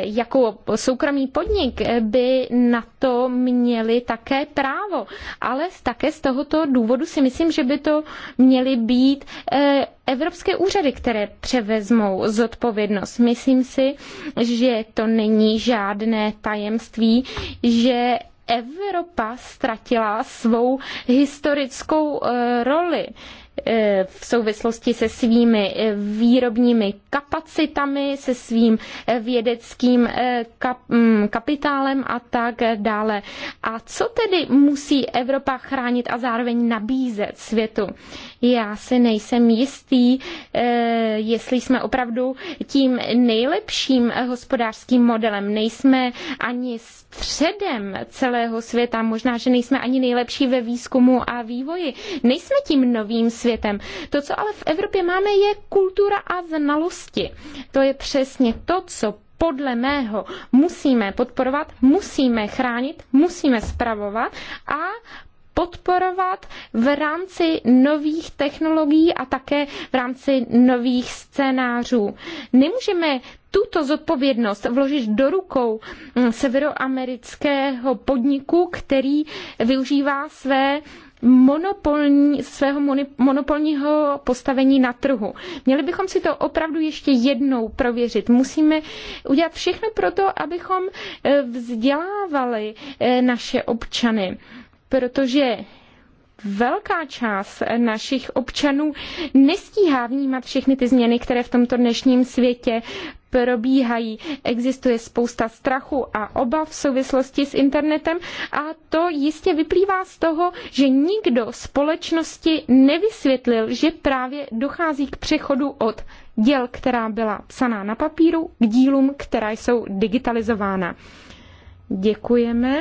Jako soukromý podnik by na to měl měli také právo. Ale také z tohoto důvodu si myslím, že by to měly být eh, evropské úřady, které převezmou zodpovědnost. Myslím si, že to není žádné tajemství, že Evropa ztratila svou historickou eh, roli. E, v souvislosti se svými e, výrobními kapacitami, se svým e, vědeckým mm, kapitálem a tak dále. A co tedy musí Evropa chránit a zároveň nabízet světu? Já si nejsem jistý, jestli jsme opravdu tím nejlepším hospodářským modelem. Nejsme ani s předem celého světa. Možná, že nejsme ani nejlepší ve výzkumu a vývoji. Nejsme tím novým světem. To, co ale v Evropě máme, je kultura a znalosti. To je přesně to, co podle mého musíme podporovat, musíme chránit, musíme spravovat a podporovat v rámci nových technologií a také v rámci nových scénářů. Nemůžeme tuto zodpovědnost vložit do rukou mm, severoamerického podniku, který využívá své monopolní, svého monopolního postavení na trhu. Měli bychom si to opravdu ještě jednou prověřit. Musíme udělat všechno pro to, abychom e, vzdělávali e, naše občany protože velká část našich občanů nestíhá vnímat všechny ty změny, které v tomto dnešním světě probíhají. Existuje spousta strachu a obav v souvislosti s internetem a to jistě vyplývá z toho, že nikdo společnosti nevysvětlil, že právě dochází k přechodu od děl, která byla psaná na papíru, k dílům, která jsou digitalizována. Děkujeme.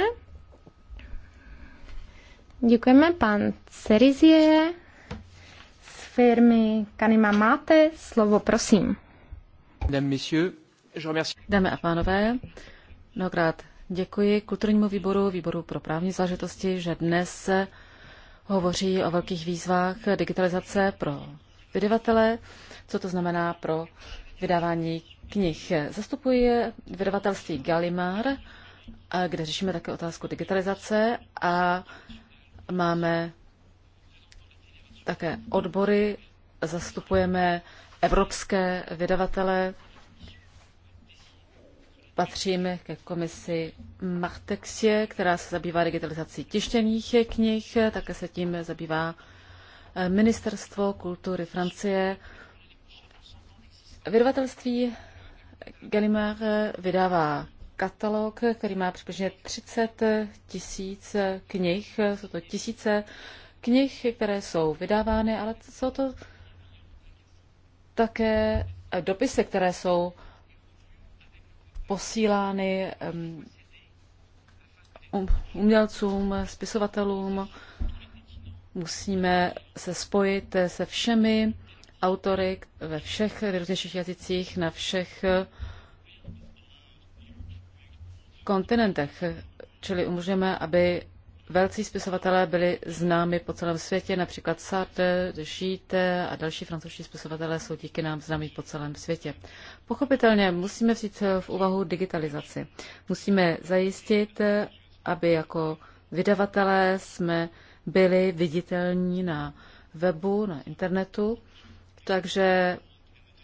Děkujeme pan Cerizie z firmy Kanima Máte. Slovo prosím. Dámy a pánové, mnohokrát děkuji kulturnímu výboru, výboru pro právní záležitosti, že dnes hovoří o velkých výzvách digitalizace pro vydavatele, co to znamená pro vydávání knih. Zastupuje vydavatelství Galimar, kde řešíme také otázku digitalizace a Máme také odbory, zastupujeme evropské vydavatele, patříme ke komisi Martexie, která se zabývá digitalizací tištěných knih, také se tím zabývá eh, Ministerstvo kultury Francie. Vydavatelství Gallimard eh, vydává katalog, který má přibližně 30 tisíc knih. Jsou to tisíce knih, které jsou vydávány, ale jsou to také dopisy, které jsou posílány um, umělcům, spisovatelům. Musíme se spojit se všemi autory ve všech nejrůznějších jazycích, na všech kontinentech, čili umožňujeme, aby velcí spisovatelé byli známi po celém světě, například Sartre, Žíte a další francouzští spisovatelé jsou díky nám známí po celém světě. Pochopitelně musíme vzít v úvahu digitalizaci. Musíme zajistit, aby jako vydavatelé jsme byli viditelní na webu, na internetu, takže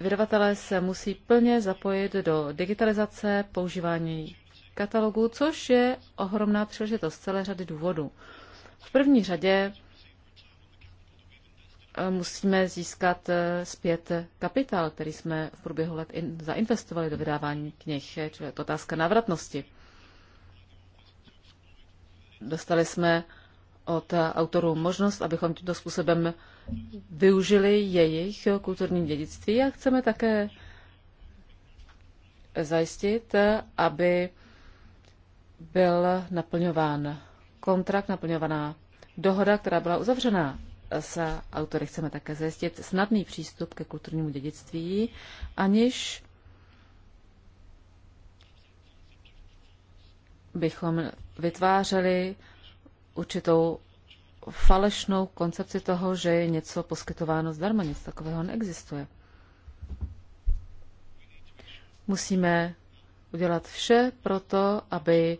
vydavatelé se musí plně zapojit do digitalizace, používání katalogu což je ohromná příležitost celé řady důvodů. V první řadě eh, musíme získat eh, zpět kapitál, který jsme v průběhu let in, zainvestovali do vydávání knih, eh, čili je to otázka návratnosti. Dostali jsme od autorů možnost, abychom tímto způsobem využili jejich kulturní dědictví a chceme také zajistit, aby byl naplňován kontrakt, naplňovaná dohoda, která byla uzavřena s autory. Chceme také zajistit snadný přístup ke kulturnímu dědictví, aniž bychom vytvářeli určitou falešnou koncepci toho, že je něco poskytováno zdarma. Nic takového neexistuje. Musíme udělat vše pro to, aby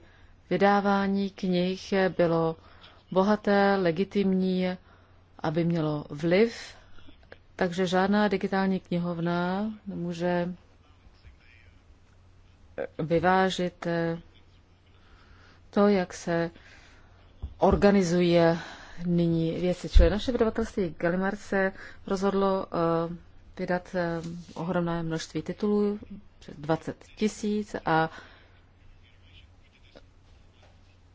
vydávání knih bylo bohaté, legitimní, aby mělo vliv, takže žádná digitální knihovna nemůže vyvážit eh, to, jak se organizuje nyní věci. Čili naše vydavatelství Galimar se rozhodlo eh, vydat eh, ohromné množství titulů, 20 tisíc a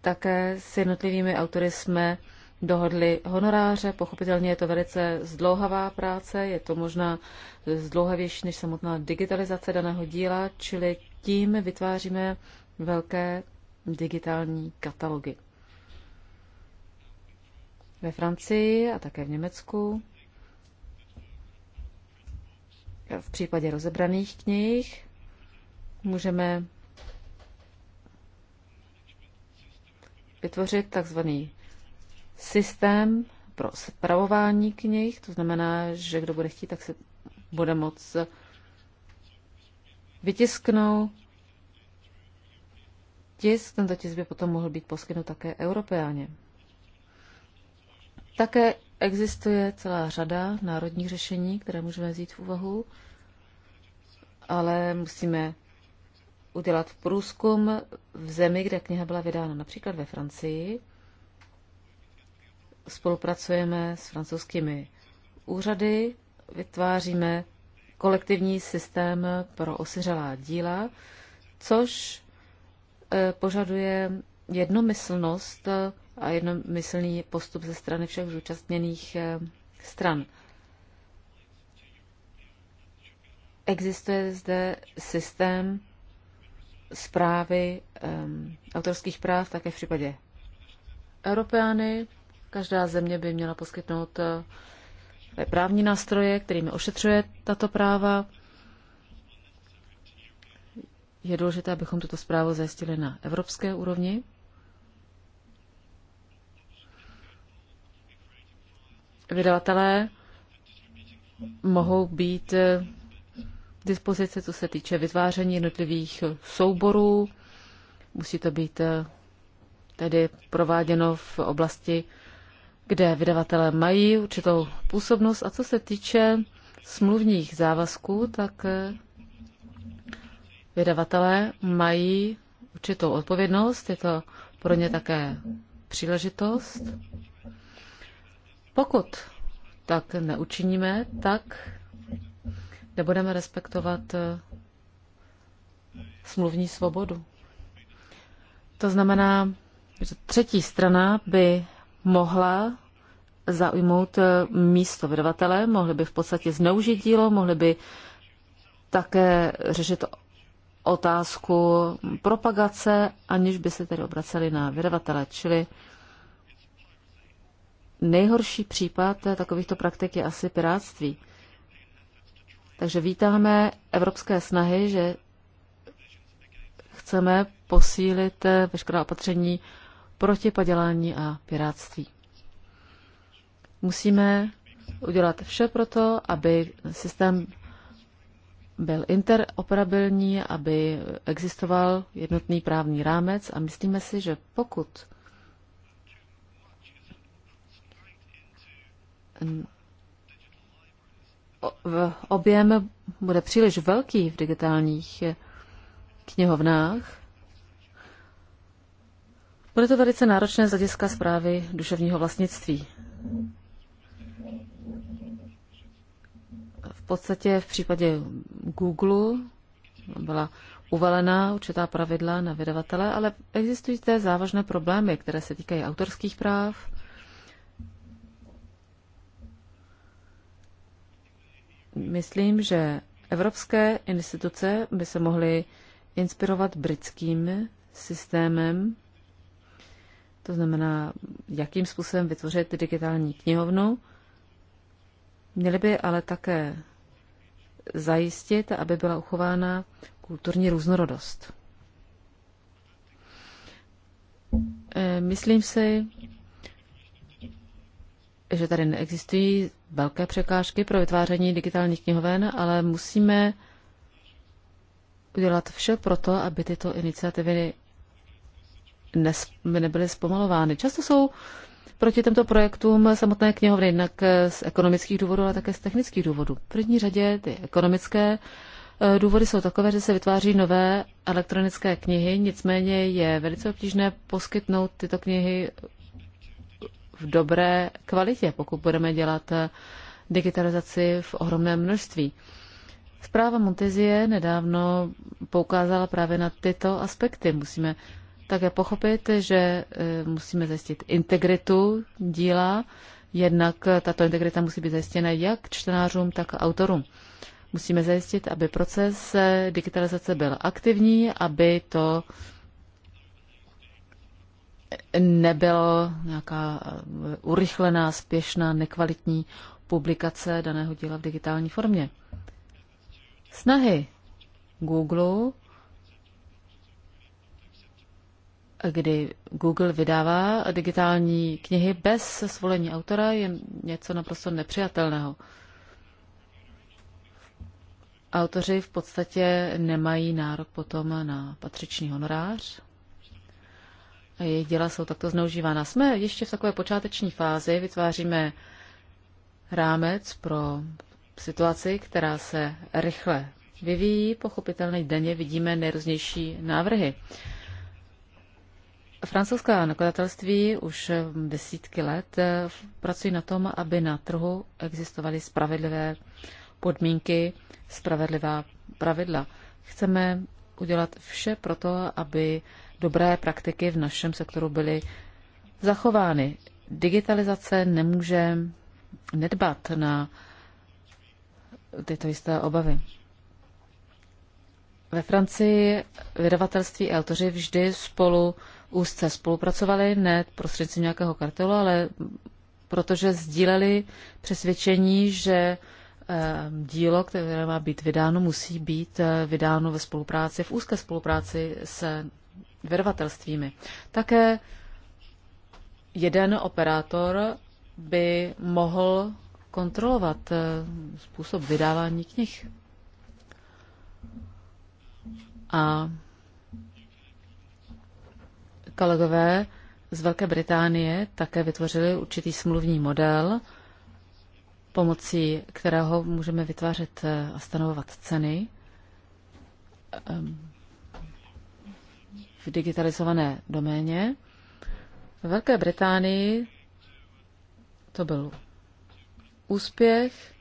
také s jednotlivými autory jsme dohodli honoráře. Pochopitelně je to velice zdlouhavá práce, je to možná zdlouhavější než samotná digitalizace daného díla, čili tím vytváříme velké digitální katalogy. Ve Francii a také v Německu v případě rozebraných knih můžeme vytvořit takzvaný systém pro spravování knih, to znamená, že kdo bude chtít, tak se bude moc vytisknout tisk, tento tisk by potom mohl být poskytnut také Europeáně. Také existuje celá řada národních řešení, které můžeme vzít v úvahu, ale musíme udělat průzkum v zemi, kde kniha byla vydána, například ve Francii. Spolupracujeme s francouzskými úřady, vytváříme kolektivní systém pro osiřelá díla, což eh, požaduje jednomyslnost a jednomyslný postup ze strany všech zúčastněných eh, stran. Existuje zde systém zprávy um, autorských práv také v případě Europeány. Každá země by měla poskytnout eh, právní nástroje, kterými ošetřuje tato práva. Je důležité, abychom tuto zprávu zajistili na evropské úrovni. Vydavatelé mohou být eh, Dispozice, co se týče vytváření jednotlivých souborů. Musí to být eh, tedy prováděno v oblasti, kde vydavatelé mají určitou působnost. A co se týče smluvních závazků, tak eh, vydavatelé mají určitou odpovědnost, je to pro ně také příležitost. Pokud tak neučiníme, tak nebudeme respektovat eh, smluvní svobodu. To znamená, že třetí strana by mohla zaujmout eh, místo vydavatele, mohli by v podstatě zneužít dílo, mohli by také řešit otázku propagace, aniž by se tedy obraceli na vydavatele. Čili nejhorší případ takovýchto praktik je asi pirátství. Takže vítáme evropské snahy, že chceme posílit veškerá opatření proti padělání a piráctví. Musíme udělat vše pro to, aby systém byl interoperabilní, aby existoval jednotný právní rámec a myslíme si, že pokud objem bude příliš velký v digitálních knihovnách, bude to velice náročné z hlediska zprávy duševního vlastnictví. V podstatě v případě Google byla uvalena určitá pravidla na vydavatele, ale existují zde závažné problémy, které se týkají autorských práv, Myslím, že evropské instituce by se mohly inspirovat britským systémem, to znamená, jakým způsobem vytvořit digitální knihovnu. Měly by ale také zajistit, aby byla uchována kulturní různorodost. Eh, myslím si, že tady neexistují velké překážky pro vytváření digitálních knihoven, ale musíme udělat vše pro to, aby tyto iniciativy nebyly zpomalovány. Často jsou proti těmto projektům samotné knihovny, jednak z ekonomických důvodů, ale také z technických důvodů. V první řadě ty ekonomické eh, důvody jsou takové, že se vytváří nové elektronické knihy, nicméně je velice obtížné poskytnout tyto knihy v dobré kvalitě, pokud budeme dělat eh, digitalizaci v ohromném množství. Zpráva Montezie nedávno poukázala právě na tyto aspekty. Musíme také pochopit, že eh, musíme zajistit integritu díla, jednak eh, tato integrita musí být zajištěna jak čtenářům, tak autorům. Musíme zajistit, aby proces digitalizace byl aktivní, aby to nebyla nějaká eh, urychlená, spěšná, nekvalitní publikace daného díla v digitální formě. Snahy Google, kdy Google vydává digitální knihy bez svolení autora, je něco naprosto nepřijatelného. Autoři v podstatě nemají nárok potom na patřičný honorář, jejich děla jsou takto zneužívána. Jsme ještě v takové počáteční fázi, vytváříme rámec pro situaci, která se rychle vyvíjí. Pochopitelně denně vidíme nejrůznější návrhy. Francouzská nakladatelství už desítky let eh, pracují na tom, aby na trhu existovaly spravedlivé podmínky, spravedlivá pravidla. Chceme udělat vše pro to, aby dobré praktiky v našem sektoru byly zachovány. Digitalizace nemůže nedbat na tyto jisté obavy. Ve Francii vydavatelství a autoři vždy spolu úzce spolupracovali, ne prostřednictvím nějakého kartelu, ale protože sdíleli přesvědčení, že eh, dílo, které má být vydáno, musí být eh, vydáno ve spolupráci, v úzké spolupráci se vyrvatelstvími. Také jeden operátor by mohl kontrolovat eh, způsob vydávání knih. A kolegové z Velké Británie také vytvořili určitý smluvní model, pomocí kterého můžeme vytvářet eh, a stanovovat ceny. Ehm, v digitalizované doméně. V Velké Británii to byl úspěch,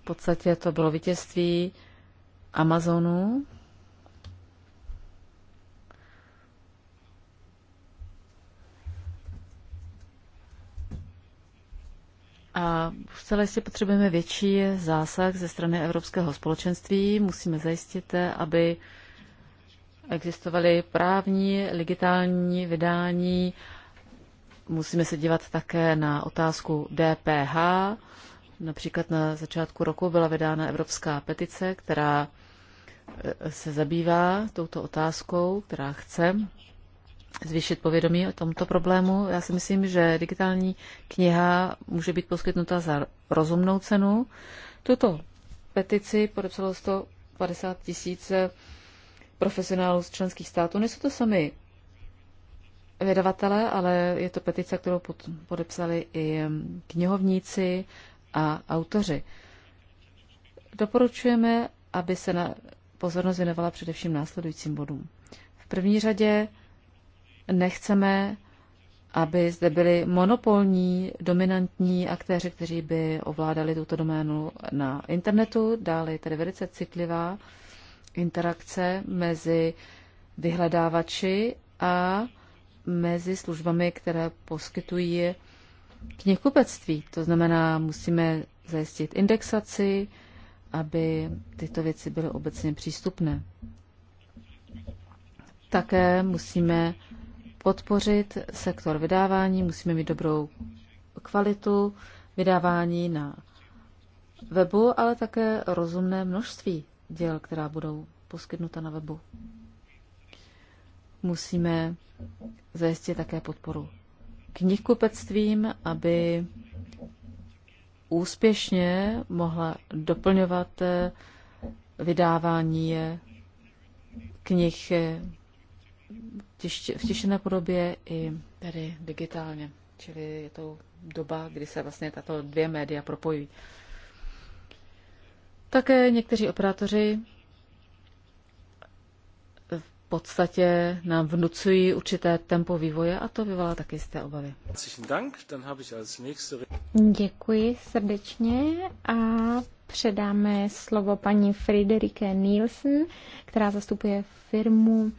v podstatě to bylo vítězství Amazonu. A celé jistě potřebujeme větší zásah ze strany Evropského společenství. Musíme zajistit, aby existovaly právní, digitální vydání. Musíme se dívat také na otázku DPH. Například na začátku roku byla vydána evropská petice, která eh, se zabývá touto otázkou, která chce zvýšit povědomí o tomto problému. Já si myslím, že digitální kniha může být poskytnuta za rozumnou cenu. Tuto petici podepsalo 150 tisíc 000 profesionálů z členských států. Nejsou to sami vydavatelé, ale je to petice, kterou podepsali i knihovníci a autoři. Doporučujeme, aby se na pozornost věnovala především následujícím bodům. V první řadě nechceme, aby zde byli monopolní, dominantní aktéři, kteří by ovládali tuto doménu na internetu. Dále je tedy velice citlivá interakce mezi vyhledávači a mezi službami, které poskytují knihkupectví. To znamená, musíme zajistit indexaci, aby tyto věci byly obecně přístupné. Také musíme podpořit sektor vydávání, musíme mít dobrou kvalitu vydávání na webu, ale také rozumné množství děl, která budou poskytnuta na webu. Musíme zajistit také podporu knihkupectvím, aby úspěšně mohla doplňovat eh, vydávání eh, knih eh, v tištěné podobě i tedy digitálně. Čili je to doba, kdy se vlastně tato dvě média propojí. Také někteří operátoři v podstatě nám vnucují určité tempo vývoje a to vyvolá taky jisté obavy. Děkuji srdečně a předáme slovo paní Friederike Nielsen, která zastupuje firmu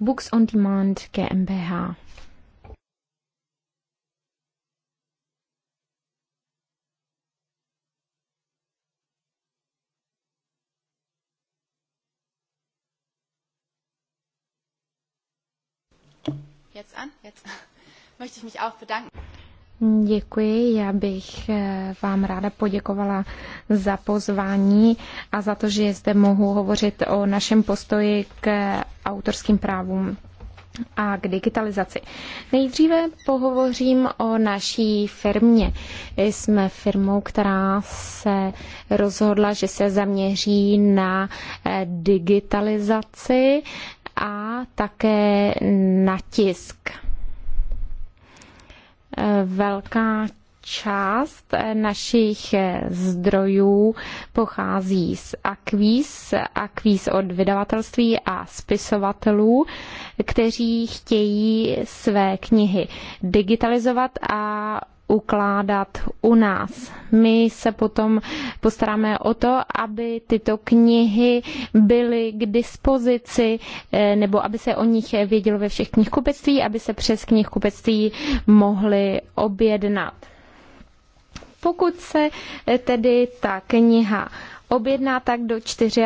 Books on Demand GmbH. jetzt an, jetzt möchte ich mich auch bedanken. Děkuji, já bych eh, vám ráda poděkovala za pozvání a za to, že zde mohu hovořit o našem postoji k autorským právům a k digitalizaci. Nejdříve pohovořím o naší firmě. Jsme firmou, která se rozhodla, že se zaměří na eh, digitalizaci a také na tisk. Velká část našich zdrojů pochází z akvíz, akvíz od vydavatelství a spisovatelů, kteří chtějí své knihy digitalizovat a ukládat u nás. My se potom postaráme o to, aby tyto knihy byly k dispozici, eh, nebo aby se o nich vědělo ve všech knihkupectví, aby se přes knihkupectví mohly objednat. Pokud se eh, tedy ta kniha objedná, tak do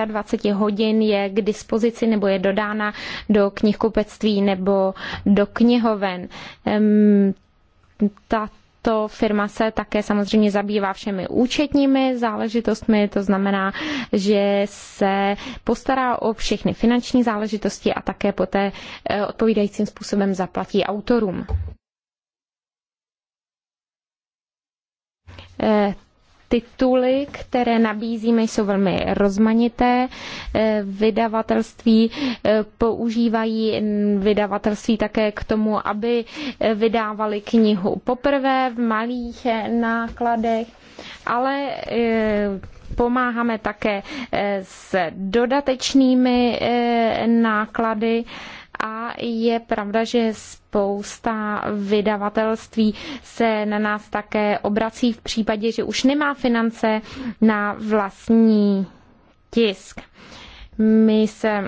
24 hodin je k dispozici nebo je dodána do knihkupectví nebo do knihoven. Ta tato firma se také samozřejmě zabývá všemi účetními záležitostmi, to znamená, že se postará o všechny finanční záležitosti a také poté eh, odpovídajícím způsobem zaplatí autorům eh, tituly, které nabízíme, jsou velmi rozmanité. E, vydavatelství e, používají vydavatelství také k tomu, aby e, vydávali knihu poprvé v malých nákladech, ale pomáháme také s dodatečnými náklady a je pravda, že spousta vydavatelství se na nás také obrací v případě, že už nemá finance na vlastní tisk. My se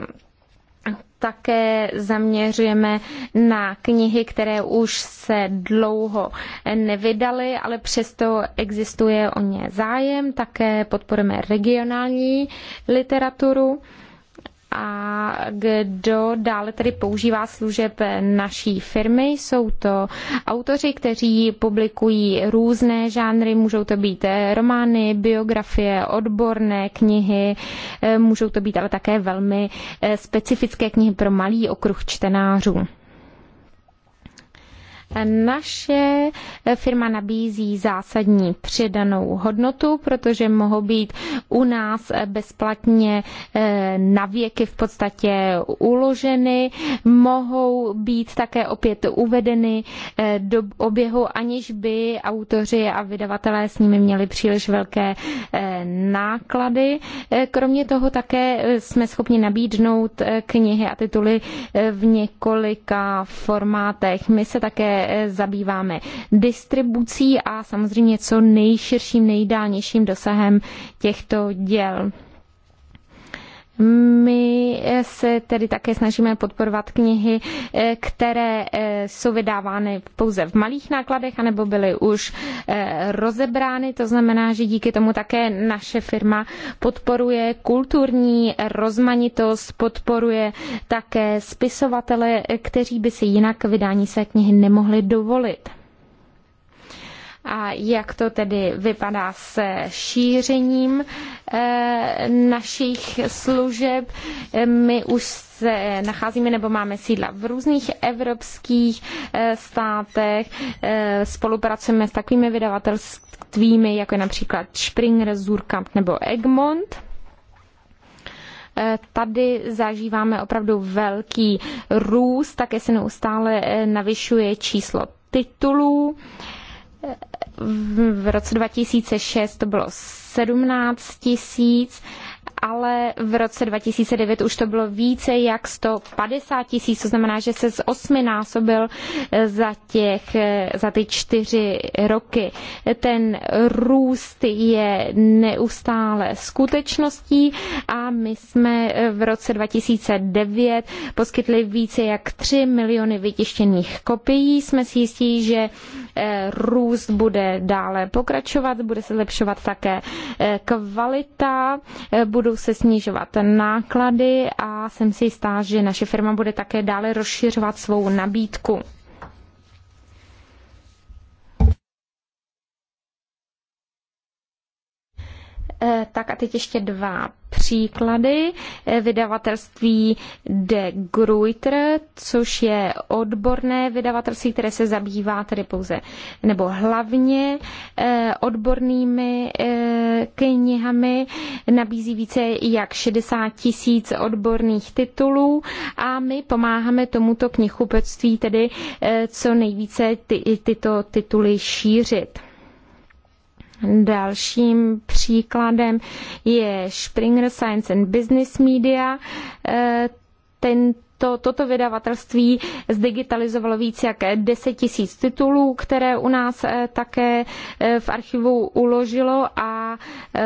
také zaměřujeme na knihy, které už se dlouho nevydaly, ale přesto existuje o ně zájem. Také podporujeme regionální literaturu a kdo dále tedy používá služeb naší firmy. Jsou to autoři, kteří publikují různé žánry, můžou to být romány, biografie, odborné knihy, můžou to být ale také velmi eh, specifické knihy pro malý okruh čtenářů. Naše firma nabízí zásadní přidanou hodnotu, protože mohou být u nás bezplatně eh, na věky v podstatě uloženy, mohou být také opět uvedeny eh, do oběhu, aniž by autoři a vydavatelé s nimi měli příliš velké eh, náklady. Kromě toho také jsme schopni nabídnout knihy a tituly v několika formátech. My se také zabýváme distribucí a samozřejmě co nejširším, nejdálnějším dosahem těchto děl. My se tedy také snažíme podporovat knihy, eh, které eh, jsou vydávány pouze v malých nákladech, anebo byly už eh, rozebrány. To znamená, že díky tomu také naše firma podporuje kulturní rozmanitost, podporuje také spisovatele, kteří by si jinak vydání své knihy nemohli dovolit a jak to tedy vypadá se šířením eh, našich služeb. My už se nacházíme nebo máme sídla v různých evropských eh, státech, eh, spolupracujeme s takovými vydavatelstvími, jako je například Springer, Zurkamp nebo Egmont tady zažíváme opravdu velký růst, také se neustále navyšuje číslo titulů v roce 2006 to bylo 17 tisíc ale v roce 2009 už to bylo více jak 150 tisíc, to znamená, že se z osmi násobil za, těch, za ty čtyři roky. Ten růst je neustále skutečností a my jsme v roce 2009 poskytli více jak 3 miliony vytištěných kopií. Jsme si jistí, že eh, růst bude dále pokračovat, bude se zlepšovat také eh, kvalita, eh, budou budou se snižovat náklady a jsem si jistá, že naše firma bude také dále rozšiřovat svou nabídku. Eh, tak a teď ještě dva příklady. Eh, vydavatelství De Gruyter, což je odborné vydavatelství, které se zabývá tedy pouze nebo hlavně eh, odbornými eh, knihami, nabízí více jak 60 tisíc odborných titulů a my pomáháme tomuto knihupectví tedy co nejvíce ty, tyto tituly šířit. Dalším příkladem je Springer Science and Business Media. Eh, Ten to, toto vydavatelství zdigitalizovalo víc jak 10 tisíc titulů, které u nás eh, také eh, v archivu uložilo a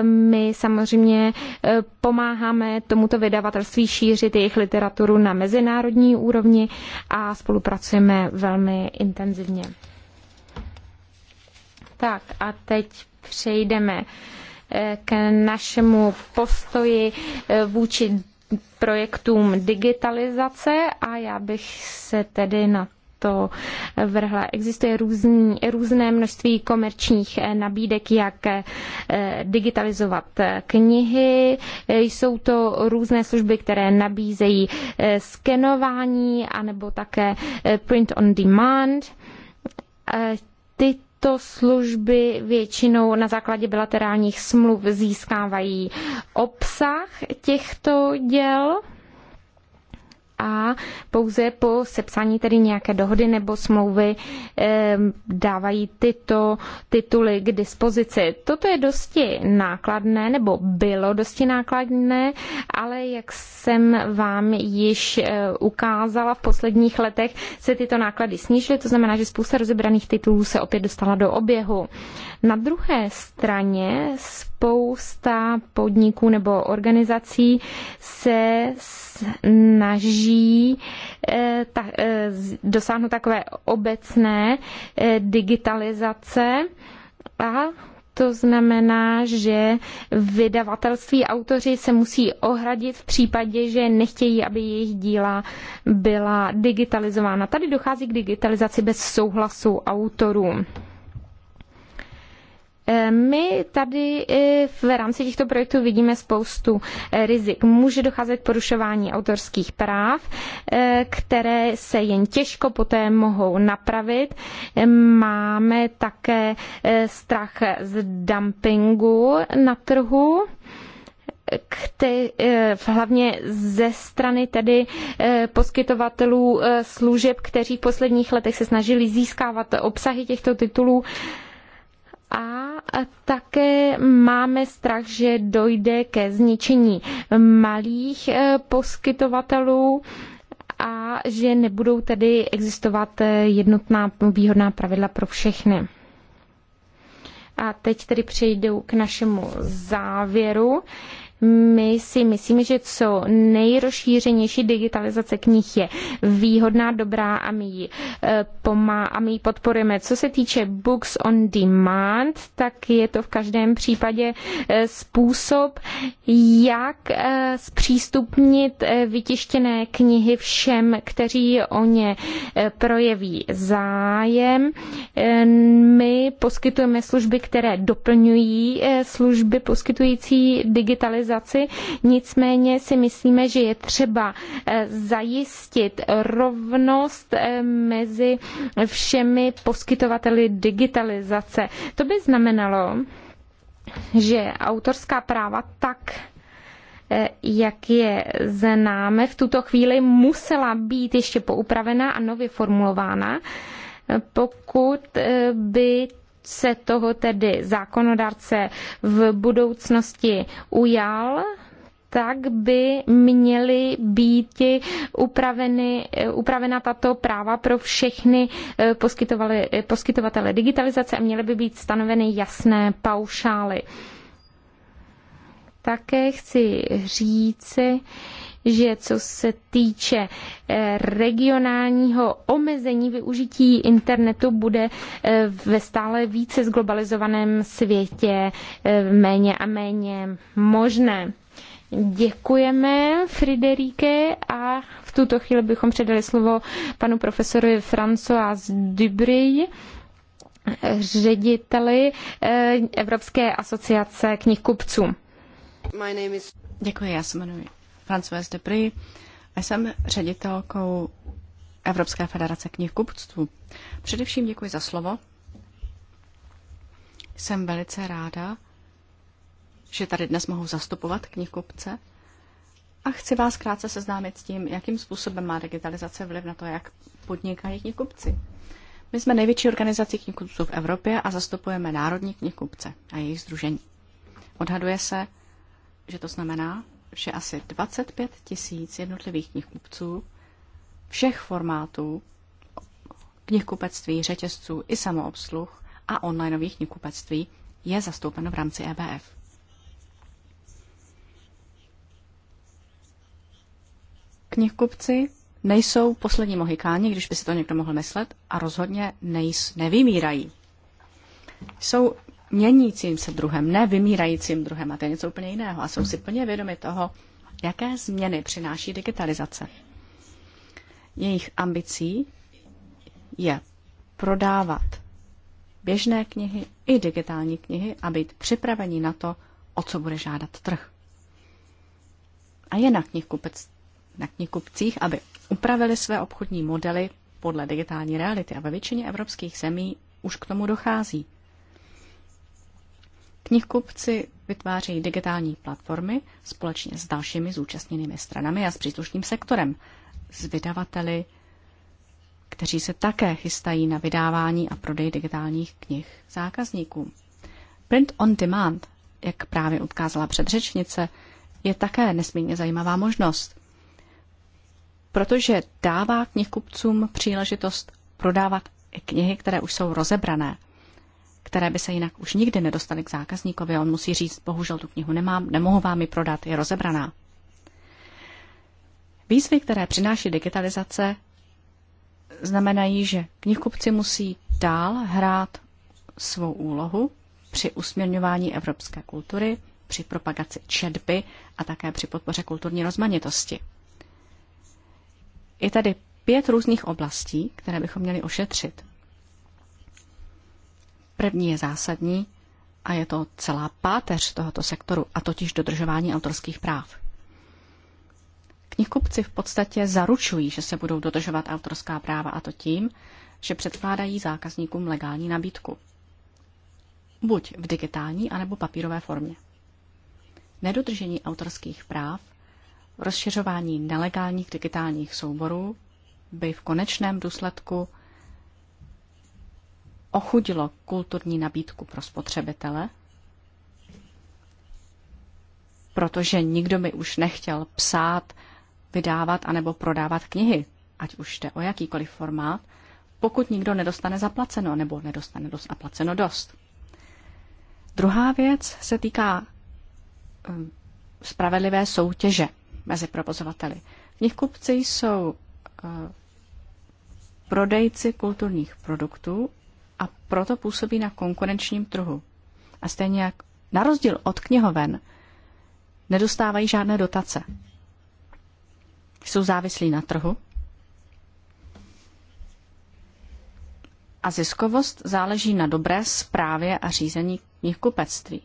my samozřejmě pomáháme tomuto vydavatelství šířit jejich literaturu na mezinárodní úrovni a spolupracujeme velmi intenzivně. Tak a teď přejdeme eh, k našemu postoji eh, vůči projektům digitalizace a já bych se tedy na to vrhla. Existuje různý, různé množství komerčních eh, nabídek, jak digitalizovat knihy. Jsou to různé služby, které nabízejí skenování anebo také print on demand. Ty tyto služby většinou na základě bilaterálních smluv získávají obsah těchto děl a pouze po sepsání tedy nějaké dohody nebo smlouvy eh, dávají tyto tituly k dispozici. Toto je dosti nákladné, nebo bylo dosti nákladné, ale jak jsem vám již eh, ukázala v posledních letech, se tyto náklady snížily, to znamená, že spousta rozebraných titulů se opět dostala do oběhu. Na druhé straně spousta podniků nebo organizací se snaží snaží eh, ta, eh, dosáhnout takové obecné eh, digitalizace a to znamená, že vydavatelství autoři se musí ohradit v případě, že nechtějí, aby jejich díla byla digitalizována. Tady dochází k digitalizaci bez souhlasu autorů. My tady eh, v rámci těchto projektů vidíme spoustu eh, rizik. Může docházet k porušování autorských práv, eh, které se jen těžko poté mohou napravit. Máme také strach z dumpingu na trhu kte, hlavně ze strany tedy poskytovatelů služeb, kteří v posledních letech se snažili získávat obsahy těchto titulů a také máme strach, že dojde ke zničení malých eh, poskytovatelů a že nebudou tedy existovat eh, jednotná výhodná pravidla pro všechny. A teď tedy přejdu k našemu závěru. My si myslíme, že co nejrozšířenější digitalizace knih je výhodná, dobrá a my ji, eh, pomá- a my ji podporujeme. Co se týče Books on Demand, tak je to v každém případě eh, způsob, jak eh, zpřístupnit vytištěné knihy všem, kteří o ně projeví zájem. My poskytujeme služby, které doplňují služby poskytující digitalizaci globalizaci, nicméně si myslíme, že je třeba eh, zajistit rovnost eh, mezi všemi poskytovateli digitalizace. To by znamenalo, že autorská práva tak eh, jak je známe, v tuto chvíli musela být ještě poupravená a nově formulována, pokud by se toho tedy zákonodárce v budoucnosti ujal, tak by měly být upraveny, upravena tato práva pro všechny eh, eh, poskytovatele digitalizace a měly by být stanoveny jasné paušály. Také chci říci, že co se týče eh, regionálního omezení využití internetu, bude eh, ve stále více zglobalizovaném světě eh, méně a méně možné. Děkujeme, Frideríke, a v tuto chvíli bychom předali slovo panu profesoru François Dubry, řediteli Evropské asociace knihkupců. Děkuji, já se jmenuji Françoise Debry a jsem ředitelkou Evropské federace knihkupctví. Především děkuji za slovo. Jsem velice ráda, že tady dnes mohu zastupovat knihkupce a chci vás krátce seznámit s tím, jakým způsobem má digitalizace vliv na to, jak podnikají knihkupci. My jsme největší organizací knihkupců v Evropě a zastupujeme národní knihkupce a jejich združení. Odhaduje se, že to znamená, že asi 25 tisíc jednotlivých knihkupců všech formátů knihkupectví, řetězců i samoobsluh a onlineových knihkupectví je zastoupeno v rámci EBF. Knihkupci nejsou poslední mohikáni, když by si to někdo mohl myslet, a rozhodně nejs, nevymírají. Jsou měnícím se druhem, ne vymírajícím druhem, a to je něco úplně jiného. A jsou si plně vědomi toho, jaké změny přináší digitalizace. Jejich ambicí je prodávat běžné knihy i digitální knihy a být připraveni na to, o co bude žádat trh. A je na, knihkupec, na knihkupcích, aby upravili své obchodní modely podle digitální reality a ve většině evropských zemí už k tomu dochází. Knihkupci vytvářejí digitální platformy společně s dalšími zúčastněnými stranami a s příslušným sektorem, s vydavateli, kteří se také chystají na vydávání a prodej digitálních knih zákazníkům. Print on demand, jak právě ukázala předřečnice, je také nesmírně zajímavá možnost, protože dává knihkupcům příležitost prodávat i knihy, které už jsou rozebrané které by se jinak už nikdy nedostaly k zákazníkovi on musí říct, bohužel tu knihu nemám, nemohu vám ji prodat, je rozebraná. Výzvy, které přináší digitalizace, znamenají, že knihkupci musí dál hrát svou úlohu při usměrňování evropské kultury, při propagaci četby a také při podpoře kulturní rozmanitosti. Je tady pět různých oblastí, které bychom měli ošetřit. První je zásadní a je to celá páteř tohoto sektoru, a totiž dodržování autorských práv. Knihkupci v podstatě zaručují, že se budou dodržovat autorská práva a to tím, že předkládají zákazníkům legální nabídku. Buď v digitální anebo papírové formě. Nedodržení autorských práv, rozšiřování nelegálních digitálních souborů by v konečném důsledku ochudilo kulturní nabídku pro spotřebitele, protože nikdo mi už nechtěl psát, vydávat anebo prodávat knihy, ať už jde o jakýkoliv formát, pokud nikdo nedostane zaplaceno nebo nedostane dost zaplaceno dost. Druhá věc se týká um, spravedlivé soutěže mezi provozovateli. Knihkupci jsou uh, prodejci kulturních produktů a proto působí na konkurenčním trhu. A stejně jak na rozdíl od knihoven nedostávají žádné dotace. Jsou závislí na trhu a ziskovost záleží na dobré zprávě a řízení knihkupectví.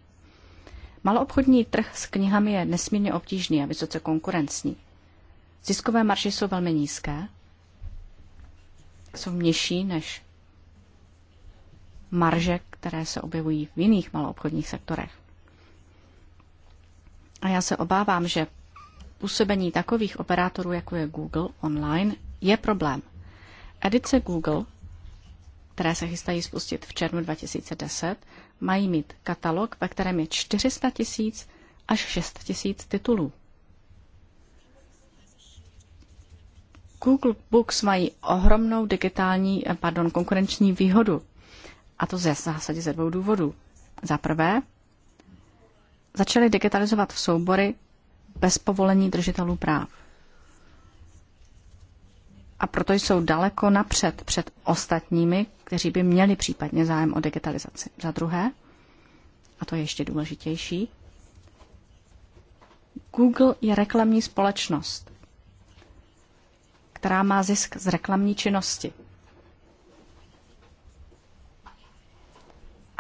Maloobchodní trh s knihami je nesmírně obtížný a vysoce konkurenční. Ziskové marže jsou velmi nízké, jsou nižší než marže, které se objevují v jiných maloobchodních sektorech. A já se obávám, že působení takových operátorů, jako je Google online, je problém. Edice Google, které se chystají spustit v červnu 2010, mají mít katalog, ve kterém je 400 tisíc až 6 tisíc titulů. Google Books mají ohromnou digitální, eh, pardon, konkurenční výhodu, a to ze zásadě ze dvou důvodů. Za prvé, začaly digitalizovat v soubory bez povolení držitelů práv. A proto jsou daleko napřed před ostatními, kteří by měli případně zájem o digitalizaci. Za druhé, a to je ještě důležitější, Google je reklamní společnost, která má zisk z reklamní činnosti.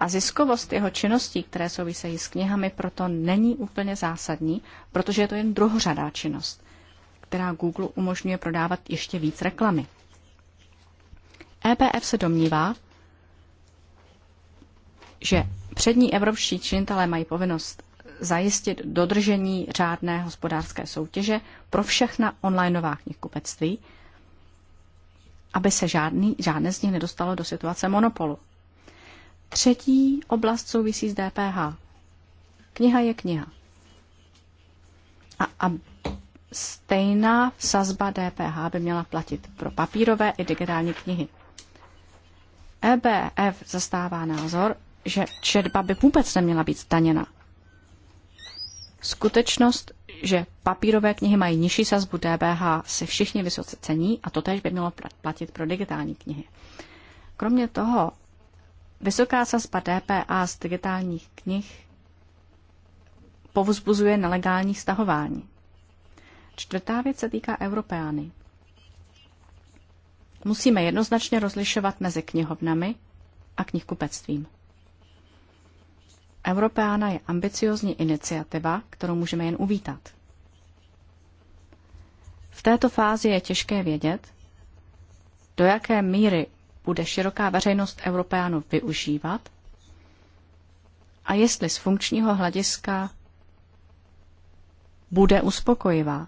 a ziskovost jeho činností, které souvisejí s knihami, proto není úplně zásadní, protože je to jen druhořadá činnost, která Google umožňuje prodávat ještě víc reklamy. EPF se domnívá, že přední evropští činitelé mají povinnost zajistit dodržení řádné hospodářské soutěže pro všechna onlineová knihkupectví, aby se žádný, žádné z nich nedostalo do situace monopolu. Třetí oblast souvisí s DPH. Kniha je kniha. A, a stejná sazba DPH by měla platit pro papírové i digitální knihy. EBF zastává názor, že četba by vůbec neměla být zdaněna. Skutečnost, že papírové knihy mají nižší sazbu DPH se všichni vysoce cení a to tež by mělo platit pro digitální knihy. Kromě toho Vysoká sazba DPA z digitálních knih povzbuzuje nelegální stahování. Čtvrtá věc se týká Europeány. Musíme jednoznačně rozlišovat mezi knihovnami a knihkupectvím. Europeána je ambiciozní iniciativa, kterou můžeme jen uvítat. V této fázi je těžké vědět, do jaké míry bude široká veřejnost Europeánu využívat a jestli z funkčního hlediska bude uspokojivá.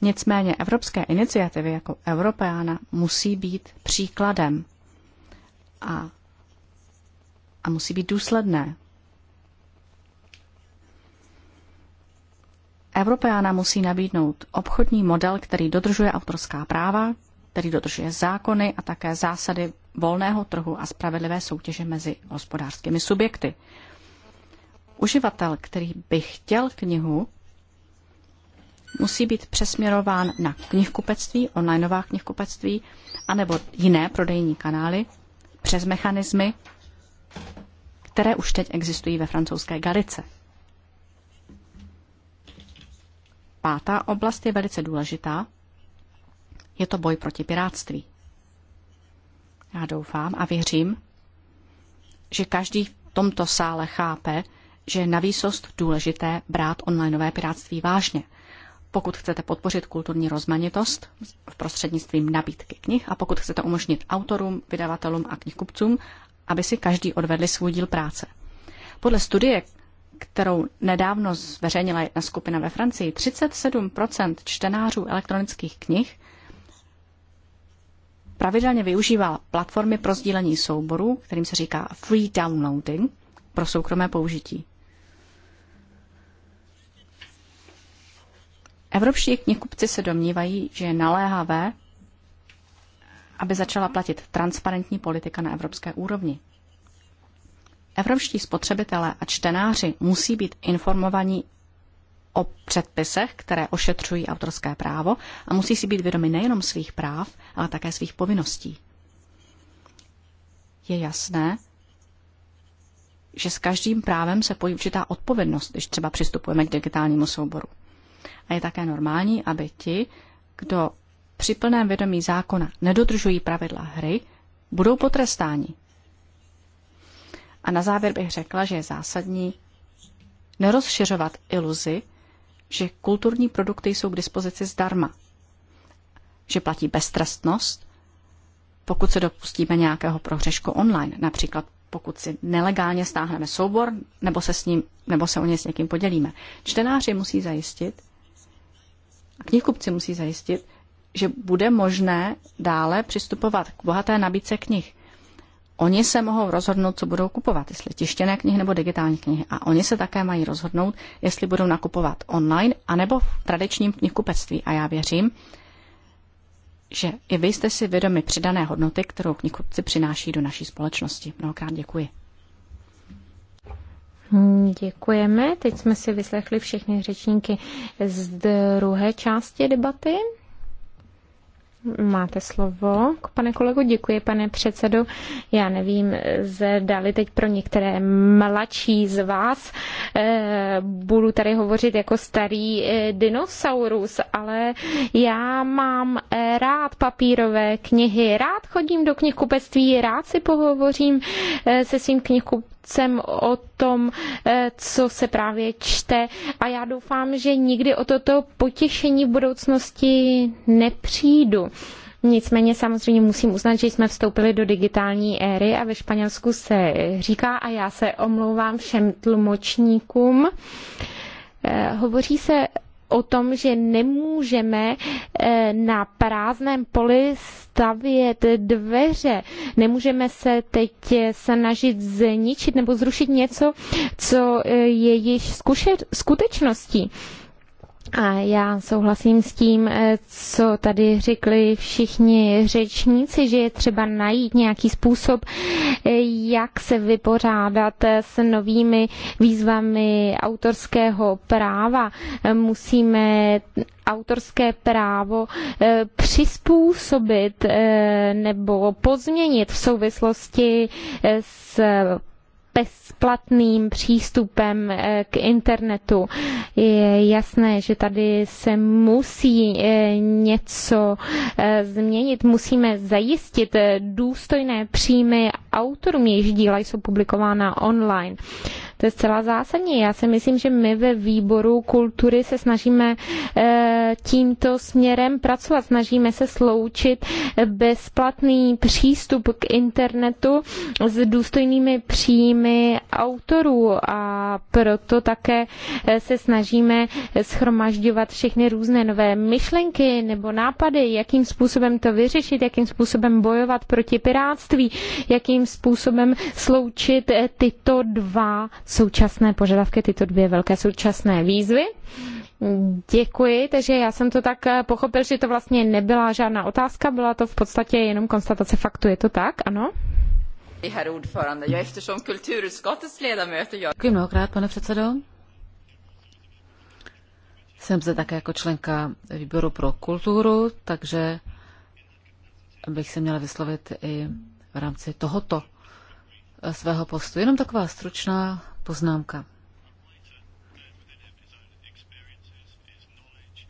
Nicméně evropské iniciativy jako Europeána musí být příkladem a, a musí být důsledné. Europeána musí nabídnout obchodní model, který dodržuje autorská práva, který dodržuje zákony a také zásady volného trhu a spravedlivé soutěže mezi hospodářskými subjekty. Uživatel, který by chtěl knihu, musí být přesměrován na knihkupectví, onlineová knihkupectví, anebo jiné prodejní kanály přes mechanismy, které už teď existují ve francouzské Galice. Pátá oblast je velice důležitá, je to boj proti piráctví. Já doufám a věřím, že každý v tomto sále chápe, že je na výsost důležité brát onlineové piráctví vážně. Pokud chcete podpořit kulturní rozmanitost v prostřednictvím nabídky knih a pokud chcete umožnit autorům, vydavatelům a knihkupcům, aby si každý odvedli svůj díl práce. Podle studie, kterou nedávno zveřejnila jedna skupina ve Francii, 37 čtenářů elektronických knih pravidelně využívá platformy pro sdílení souborů, kterým se říká free downloading, pro soukromé použití. Evropští knihkupci se domnívají, že je naléhavé, aby začala platit transparentní politika na evropské úrovni. Evropští spotřebitelé a čtenáři musí být informovaní o předpisech, které ošetřují autorské právo a musí si být vědomi nejenom svých práv, ale také svých povinností. Je jasné, že s každým právem se pojí určitá odpovědnost, když třeba přistupujeme k digitálnímu souboru. A je také normální, aby ti, kdo při plném vědomí zákona nedodržují pravidla hry, budou potrestáni. A na závěr bych řekla, že je zásadní nerozšiřovat iluzi, že kulturní produkty jsou k dispozici zdarma, že platí beztrestnost, pokud se dopustíme nějakého prohřešku online, například pokud si nelegálně stáhneme soubor nebo se, s ním, nebo se o ně s někým podělíme. Čtenáři musí zajistit, a knihkupci musí zajistit, že bude možné dále přistupovat k bohaté nabídce knih. Oni se mohou rozhodnout, co budou kupovat, jestli tištěné knihy nebo digitální knihy. A oni se také mají rozhodnout, jestli budou nakupovat online anebo v tradičním knihkupectví. A já věřím, že i vy jste si vědomi přidané hodnoty, kterou knihkupci přináší do naší společnosti. Mnohokrát děkuji. Děkujeme. Teď jsme si vyslechli všechny řečníky z druhé části debaty. Máte slovo. Pane kolego, děkuji, pane předsedo. Já nevím, zdali teď pro některé mladší z vás eh, budu tady hovořit jako starý eh, dinosaurus, ale já mám eh, rád papírové knihy, rád chodím do knihkupectví, rád si pohovořím se svým knihkupectvím, znalcem o tom, eh, co se právě čte a já doufám, že nikdy o toto potěšení v budoucnosti nepřijdu. Nicméně samozřejmě musím uznat, že jsme vstoupili do digitální éry a ve Španělsku se říká, a já se omlouvám všem tlumočníkům, eh, hovoří se o tom, že nemůžeme eh, na prázdném poli stavět dveře. Nemůžeme se teď snažit zničit nebo zrušit něco, co eh, je již skutečností. A já souhlasím s tím, eh, co tady řekli všichni řečníci, že je třeba najít nějaký způsob, eh, jak se vypořádat eh, s novými výzvami autorského práva. Musíme autorské právo přizpůsobit nebo pozměnit v souvislosti s bezplatným přístupem eh, k internetu. Je jasné, že tady se musí eh, něco eh, změnit. Musíme zajistit důstojné příjmy autorům, jejichž díla jsou publikována online. To je zcela zásadní. Já si myslím, že my ve výboru kultury se snažíme eh, tímto směrem pracovat. Snažíme se sloučit bezplatný přístup k internetu s důstojnými příjmy autorů a proto také eh, se snažíme schromažďovat všechny různé nové myšlenky nebo nápady, jakým způsobem to vyřešit, jakým způsobem bojovat proti pirátství, jakým způsobem sloučit eh, tyto dva současné požadavky, tyto dvě velké současné výzvy. Děkuji, takže já jsem to tak eh, pochopil, že to vlastně nebyla žádná otázka, byla to v podstatě jenom konstatace faktu, je to tak, ano? Děkuji mnohokrát, pane předsedo. Jsem zde také jako členka výboru pro kulturu, takže bych se měla vyslovit i v rámci tohoto eh, svého postu. Jenom taková stručná poznámka.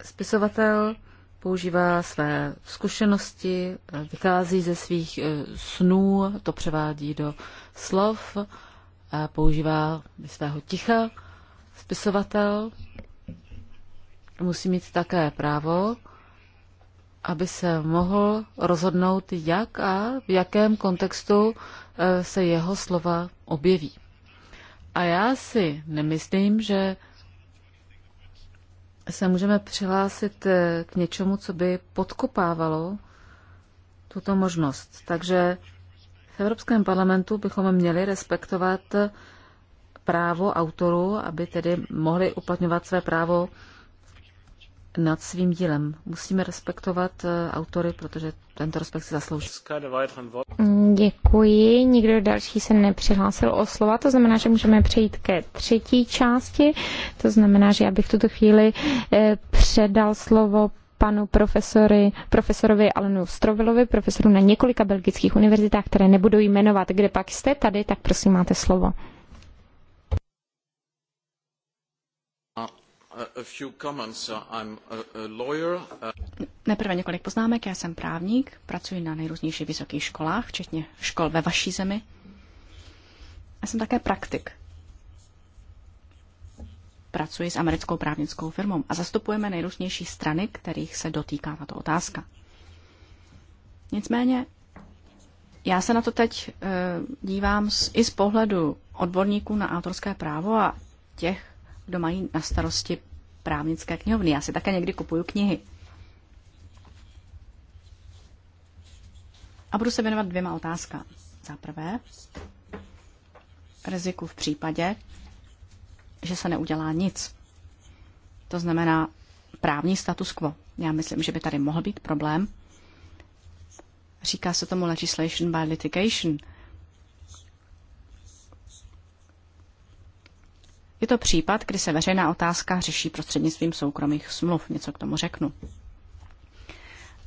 Spisovatel používá své zkušenosti, vychází ze svých eh, snů, to převádí do slov, používá svého ticha. Spisovatel musí mít také právo, aby se mohl rozhodnout, jak a v jakém kontextu eh, se jeho slova objeví. A já si nemyslím, že se můžeme přihlásit eh, k něčemu, co by podkopávalo tuto možnost. Takže v Evropském parlamentu bychom měli respektovat právo autorů, aby tedy mohli uplatňovat své právo nad svým dílem. Musíme respektovat eh, autory, protože tento respekt si zaslouží. Děkuji. Nikdo další se nepřihlásil o slova, to znamená, že můžeme přejít ke třetí části. To znamená, že já bych v tuto chvíli eh, předal slovo panu profesory, profesorovi Alenu Strovilovi, profesoru na několika belgických univerzitách, které nebudu jmenovat. Kde pak jste tady, tak prosím máte slovo. Uh, uh, Neprve několik poznámek. Já jsem právník, pracuji na nejrůznějších vysokých školách, včetně škol ve vaší zemi. Já jsem také praktik. Pracuji s americkou právnickou firmou a zastupujeme nejrůznější strany, kterých se dotýká tato otázka. Nicméně já se na to teď eh, dívám i z pohledu odborníků na autorské právo a těch, kdo mají na starosti právnické knihovny. Já si také někdy kupuju knihy. A budu se věnovat dvěma otázkám. Za prvé, riziku v případě, že se neudělá nic. To znamená právní status quo. Já myslím, že by tady mohl být problém. Říká se tomu legislation by litigation – Je to případ, kdy se veřejná otázka řeší prostřednictvím soukromých smluv. Něco k tomu řeknu.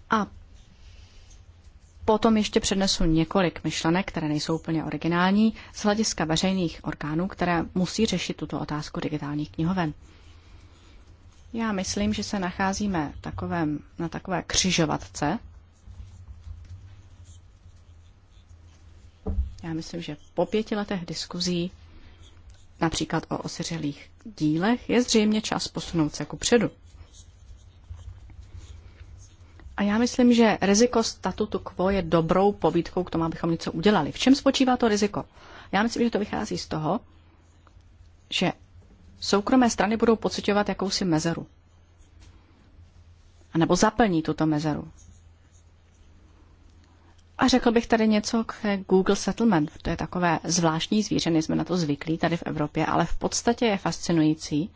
A potom ještě přednesu několik myšlenek, které nejsou úplně originální, z hlediska veřejných orgánů, které musí řešit tuto otázku digitálních knihoven. Já myslím, že se nacházíme takovém, na takové křižovatce. Já myslím, že po pěti letech diskuzí například o osiřelých dílech, je zřejmě čas posunout se ku předu. A já myslím, že riziko statutu quo je dobrou pobídkou k tomu, abychom něco udělali. V čem spočívá to riziko? Já myslím, že to vychází z toho, že soukromé strany budou pocitovat jakousi mezeru. A nebo zaplní tuto mezeru. A řekl bych tady něco k Google Settlement. To je takové zvláštní zvíře, nejsme na to zvyklí tady v Evropě, ale v podstatě je fascinující,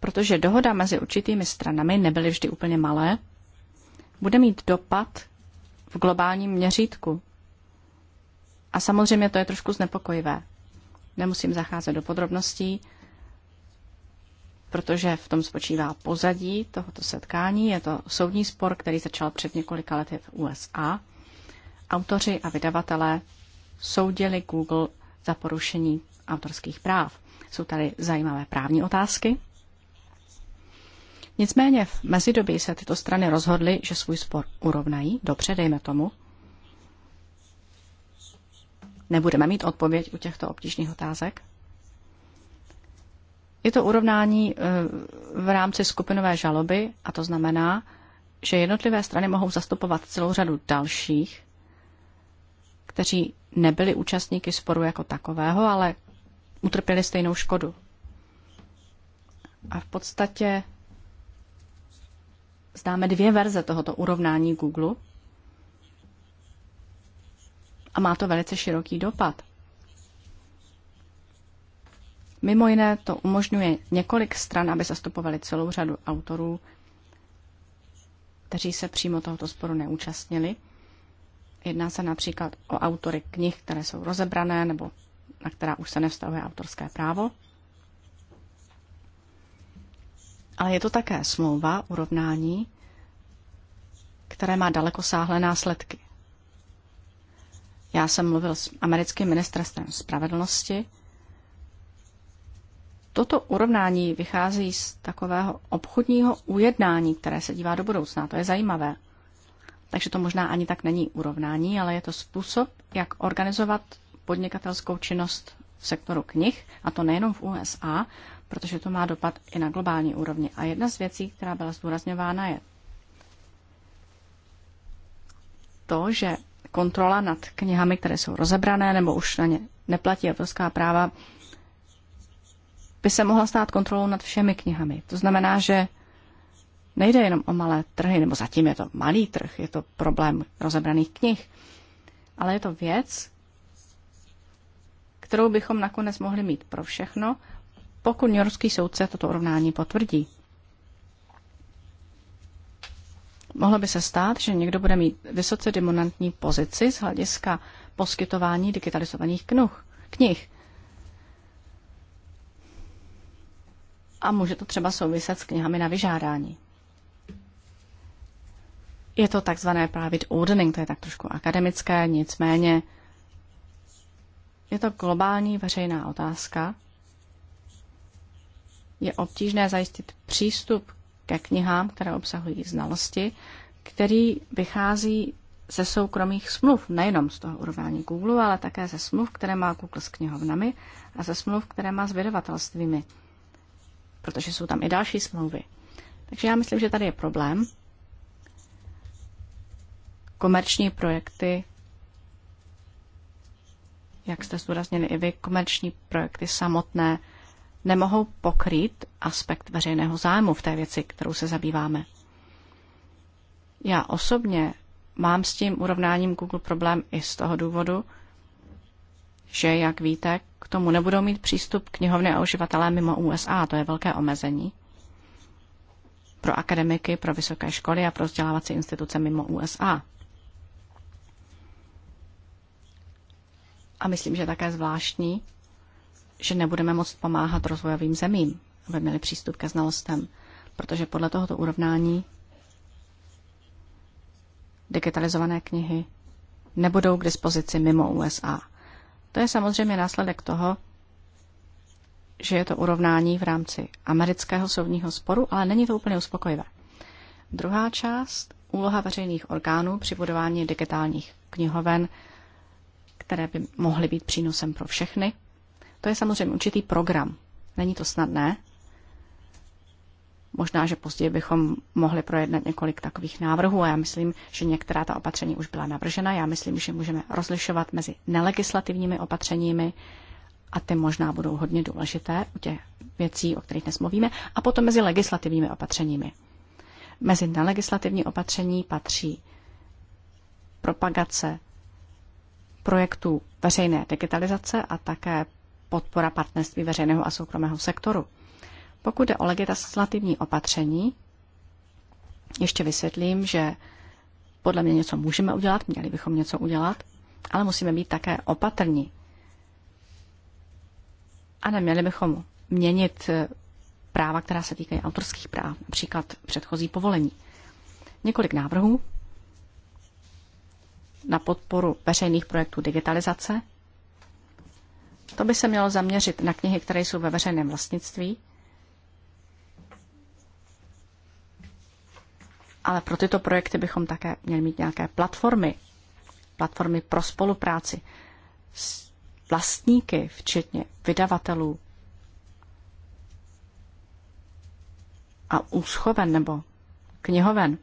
protože dohoda mezi určitými stranami nebyly vždy úplně malé, bude mít dopad v globálním měřítku. A samozřejmě to je trošku znepokojivé. Nemusím zacházet do podrobností, protože v tom spočívá pozadí tohoto setkání. Je to soudní spor, který začal před několika lety v USA. Autoři a vydavatelé soudili Google za porušení autorských práv. Jsou tady zajímavé právní otázky. Nicméně v mezidobí se tyto strany rozhodly, že svůj spor urovnají, dobře, dejme tomu. Nebudeme mít odpověď u těchto obtížných otázek, je to urovnání eh, v rámci skupinové žaloby a to znamená, že jednotlivé strany mohou zastupovat celou řadu dalších, kteří nebyli účastníky sporu jako takového, ale utrpěli stejnou škodu. A v podstatě známe dvě verze tohoto urovnání Google a má to velice široký dopad. Mimo jiné to umožňuje několik stran, aby zastupovali celou řadu autorů, kteří se přímo tohoto sporu neúčastnili. Jedná se například o autory knih, které jsou rozebrané nebo na která už se nevztahuje autorské právo. Ale je to také smlouva, urovnání, které má sáhlé následky. Já jsem mluvil s americkým ministerstvem spravedlnosti, Toto urovnání vychází z takového obchodního ujednání, které se dívá do budoucna. To je zajímavé. Takže to možná ani tak není urovnání, ale je to způsob, jak organizovat podnikatelskou činnost v sektoru knih, a to nejenom v USA, protože to má dopad i na globální úrovni. A jedna z věcí, která byla zdůrazňována, je to, že kontrola nad knihami, které jsou rozebrané nebo už na ně neplatí evropská práva, by se mohla stát kontrolou nad všemi knihami. To znamená, že nejde jenom o malé trhy, nebo zatím je to malý trh, je to problém rozebraných knih, ale je to věc, kterou bychom nakonec mohli mít pro všechno, pokud New soudce toto urovnání potvrdí. Mohlo by se stát, že někdo bude mít vysoce dominantní pozici z hlediska poskytování digitalizovaných knuh, knih. a může to třeba souviset s knihami na vyžádání. Je to takzvané private ordering, to je tak trošku akademické, nicméně je to globální veřejná otázka. Je obtížné zajistit přístup ke knihám, které obsahují znalosti, který vychází ze soukromých smluv, nejenom z toho urování Google, ale také ze smluv, které má Google s knihovnami a ze smluv, které má s vydavatelstvími protože jsou tam i další smlouvy. Takže já myslím, že tady je problém. Komerční projekty, jak jste zdůraznili i vy, komerční projekty samotné nemohou pokrýt aspekt veřejného zájmu v té věci, kterou se zabýváme. Já osobně mám s tím urovnáním Google problém i z toho důvodu, že, jak víte, k tomu nebudou mít přístup knihovny a uživatelé mimo USA. to je velké omezení pro akademiky, pro vysoké školy a pro vzdělávací instituce mimo USA. A myslím, že také zvláštní, že nebudeme moct pomáhat rozvojovým zemím, aby měli přístup ke znalostem, protože podle tohoto urovnání digitalizované knihy nebudou k dispozici mimo USA. To je samozřejmě následek toho, že je to urovnání v rámci amerického soudního sporu, ale není to úplně uspokojivé. Druhá část, úloha veřejných orgánů při budování digitálních knihoven, které by mohly být přínosem pro všechny. To je samozřejmě určitý program. Není to snadné, Možná, že později bychom mohli projednat několik takových návrhů a já myslím, že některá ta opatření už byla navržena. Já myslím, že můžeme rozlišovat mezi nelegislativními opatřeními a ty možná budou hodně důležité u těch věcí, o kterých dnes mluvíme, a potom mezi legislativními opatřeními. Mezi nelegislativní opatření patří propagace projektů veřejné digitalizace a také podpora partnerství veřejného a soukromého sektoru. Pokud jde o legislativní opatření, ještě vysvětlím, že podle mě něco můžeme udělat, měli bychom něco udělat, ale musíme být také opatrní. A neměli bychom měnit eh, práva, která se týkají autorských práv, například předchozí povolení. Několik návrhů na podporu veřejných projektů digitalizace. To by se mělo zaměřit na knihy, které jsou ve veřejném vlastnictví, ale pro tyto projekty bychom také měli mít nějaké platformy, platformy pro spolupráci s vlastníky, včetně vydavatelů a úschoven nebo knihoven.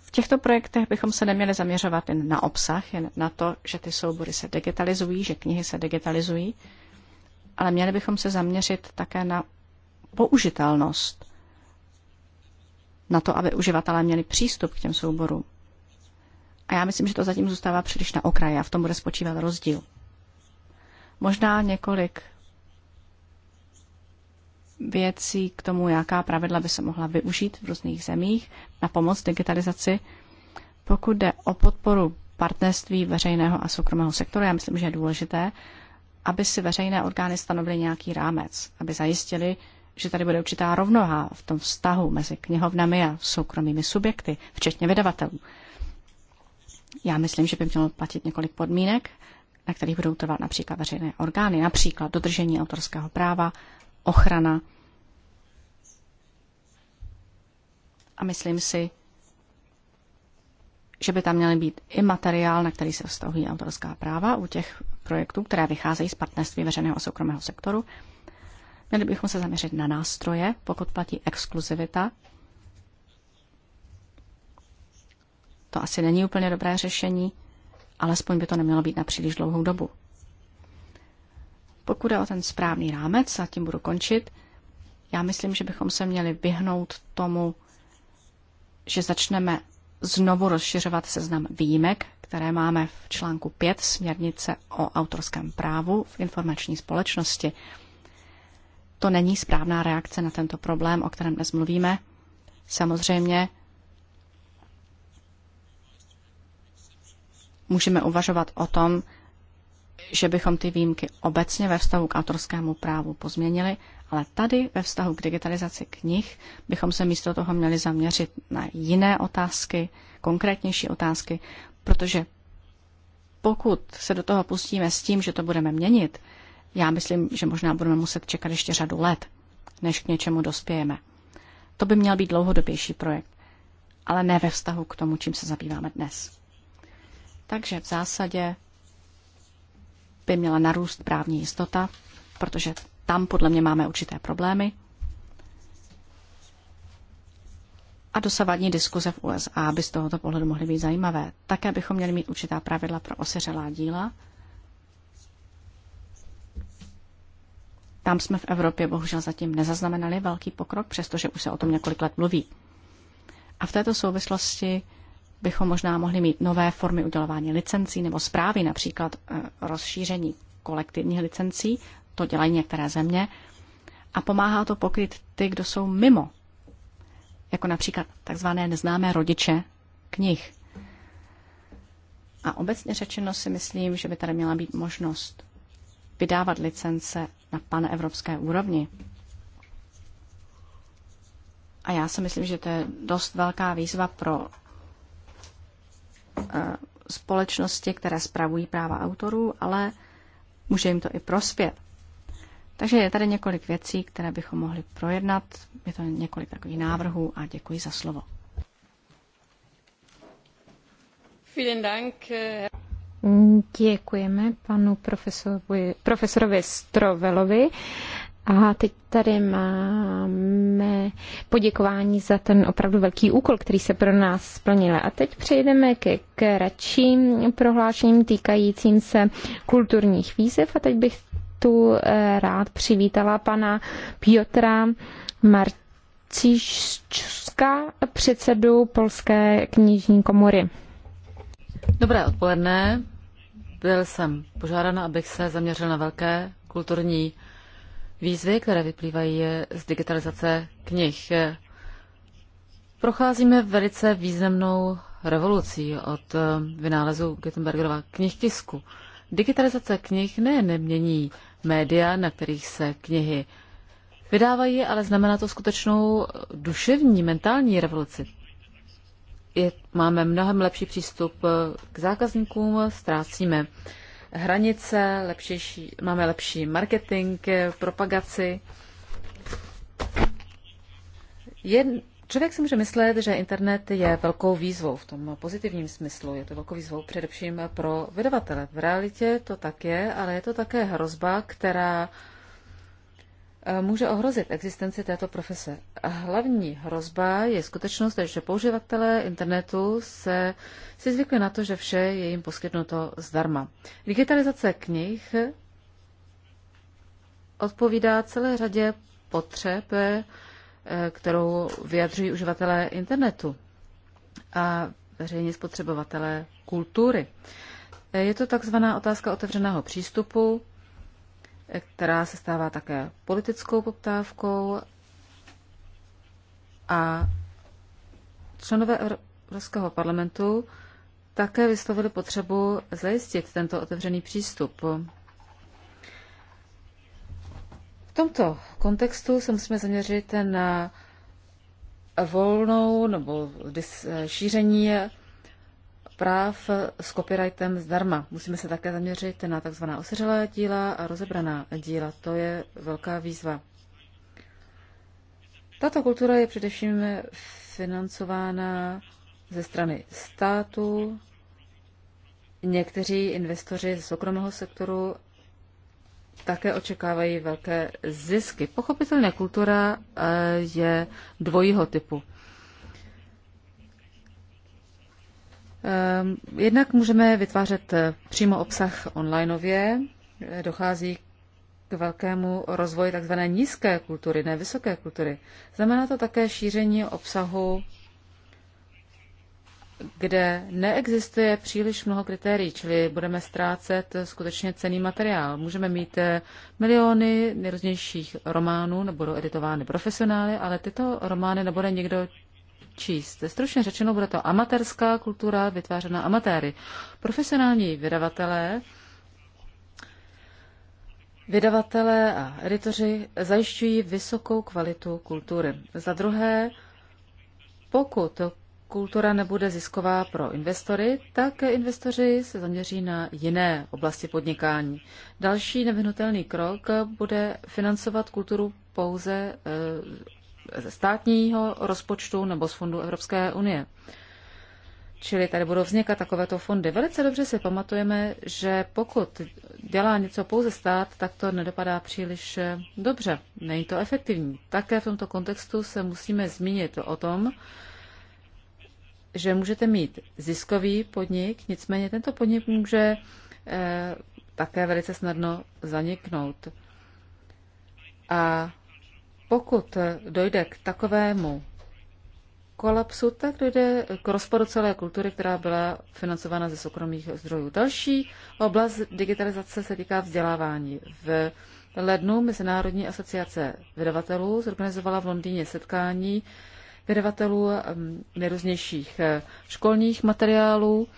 V těchto projektech bychom se neměli zaměřovat jen na obsah, jen na to, že ty soubory se digitalizují, že knihy se digitalizují, ale měli bychom se zaměřit také na použitelnost, na to, aby uživatelé měli přístup k těm souborům. A já myslím, že to zatím zůstává příliš na okraji a v tom bude spočívat rozdíl. Možná několik věcí k tomu, jaká pravidla by se mohla využít v různých zemích na pomoc digitalizaci. Pokud jde o podporu partnerství veřejného a soukromého sektoru, já myslím, že je důležité, aby si veřejné orgány stanovily nějaký rámec, aby zajistili, že tady bude určitá rovnoha v tom vztahu mezi knihovnami a soukromými subjekty, včetně vydavatelů. Já myslím, že by mělo platit několik podmínek, na kterých budou trvat například veřejné orgány, například dodržení autorského práva, ochrana. A myslím si, že by tam měly být i materiál, na který se vztahují autorská práva u těch projektů, které vycházejí z partnerství veřejného a soukromého sektoru. Měli bychom se zaměřit na nástroje, pokud platí exkluzivita. To asi není úplně dobré řešení, alespoň by to nemělo být na příliš dlouhou dobu. Pokud je o ten správný rámec, a tím budu končit, já myslím, že bychom se měli vyhnout tomu, že začneme znovu rozšiřovat seznam výjimek, které máme v článku 5 směrnice o autorském právu v informační společnosti. To není správná reakce na tento problém, o kterém dnes mluvíme. Samozřejmě můžeme uvažovat o tom, že bychom ty výjimky obecně ve vztahu k autorskému právu pozměnili, ale tady ve vztahu k digitalizaci knih bychom se místo toho měli zaměřit na jiné otázky, konkrétnější otázky, protože pokud se do toho pustíme s tím, že to budeme měnit, já myslím, že možná budeme muset čekat ještě řadu let, než k něčemu dospějeme. To by měl být dlouhodobější projekt, ale ne ve vztahu k tomu, čím se zabýváme dnes. Takže v zásadě by měla narůst právní jistota, protože tam podle mě máme určité problémy. A dosavadní diskuze v USA by z tohoto pohledu mohly být zajímavé. Také bychom měli mít určitá pravidla pro osiřelá díla, Tam jsme v Evropě bohužel zatím nezaznamenali velký pokrok, přestože už se o tom několik let mluví. A v této souvislosti bychom možná mohli mít nové formy udělování licencí nebo zprávy, například eh, rozšíření kolektivních licencí, to dělají některé země, a pomáhá to pokryt ty, kdo jsou mimo, jako například takzvané neznámé rodiče knih. A obecně řečeno si myslím, že by tady měla být možnost vydávat licence na panevropské úrovni. A já si myslím, že to je dost velká výzva pro eh, společnosti, které spravují práva autorů, ale může jim to i prospět. Takže je tady několik věcí, které bychom mohli projednat. Je to několik takových návrhů a děkuji za slovo. Mm, děkujeme panu profesorovi, profesorovi Strovelovi. A teď tady máme poděkování za ten opravdu velký úkol, který se pro nás splnil. A teď přejdeme ke kratším prohlášením týkajícím se kulturních výzev. A teď bych tu eh, rád přivítala pana Piotra Marciška, předsedu Polské knižní komory. Dobré odpoledne. Byl jsem požádána, abych se zaměřil na velké kulturní výzvy, které vyplývají z digitalizace knih. Procházíme velice významnou revolucí od eh, vynálezu Gutenbergova knih tisku. Digitalizace knih ne nemění média, na kterých se knihy vydávají, ale znamená to skutečnou duševní, mentální revoluci je, máme mnohem lepší přístup eh, k zákazníkům, ztrácíme hranice, lepší, máme lepší marketing, eh, propagaci. Je, člověk si může myslet, že internet je velkou výzvou v tom pozitivním smyslu. Je to velkou výzvou především pro vydavatele. V realitě to tak je, ale je to také hrozba, která může ohrozit existenci této profese. Hlavní hrozba je skutečnost, že používatelé internetu se si zvykli na to, že vše je jim poskytnuto zdarma. Digitalizace knih odpovídá celé řadě potřeb, eh, kterou vyjadřují uživatelé internetu a veřejně spotřebovatelé kultury. Eh, je to takzvaná otázka otevřeného přístupu, která se stává také politickou poptávkou a členové Evropského parlamentu také vyslovili potřebu zajistit tento otevřený přístup. V tomto kontextu se musíme zaměřit na volnou nebo šíření práv s copyrightem zdarma. Musíme se také zaměřit na tzv. osiřelá díla a rozebraná díla. To je velká výzva. Tato kultura je především financována ze strany státu, Někteří investoři z soukromého sektoru také očekávají velké zisky. Pochopitelně kultura eh, je dvojího typu. Ehm, jednak můžeme vytvářet eh, přímo obsah onlineově. Eh, dochází k velkému rozvoji tzv. nízké kultury, ne vysoké kultury. Znamená to také šíření obsahu, kde neexistuje příliš mnoho kritérií, čili budeme ztrácet eh, skutečně cený materiál. Můžeme mít miliony nejrůznějších románů, nebudou editovány profesionály, ale tyto romány nebude nikdo číst. Stručně řečeno, bude to amatérská kultura vytvářená amatéry. Profesionální vydavatelé, vydavatelé a editoři zajišťují vysokou kvalitu kultury. Za druhé, pokud kultura nebude zisková pro investory, tak investoři se zaměří na jiné oblasti podnikání. Další nevyhnutelný krok bude financovat kulturu pouze eh, ze státního rozpočtu nebo z fondu Evropské unie. Čili tady budou vznikat takovéto fondy. Velice dobře si pamatujeme, že pokud dělá něco pouze stát, tak to nedopadá příliš dobře. Není to efektivní. Také v tomto kontextu se musíme zmínit o tom, že můžete mít ziskový podnik, nicméně tento podnik může eh, také velice snadno zaniknout. A pokud dojde k takovému kolapsu, tak dojde k rozpadu celé kultury, která byla financována ze soukromých zdrojů. Další oblast digitalizace se týká vzdělávání. V lednu Mezinárodní asociace vydavatelů zorganizovala v Londýně setkání vydavatelů ehm, nejrůznějších eh, školních materiálů.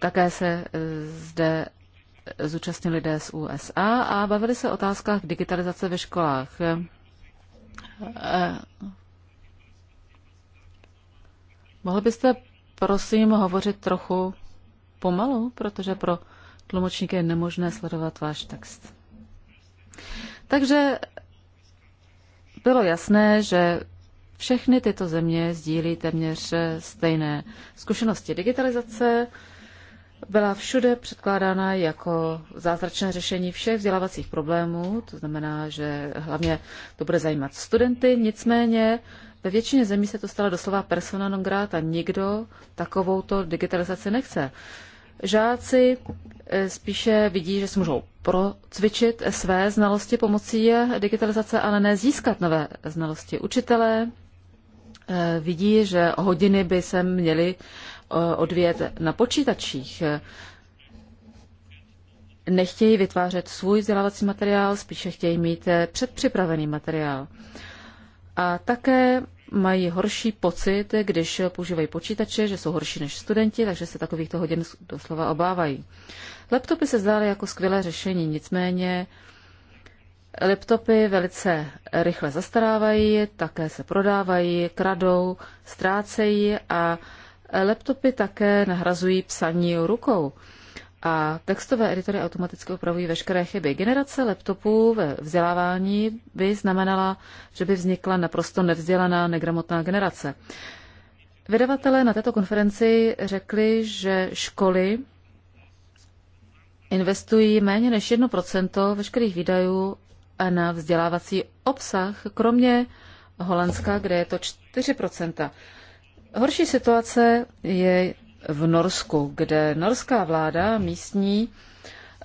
Také se eh, zde zúčastnili lidé z USA a bavili se o otázkách digitalizace ve školách. Eh, Mohl byste prosím hovořit trochu pomalu, protože pro tlumočníky je nemožné sledovat váš text. Takže bylo jasné, že všechny tyto země sdílí téměř stejné zkušenosti digitalizace, byla všude předkládána jako zázračné řešení všech vzdělávacích problémů, to znamená, že hlavně to bude zajímat studenty, nicméně ve většině zemí se to stalo doslova persona non grata, nikdo takovouto digitalizaci nechce. Žáci eh, spíše vidí, že si můžou procvičit své znalosti pomocí digitalizace, ale ne získat nové znalosti. Učitelé eh, vidí, že hodiny by se měly Eh, odvět na počítačích. Nechtějí vytvářet svůj vzdělávací materiál, spíše chtějí mít eh, předpřipravený materiál. A také mají horší pocit, když používají počítače, že jsou horší než studenti, takže se takovýchto hodin doslova obávají. Laptopy se zdály jako skvělé řešení, nicméně laptopy velice rychle zastarávají, také se prodávají, kradou, ztrácejí a Laptopy také nahrazují psaní rukou a textové editory automaticky opravují veškeré chyby. Generace laptopů ve vzdělávání by znamenala, že by vznikla naprosto nevzdělaná, negramotná generace. Vydavatelé na této konferenci řekli, že školy investují méně než 1% veškerých výdajů na vzdělávací obsah, kromě Holandska, kde je to 4%. Horší situace je v Norsku, kde norská vláda, místní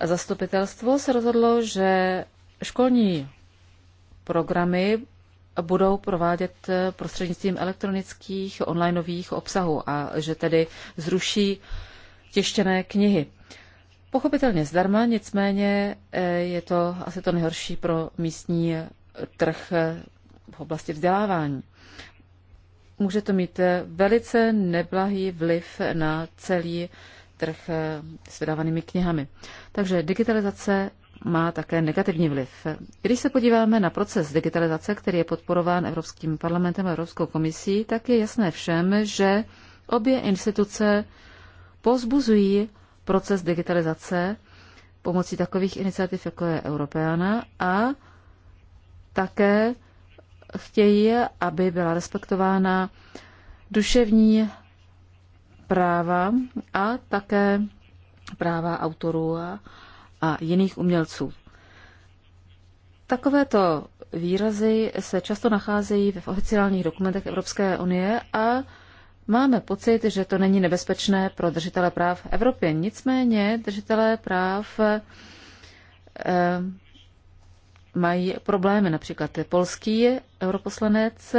zastupitelstvo se rozhodlo, že školní programy budou provádět prostřednictvím elektronických onlineových obsahů a že tedy zruší tištěné knihy. Pochopitelně zdarma, nicméně eh, je to asi to nejhorší pro místní trh v oblasti vzdělávání může to mít eh, velice neblahý vliv na celý trh eh, s vydávanými knihami. Takže digitalizace má také negativní vliv. Když se podíváme na proces digitalizace, který je podporován Evropským parlamentem a Evropskou komisí, tak je jasné všem, že obě instituce pozbuzují proces digitalizace pomocí takových iniciativ, jako je Europeana a také chtějí, aby byla respektována duševní práva a také práva autorů a, a jiných umělců. Takovéto výrazy se často nacházejí v oficiálních dokumentech Evropské unie a máme pocit, že to není nebezpečné pro držitele práv v Evropě. Nicméně držitele práv eh, mají problémy. Například polský europoslanec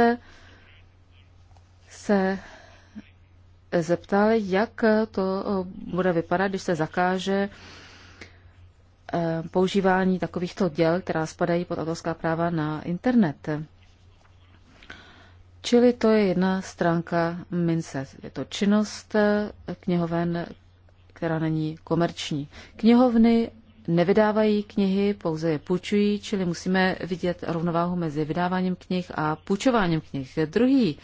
se zeptal, jak to bude vypadat, když se zakáže eh, používání takovýchto děl, která spadají pod autorská práva na internet. Čili to je jedna stránka mince. Je to činnost knihoven, která není komerční. Knihovny nevydávají knihy, pouze je půjčují, čili musíme vidět rovnováhu mezi vydáváním knih a půjčováním knih. Druhý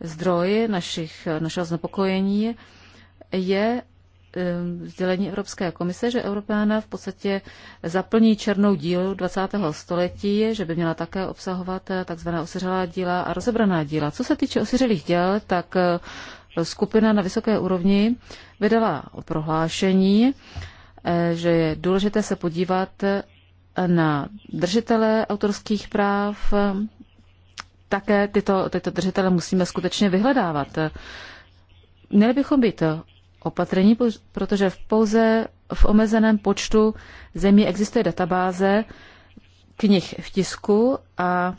zdroj našich, našeho znepokojení je eh, sdělení Evropské komise, že Evropána v podstatě zaplní černou dílu 20. století, že by měla také obsahovat eh, takzvaná osiřelá díla a rozebraná díla. Co se týče osiřelých děl, tak eh, skupina na vysoké úrovni vydala prohlášení, Eh, že je důležité se podívat eh, na držitele autorských práv. Také tyto, tyto držitele musíme skutečně vyhledávat. Měli bychom být opatrní, protože v pouze v omezeném počtu zemí existuje databáze knih v tisku a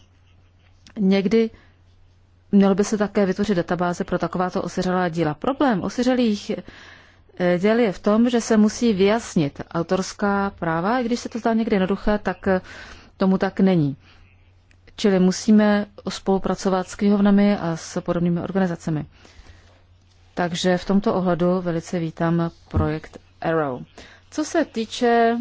někdy mělo by se také vytvořit databáze pro takováto osiřelá díla. Problém osiřelých E, děl je v tom, že se musí vyjasnit autorská práva, i když se to zdá někdy jednoduché, tak e, tomu tak není. Čili musíme spolupracovat s knihovnami a s podobnými organizacemi. Takže v tomto ohledu velice vítám projekt Arrow. Co se týče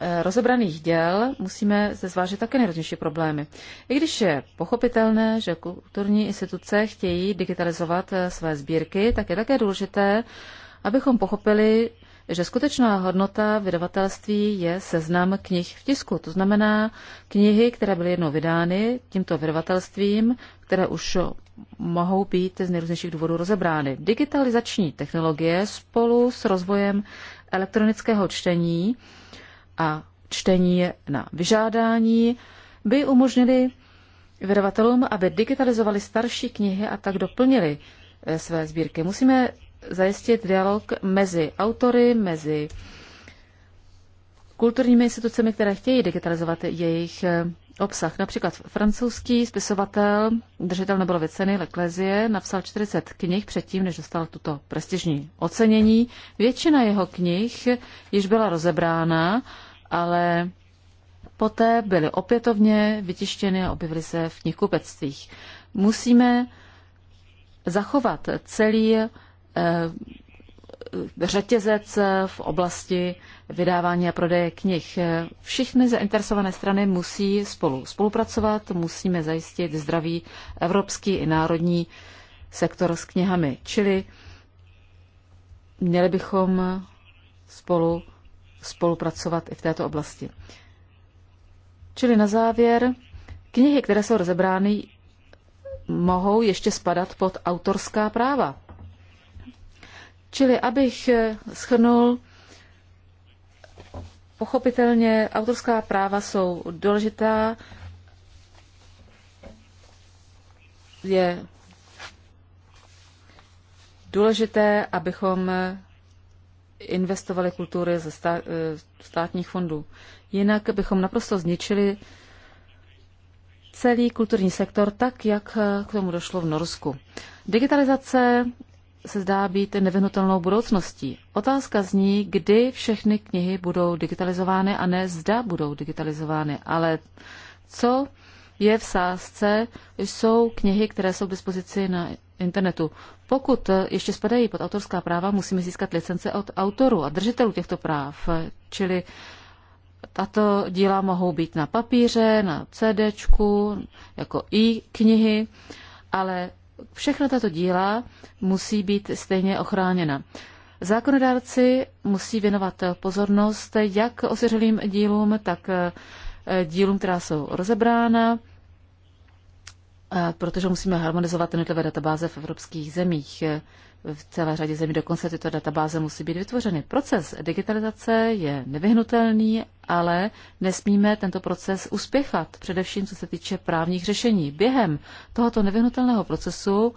Eh, rozebraných děl musíme se zvážit také nejrůznější problémy. I když je pochopitelné, že kulturní instituce chtějí digitalizovat eh, své sbírky, tak je také důležité, abychom pochopili, že skutečná hodnota vydavatelství je seznam knih v tisku. To znamená knihy, které byly jednou vydány tímto vydavatelstvím, které už mohou být z nejrůznějších důvodů rozebrány. Digitalizační technologie spolu s rozvojem elektronického čtení a čtení na vyžádání by umožnili vydavatelům, aby digitalizovali starší knihy a tak doplnili eh, své sbírky. Musíme zajistit dialog mezi autory, mezi kulturními institucemi, které chtějí digitalizovat jejich eh, obsah. Například francouzský spisovatel, držitel Nobelovy ceny Leclézie, napsal 40 knih předtím, než dostal tuto prestižní ocenění. Většina jeho knih již byla rozebrána ale poté byly opětovně vytištěny a objevily se v knihkupectvích. Musíme zachovat celý eh, řetězec v oblasti vydávání a prodeje knih. Všichni zainteresované strany musí spolu spolupracovat, musíme zajistit zdravý evropský i národní sektor s knihami. Čili měli bychom spolu spolupracovat i v této oblasti. Čili na závěr, knihy, které jsou rozebrány, mohou ještě spadat pod autorská práva. Čili abych schrnul, pochopitelně autorská práva jsou důležitá, je důležité, abychom investovali kultury ze eh, státních fondů. Jinak bychom naprosto zničili celý kulturní sektor tak, jak eh, k tomu došlo v Norsku. Digitalizace se zdá být nevyhnutelnou budoucností. Otázka zní, kdy všechny knihy budou digitalizovány a ne zda budou digitalizovány, ale co je v sázce, jsou knihy, které jsou k dispozici na internetu. Pokud eh, ještě spadají pod autorská práva, musíme získat licence od autorů a držitelů těchto práv. Čili tato díla mohou být na papíře, na CDčku, jako i knihy, ale všechna tato díla musí být stejně ochráněna. Zákonodárci musí věnovat pozornost jak osiřelým dílům, tak eh, dílům, která jsou rozebrána, protože musíme harmonizovat jednotlivé databáze v evropských zemích. V celé řadě zemí dokonce tyto databáze musí být vytvořeny. Proces digitalizace je nevyhnutelný, ale nesmíme tento proces uspěchat, především co se týče právních řešení. Během tohoto nevyhnutelného procesu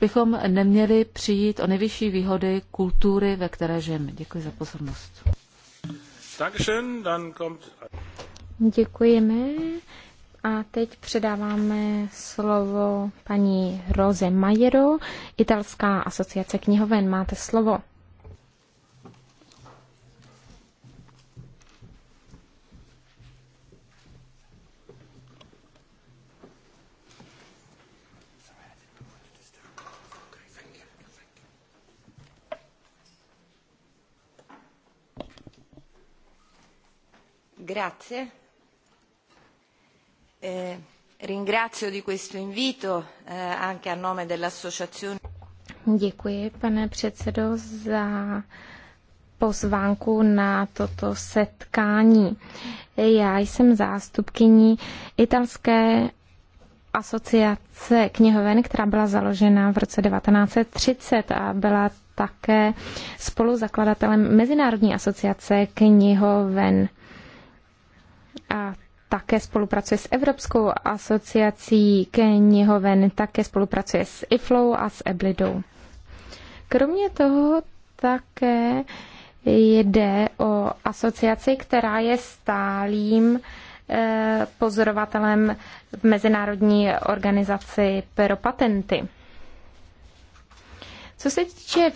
bychom neměli přijít o nejvyšší výhody kultury, ve které žijeme. Děkuji za pozornost. Děkujeme. A teď předáváme slovo paní Rose Majero, Italská asociace knihoven. Máte slovo. Grazie. Eh, ringrazio di questo invito eh, anche a nome dell'associazione. Děkuji, pane předsedo, za pozvánku na toto setkání. Já jsem zástupkyní italské asociace knihoven, která byla založena v roce 1930 a byla také spoluzakladatelem Mezinárodní asociace knihoven. A také spolupracuje s Evropskou asociací knihoven, také spolupracuje s IFLOW a s EBLIDou. Kromě toho také jde o asociaci, která je stálým eh, pozorovatelem v Mezinárodní organizaci pro patenty. Co se týče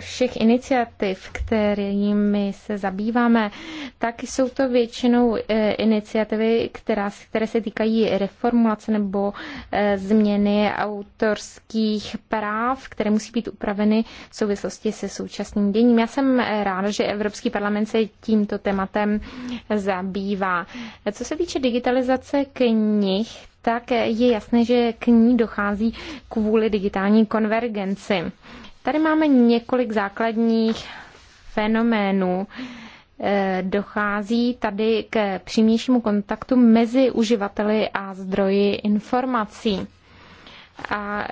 všech iniciativ, kterými se zabýváme, tak jsou to většinou e, iniciativy, která, které se týkají reformulace nebo e, změny autorských práv, které musí být upraveny v souvislosti se současným děním. Já jsem e, ráda, že Evropský parlament se tímto tématem zabývá. Co se týče digitalizace knih, tak je jasné, že k ní dochází kvůli digitální konvergenci. Tady máme několik základních fenoménů. Eh, dochází tady k přímějšímu kontaktu mezi uživateli a zdroji informací. A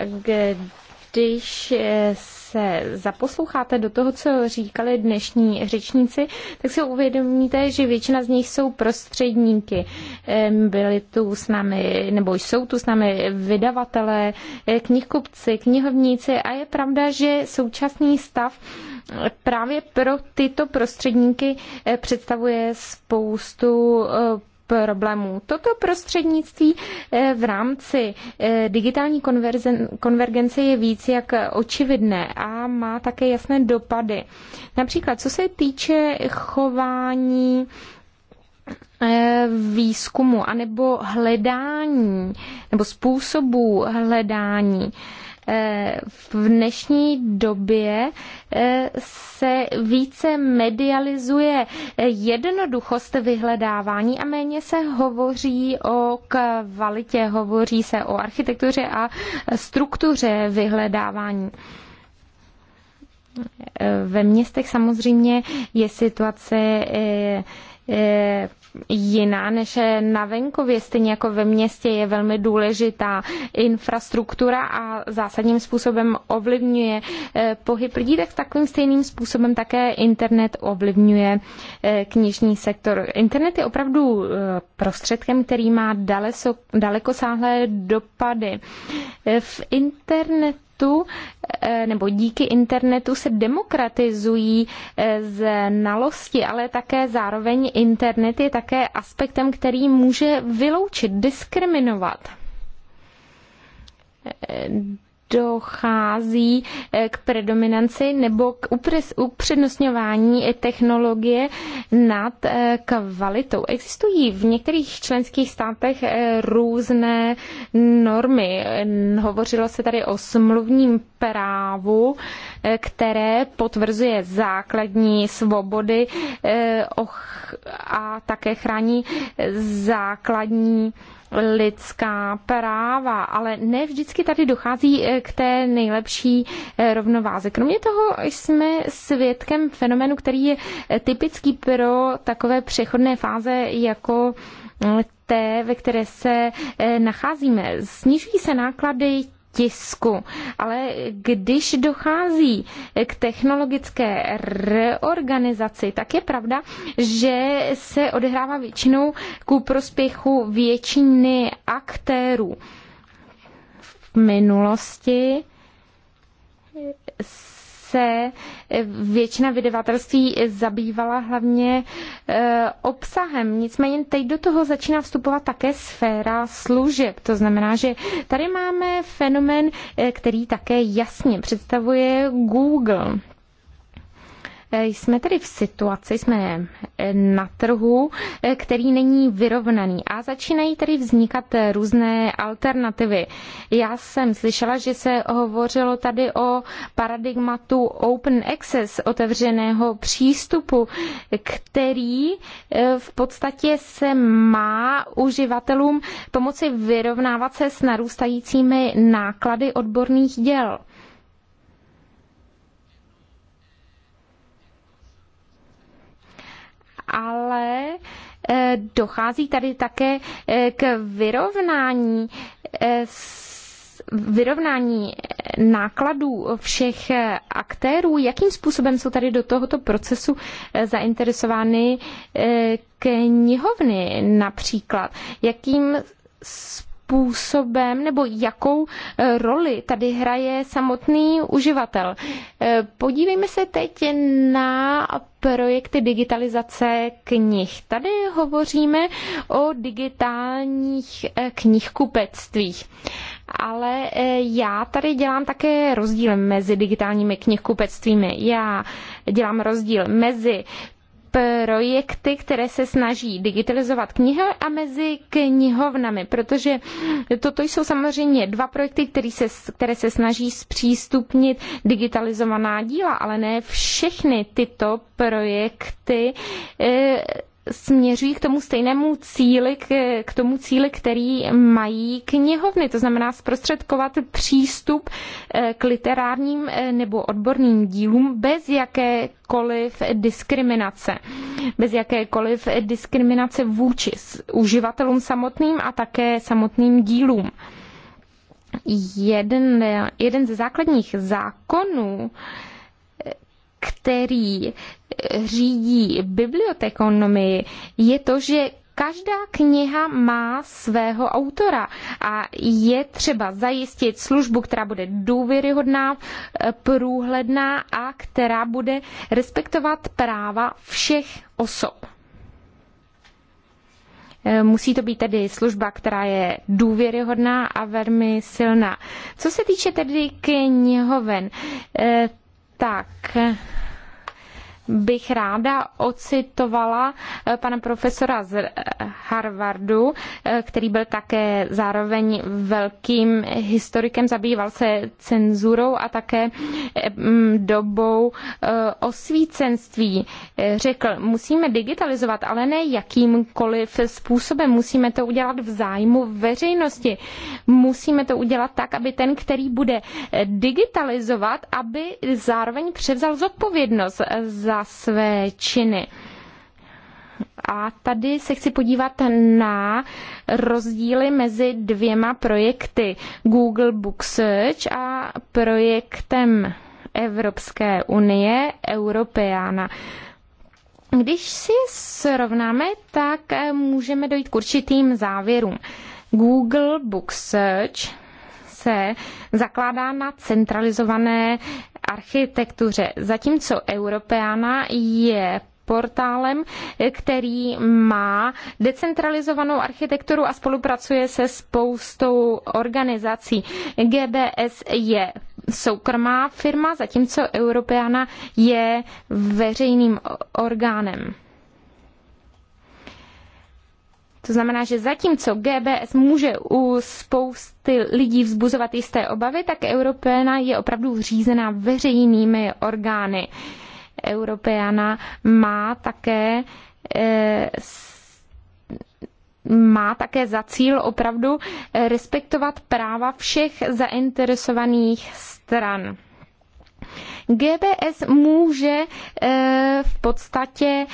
když eh, se zaposloucháte do toho, co říkali dnešní řečníci, tak si uvědomíte, že většina z nich jsou prostředníky. Byli tu s námi, nebo jsou tu s námi vydavatelé, eh, knihkupci, knihovníci a je pravda, že současný stav eh, právě pro tyto prostředníky eh, představuje spoustu problémů. Toto prostřednictví eh, v rámci eh, digitální konvergence je víc jak očividné a má také jasné dopady. Například, co se týče chování eh, výzkumu anebo hledání nebo způsobů hledání v dnešní době eh, se více medializuje jednoduchost vyhledávání a méně se hovoří o kvalitě, hovoří se o architektuře a struktuře vyhledávání. Eh, ve městech samozřejmě je situace eh, Eh, jiná než eh, na venkově, stejně jako ve městě je velmi důležitá infrastruktura a zásadním způsobem ovlivňuje eh, pohyb lidí, tak takovým stejným způsobem také internet ovlivňuje knižní sektor. Internet je opravdu prostředkem, který má daleko, dalekosáhlé dopady. V internetu internetu eh, nebo díky internetu se demokratizují eh, nalosti, ale také zároveň internet je také aspektem, který může vyloučit, diskriminovat eh, dochází eh, k predominanci nebo k upřednostňování eh, technologie nad eh, kvalitou. Existují v některých členských státech různé normy. Hovořilo se tady o smluvním právu, které potvrzuje základní svobody a také chrání základní lidská práva, ale ne vždycky tady dochází eh, k té nejlepší eh, rovnováze. Kromě toho jsme svědkem fenomenu, který je eh, typický pro takové přechodné fáze jako té, ve které se nacházíme. Snižují se náklady tisku. Ale když dochází k technologické reorganizaci, tak je pravda, že se odehrává většinou ku prospěchu většiny aktérů. V minulosti se eh, většina vydavatelství zabývala hlavně eh, obsahem. Nicméně teď do toho začíná vstupovat také sféra služeb. To znamená, že tady máme fenomén, eh, který také jasně představuje Google. Jsme tedy v situaci, jsme na trhu, který není vyrovnaný a začínají tedy vznikat různé alternativy. Já jsem slyšela, že se hovořilo tady o paradigmatu open access, otevřeného přístupu, který eh, v podstatě se má uživatelům pomoci vyrovnávat se s narůstajícími náklady odborných děl. ale eh, dochází tady také eh, k vyrovnání eh, vyrovnání nákladů všech aktérů, jakým způsobem jsou tady do tohoto procesu zainteresovány knihovny například, jakým způsobem nebo jakou roli tady hraje samotný uživatel. Podívejme se teď na projekty digitalizace knih. Tady hovoříme o digitálních eh, knihkupectvích. Ale eh, já tady dělám také rozdíl mezi digitálními knihkupectvími. Já dělám rozdíl mezi projekty, které se snaží digitalizovat knihy a mezi knihovnami, protože toto jsou samozřejmě dva projekty, které se, které se snaží zpřístupnit digitalizovaná díla, ale ne všechny tyto projekty eh, směřují k tomu stejnému cíli, k, k tomu cíli, který mají knihovny, to znamená zprostředkovat přístup eh, k literárním eh, nebo odborným dílům bez jakékoliv diskriminace. Bez jakékoliv diskriminace vůči uživatelům samotným a také samotným dílům. Jeden, jeden ze základních zákonů, který eh, řídí bibliotekonomii, je to, že Každá kniha má svého autora a je třeba zajistit službu, která bude důvěryhodná, eh, průhledná a která bude respektovat práva všech osob. Eh, musí to být tedy služba, která je důvěryhodná a velmi silná. Co se týče tedy knihoven, tak bych ráda ocitovala eh, pana profesora z Harvardu, eh, který byl také zároveň velkým historikem, zabýval se cenzurou a také eh, mm, dobou osvícenství. Řekl, musíme digitalizovat, ale ne jakýmkoliv způsobem. Musíme to udělat v zájmu veřejnosti. Musíme to udělat tak, aby ten, který bude digitalizovat, aby zároveň převzal zodpovědnost za své činy. A tady se chci podívat na rozdíly mezi dvěma projekty Google Book Search a projektem Evropské unie Europeana. Když si srovnáme, tak můžeme dojít k určitým závěrům. Google Book Search se zakládá na centralizované architektuře, zatímco Europeana je portálem, který má decentralizovanou architekturu a spolupracuje se spoustou organizací. GBS je soukromá firma, zatímco Europeana je veřejným orgánem. To znamená, že zatímco GBS může u spousty lidí vzbuzovat jisté obavy, tak Europeana je opravdu řízená veřejnými orgány. Europeana má také e, má také za cíl opravdu eh, respektovat práva všech zainteresovaných stran. GBS může eh, v podstatě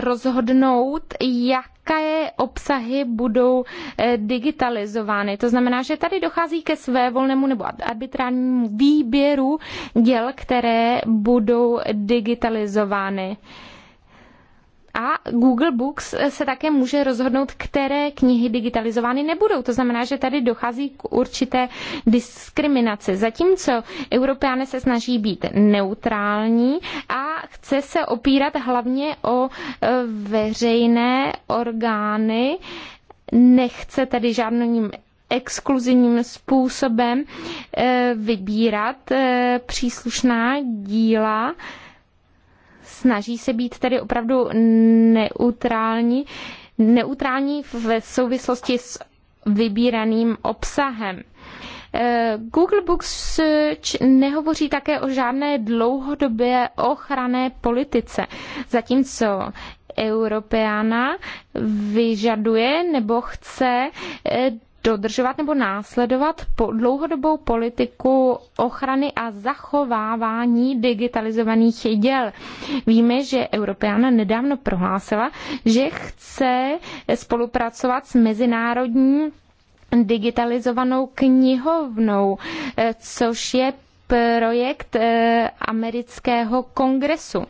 rozhodnout, jaké obsahy budou eh, digitalizovány. To znamená, že tady dochází ke své volnému nebo arbitrárnímu výběru děl, které budou digitalizovány. A Google Books se také může rozhodnout, které knihy digitalizovány nebudou. To znamená, že tady dochází k určité diskriminaci. Zatímco Europeány se snaží být neutrální a chce se opírat hlavně o e, veřejné orgány, nechce tedy žádným exkluzivním způsobem e, vybírat e, příslušná díla, snaží se být tedy opravdu neutrální, neutrální v souvislosti s vybíraným obsahem. Eh, Google Book Search nehovoří také o žádné dlouhodobé ochranné politice, zatímco Europeana vyžaduje nebo chce eh, dodržovat nebo následovat po dlouhodobou politiku ochrany a zachovávání digitalizovaných děl. Víme, že Europeana nedávno prohlásila, že chce spolupracovat s mezinárodní digitalizovanou knihovnou, eh, což je projekt eh, amerického kongresu.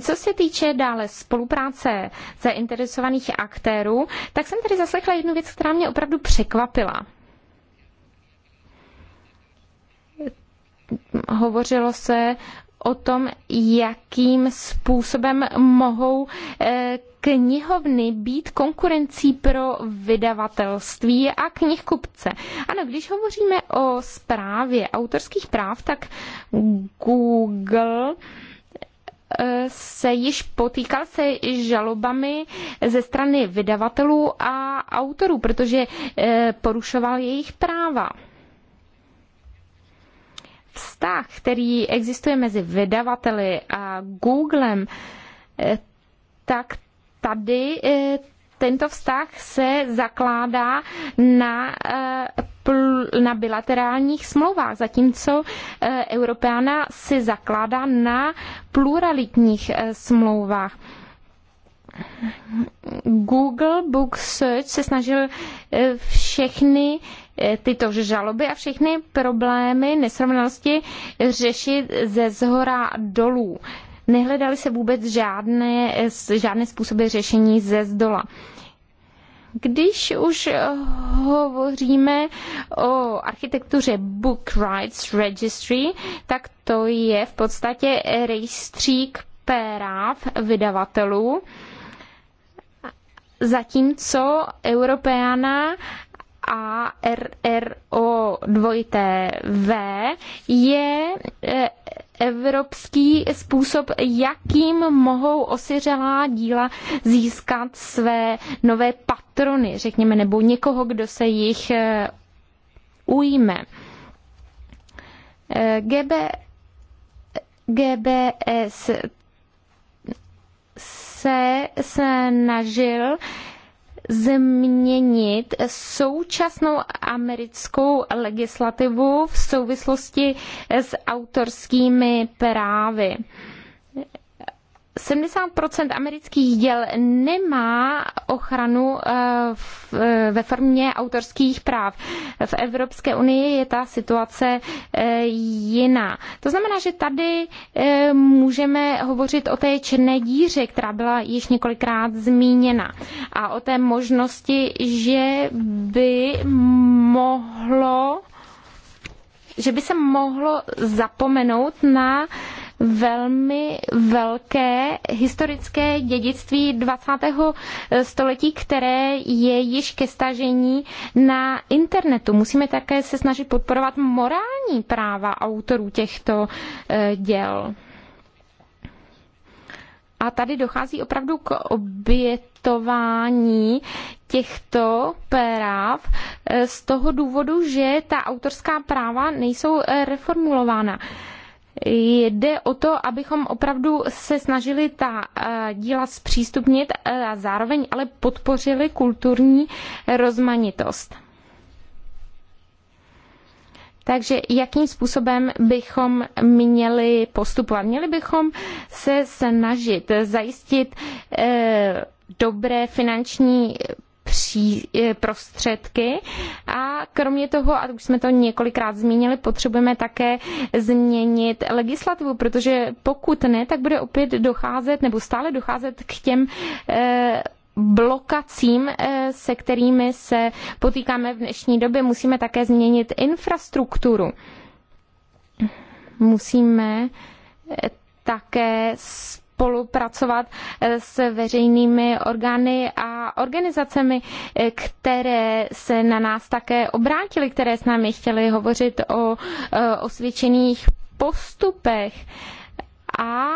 Co se týče dále spolupráce zainteresovaných aktérů, tak jsem tady zaslechla jednu věc, která mě opravdu překvapila. Hovořilo se o tom, jakým způsobem mohou eh, knihovny být konkurencí pro vydavatelství a knihkupce. Ano, když hovoříme o zprávě autorských práv, tak Google se již potýkal se žalobami ze strany vydavatelů a autorů, protože eh, porušoval jejich práva. Vztah, který existuje mezi vydavateli a Googlem, eh, tak tady eh, tento vztah se zakládá na pl na bilaterálních smlouvách, zatímco eh, Europeana si zakládá na pluralitních eh, smlouvách. Google Book Search se snažil eh, všechny tyto žaloby a všechny problémy nesrovnalosti řešit ze zhora dolů. Nehledali se vůbec žádné, žádné způsoby řešení ze zdola. Když už hovoříme o architektuře Book Rights Registry, tak to je v podstatě rejstřík práv vydavatelů, zatímco Europeana a RRO 2 tv je eh, evropský způsob, jakým mohou osiřelá díla získat své nové patenty patrony, řekněme, nebo někoho, kdo se jich eh, ujme. Eh, GB, GBS se snažil změnit současnou americkou legislativu v souvislosti s autorskými právy. 70% amerických děl nemá ochranu eh, eh, ve formě autorských práv. V Evropské unii je ta situace eh, jiná. To znamená, že tady můžeme hovořit o té černé díře, která byla již několikrát zmíněna a o té možnosti, že by mohlo že by se mohlo zapomenout na uh, velmi velké historické dědictví 20. století, které je již ke stažení na internetu. Musíme také se snažit podporovat morální práva autorů těchto eh, děl. A tady dochází opravdu k obětování těchto práv eh, z toho důvodu, že ta autorská práva nejsou eh, reformulována. Jde o to, abychom opravdu se snažili ta eh, díla zpřístupnit eh, a zároveň ale podpořili kulturní rozmanitost. Takže jakým způsobem bychom měli postupovat? Měli bychom se snažit zajistit eh, dobré finanční pří, e, prostředky a kromě toho, a už jsme to několikrát zmínili, potřebujeme také změnit legislativu, protože pokud ne, tak bude opět docházet nebo stále docházet k těm e, blokacím, e, se kterými se potýkáme v dnešní době. Musíme také změnit infrastrukturu. Musíme také spolupracovat eh, s veřejnými orgány a organizacemi, eh, které se na nás také obrátily, které s námi chtěly hovořit o eh, osvědčených postupech a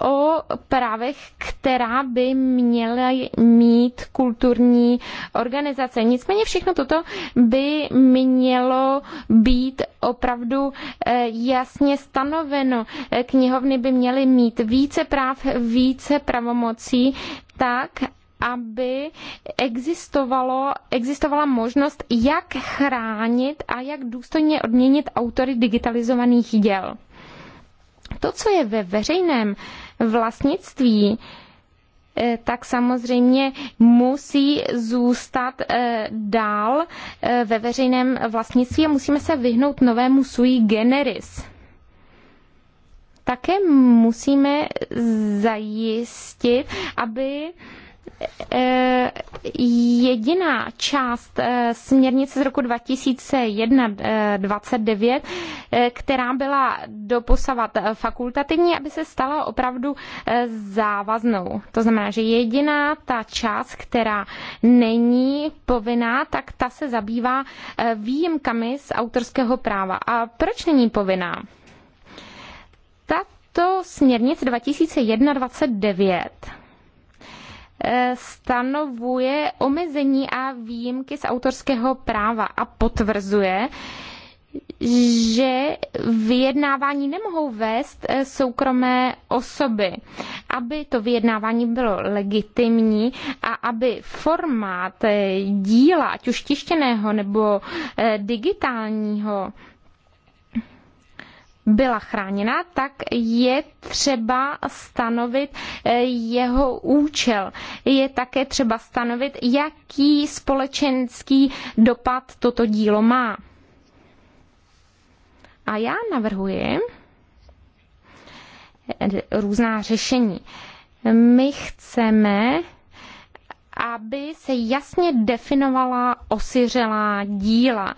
o právech, která by měla mít kulturní organizace. Nicméně všechno toto by mělo být opravdu eh, jasně stanoveno. Eh, knihovny by měly mít více práv, více pravomocí, tak, aby existovalo, existovala možnost, jak chránit a jak důstojně odměnit autory digitalizovaných děl. To, co je ve veřejném vlastnictví, eh, tak samozřejmě musí zůstat eh, dál eh, ve veřejném vlastnictví a musíme se vyhnout novému sui generis. Také musíme zajistit, aby Eh, jediná část eh, směrnice z roku 2001-29, eh, která byla doposavat fakultativní, aby se stala opravdu závaznou. To znamená, že jediná ta část, která není povinná, tak ta se zabývá výjimkami z autorského práva. A proč není povinná? Tato směrnice 2001-29 Eh, stanovuje omezení a výjimky z autorského práva a potvrzuje, že vyjednávání nemohou vést eh, soukromé osoby. Aby to vyjednávání bylo legitimní a aby formát eh, díla, ať už tištěného nebo digitálního, byla chráněna, tak je třeba stanovit eh, jeho účel. Je také třeba stanovit, jaký společenský dopad toto dílo má. A já navrhuji eh, různá řešení. My chceme, aby se jasně definovala osiřelá díla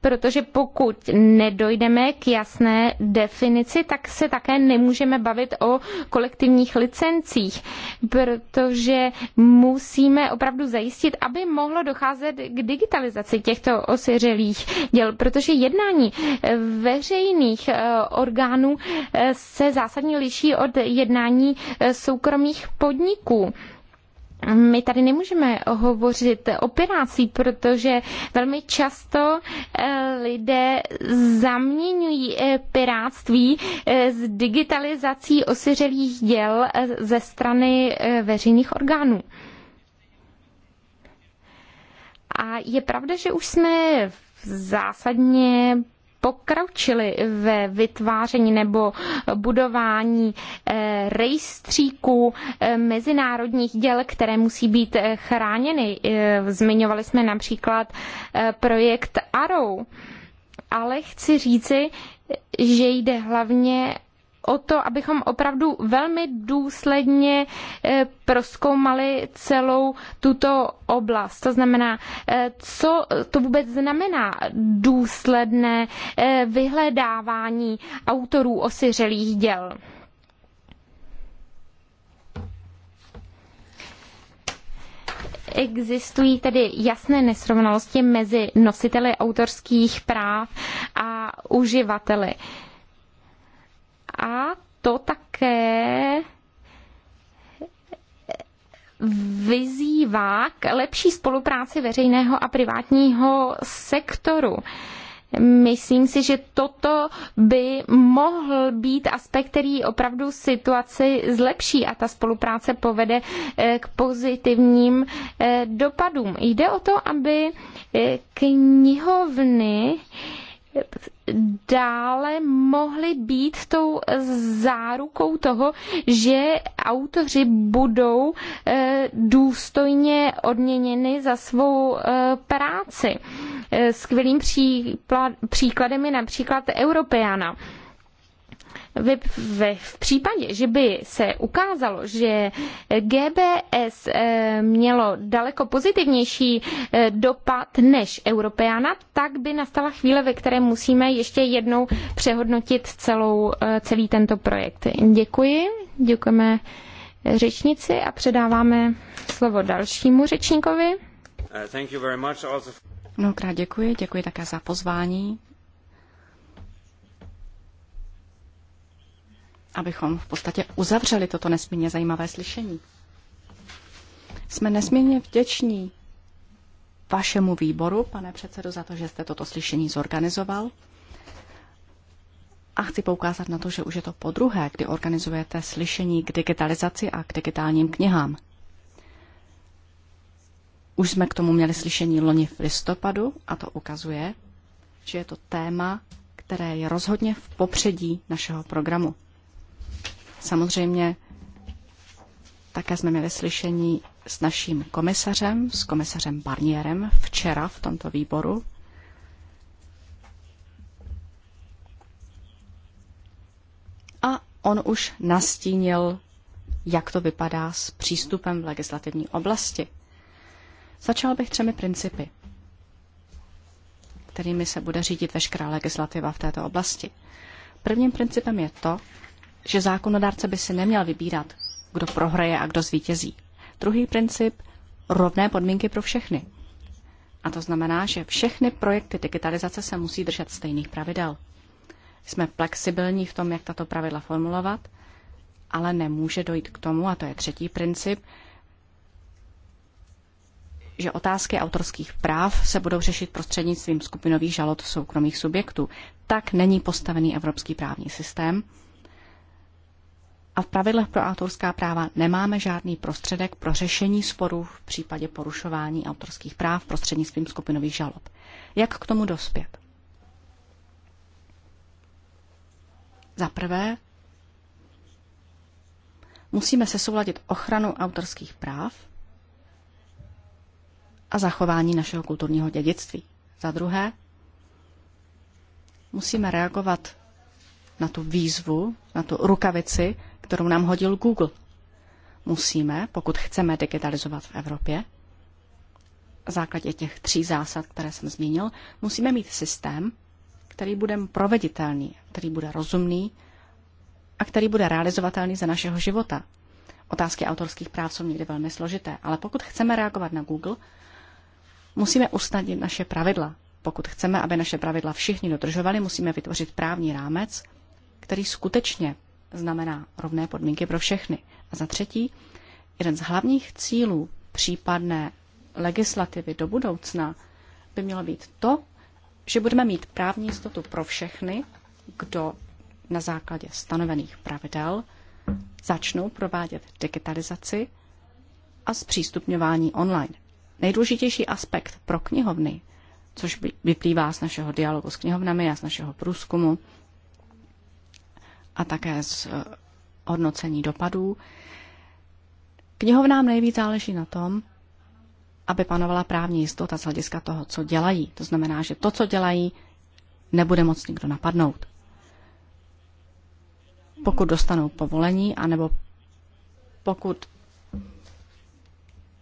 protože pokud nedojdeme k jasné definici, tak se také nemůžeme bavit o kolektivních licencích, protože musíme opravdu zajistit, aby mohlo docházet k digitalizaci těchto osiřelých děl, protože jednání veřejných eh, orgánů eh, se zásadně liší od jednání eh, soukromých podniků my tady nemůžeme hovořit o pirácí, protože velmi často eh, lidé zaměňují eh, piráctví eh, s digitalizací osiřelých děl ze strany veřejných orgánů. A je pravda, že už jsme zásadně pokročili ve vytváření nebo budování eh, rejstříků eh, mezinárodních děl, které musí být eh, chráněny. Zmiňovali jsme například projekt Arrow, ale chci říci, že jde hlavně o to, abychom opravdu velmi důsledně eh, proskoumali celou tuto oblast. To znamená, eh, co to vůbec znamená důsledné eh, vyhledávání autorů osiřelých děl. existují tedy jasné nesrovnalosti mezi nositeli autorských práv a uživateli. Uh, a to také vyzývá k lepší spolupráci veřejného a privátního sektoru. Myslím si, že toto by mohl být aspekt, který opravdu situaci zlepší a ta spolupráce povede eh, k pozitivním eh, dopadům. Jde o to, aby eh, knihovny dále mohly být tou zárukou toho, že autoři budou eh, důstojně odměněni za svou eh, práci. Eh, skvělým příkladem je například Europeana v, v případě, že by se ukázalo, že GBS eh, mělo daleko pozitivnější eh, dopad než Europeana, tak by nastala chvíle, ve které musíme ještě jednou přehodnotit celou, eh, celý tento projekt. Děkuji, děkujeme řečnici a předáváme slovo dalšímu řečníkovi. Uh, Mnohokrát děkuji, děkuji také za pozvání abychom v podstatě uzavřeli toto nesmírně zajímavé slyšení. Jsme nesmírně vděční vašemu výboru, pane předsedo, za to, že jste toto slyšení zorganizoval. A chci poukázat na to, že už je to po druhé, kdy organizujete slyšení k digitalizaci a k digitálním knihám. Už jsme k tomu měli slyšení loni v listopadu a to ukazuje, že je to téma, které je rozhodně v popředí našeho programu. Samozřejmě také jsme měli slyšení s naším komisařem, s komisařem Barnierem včera v tomto výboru. A on už nastínil, jak to vypadá s přístupem v legislativní oblasti. Začal bych třemi principy, kterými se bude řídit veškerá legislativa v této oblasti. Prvním principem je to, že zákonodárce by si neměl vybírat, kdo prohraje a kdo zvítězí. Druhý princip rovné podmínky pro všechny. A to znamená, že všechny projekty digitalizace se musí držet stejných pravidel. Jsme flexibilní v tom, jak tato pravidla formulovat, ale nemůže dojít k tomu, a to je třetí princip, že otázky autorských práv se budou řešit prostřednictvím skupinových žalot soukromých subjektů. Tak není postavený evropský právní systém a v pravidlech pro autorská práva nemáme žádný prostředek pro řešení sporů v případě porušování autorských práv prostřednictvím skupinových žalob. Jak k tomu dospět? Za prvé, musíme se souladit ochranu autorských práv a zachování našeho kulturního dědictví. Za druhé, musíme reagovat na tu výzvu, na tu rukavici, kterou nám hodil Google. Musíme, pokud chceme digitalizovat v Evropě, na základě těch tří zásad, které jsem zmínil, musíme mít systém, který bude proveditelný, který bude rozumný a který bude realizovatelný za našeho života. Otázky autorských práv jsou někdy velmi složité, ale pokud chceme reagovat na Google, musíme usnadnit naše pravidla. Pokud chceme, aby naše pravidla všichni dodržovali, musíme vytvořit právní rámec, který skutečně znamená rovné podmínky pro všechny. A za třetí, jeden z hlavních cílů případné legislativy do budoucna by mělo být to, že budeme mít právní jistotu pro všechny, kdo na základě stanovených pravidel začnou provádět digitalizaci a zpřístupňování online. Nejdůležitější aspekt pro knihovny, což vyplývá z našeho dialogu s knihovnami a z našeho průzkumu, a také z eh, hodnocení dopadů. Knihovnám nejvíc záleží na tom, aby panovala právní jistota z hlediska toho, co dělají. To znamená, že to, co dělají, nebude moc nikdo napadnout. Pokud dostanou povolení, anebo pokud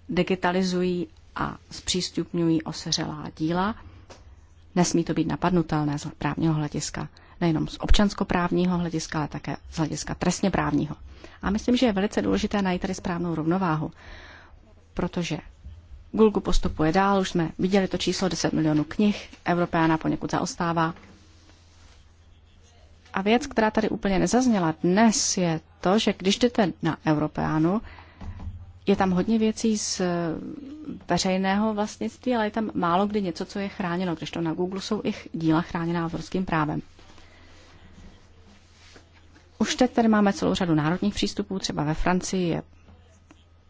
digitalizují a zpřístupňují oseřelá díla, nesmí to být napadnutelné z právního hlediska nejenom z občanskoprávního hlediska, ale také z hlediska trestně právního. A myslím, že je velice důležité najít tady správnou rovnováhu, protože Google postupuje dál, už jsme viděli to číslo 10 milionů knih, Evropána poněkud zaostává. A věc, která tady úplně nezazněla dnes, je to, že když jdete na Evropánu, je tam hodně věcí z veřejného vlastnictví, ale je tam málo kdy něco, co je chráněno, když to na Google jsou i díla chráněná evropským právem. Už teď tady máme celou řadu národních přístupů, třeba ve Francii je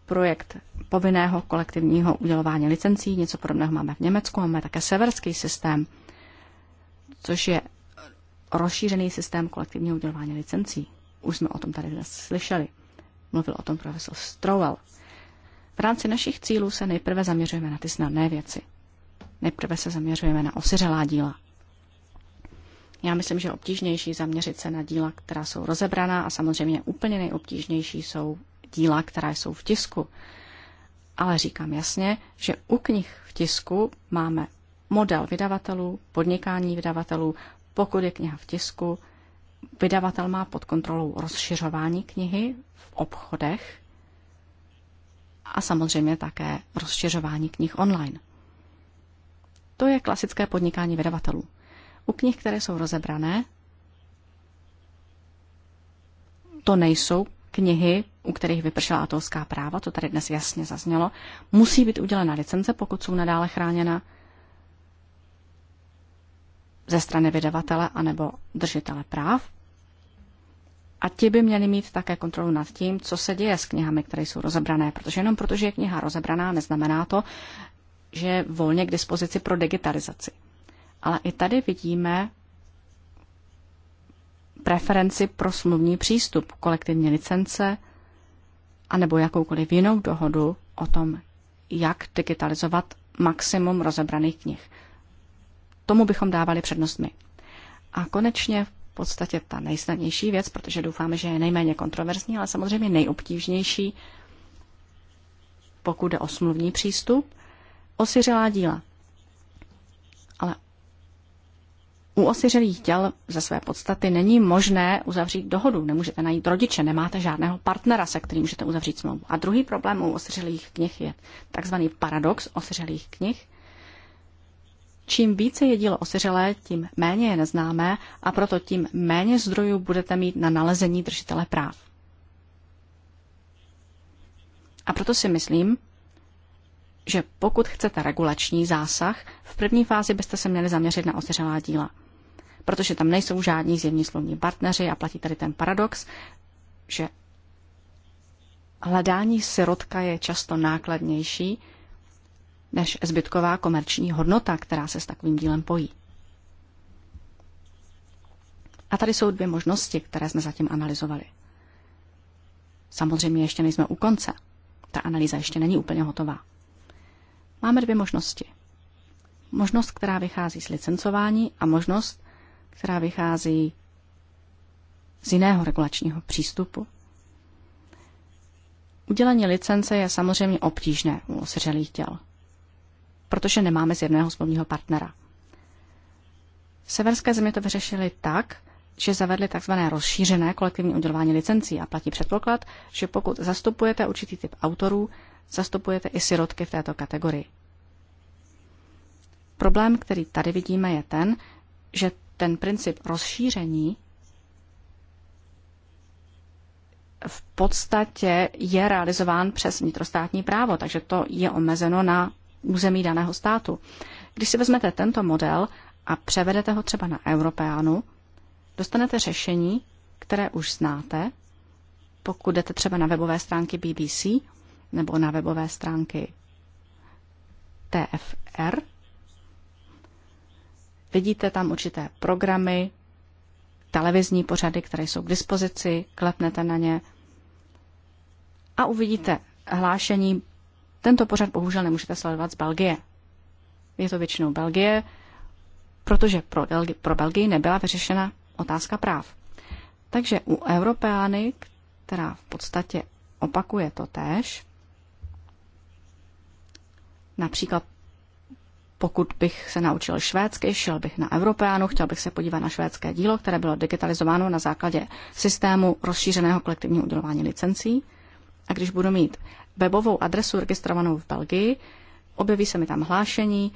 projekt povinného kolektivního udělování licencí, něco podobného máme v Německu, máme také severský systém, což je rozšířený systém kolektivního udělování licencí. Už jsme o tom tady dnes slyšeli. Mluvil o tom profesor Strowell. V rámci našich cílů se nejprve zaměřujeme na ty snadné věci. Nejprve se zaměřujeme na osiřelá díla. Já myslím, že obtížnější zaměřit se na díla, která jsou rozebraná a samozřejmě úplně nejobtížnější jsou díla, která jsou v tisku. Ale říkám jasně, že u knih v tisku máme model vydavatelů, podnikání vydavatelů. Pokud je kniha v tisku, vydavatel má pod kontrolou rozšiřování knihy v obchodech a samozřejmě také rozšiřování knih online. To je klasické podnikání vydavatelů. U knih, které jsou rozebrané, to nejsou knihy, u kterých vypršela autorská práva, to tady dnes jasně zaznělo, musí být udělena licence, pokud jsou nadále chráněna ze strany vydavatele anebo držitele práv. A ti by měli mít také kontrolu nad tím, co se děje s knihami, které jsou rozebrané, protože jenom protože je kniha rozebraná, neznamená to, že je volně k dispozici pro digitalizaci ale i tady vidíme preferenci pro smluvní přístup, kolektivní licence anebo jakoukoliv jinou dohodu o tom, jak digitalizovat maximum rozebraných knih. Tomu bychom dávali přednost my. A konečně v podstatě ta nejsnadnější věc, protože doufáme, že je nejméně kontroverzní, ale samozřejmě nejobtížnější, pokud jde o smluvní přístup, osiřelá díla. U osiřelých těl ze své podstaty není možné uzavřít dohodu, nemůžete najít rodiče, nemáte žádného partnera, se kterým můžete uzavřít smlouvu. A druhý problém u osiřelých knih je takzvaný paradox osiřelých knih. Čím více je dílo osiřelé, tím méně je neznámé a proto tím méně zdrojů budete mít na nalezení držitele práv. A proto si myslím, že pokud chcete regulační zásah, v první fázi byste se měli zaměřit na osiřelá díla protože tam nejsou žádní zjevní slovní partneři a platí tady ten paradox, že hledání sirotka je často nákladnější než zbytková komerční hodnota, která se s takovým dílem pojí. A tady jsou dvě možnosti, které jsme zatím analyzovali. Samozřejmě ještě nejsme u konce. Ta analýza ještě není úplně hotová. Máme dvě možnosti. Možnost, která vychází z licencování a možnost, která vychází z jiného regulačního přístupu. Udělení licence je samozřejmě obtížné u osiřelých těl, protože nemáme jedného smluvního partnera. Severské země to vyřešily tak, že zavedli tzv. rozšířené kolektivní udělování licencí a platí předpoklad, že pokud zastupujete určitý typ autorů, zastupujete i sirotky v této kategorii. Problém, který tady vidíme, je ten, že ten princip rozšíření v podstatě je realizován přes vnitrostátní právo, takže to je omezeno na území daného státu. Když si vezmete tento model a převedete ho třeba na Europeánu, dostanete řešení, které už znáte, pokud jdete třeba na webové stránky BBC nebo na webové stránky TFR, Vidíte tam určité programy, televizní pořady, které jsou k dispozici, klepnete na ně a uvidíte hlášení. Tento pořad bohužel nemůžete sledovat z Belgie. Je to většinou Belgie, protože pro, Delgi, pro Belgii nebyla vyřešena otázka práv. Takže u Europeány, která v podstatě opakuje to též, například pokud bych se naučil švédsky, šel bych na Europeánu, chtěl bych se podívat na švédské dílo, které bylo digitalizováno na základě systému rozšířeného kolektivního udělování licencí. A když budu mít webovou adresu registrovanou v Belgii, objeví se mi tam hlášení,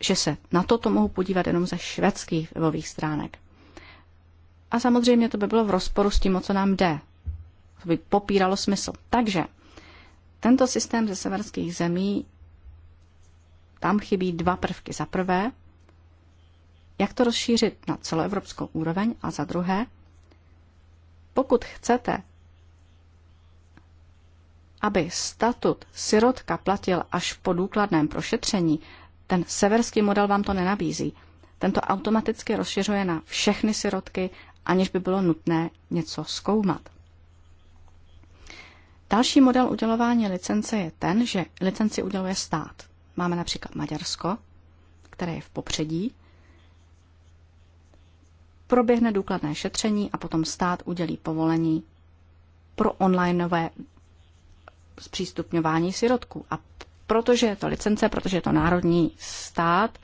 že se na toto mohu podívat jenom ze švédských webových stránek. A samozřejmě to by bylo v rozporu s tím, o co nám jde. To by popíralo smysl. Takže tento systém ze severských zemí tam chybí dva prvky. Za prvé, jak to rozšířit na celoevropskou úroveň a za druhé, pokud chcete, aby statut sirotka platil až po důkladném prošetření, ten severský model vám to nenabízí. Tento automaticky rozšiřuje na všechny sirotky, aniž by bylo nutné něco zkoumat. Další model udělování licence je ten, že licenci uděluje stát. Máme například Maďarsko, které je v popředí. Proběhne důkladné šetření a potom stát udělí povolení pro onlineové zpřístupňování sirotků. A protože je to licence, protože je to národní stát,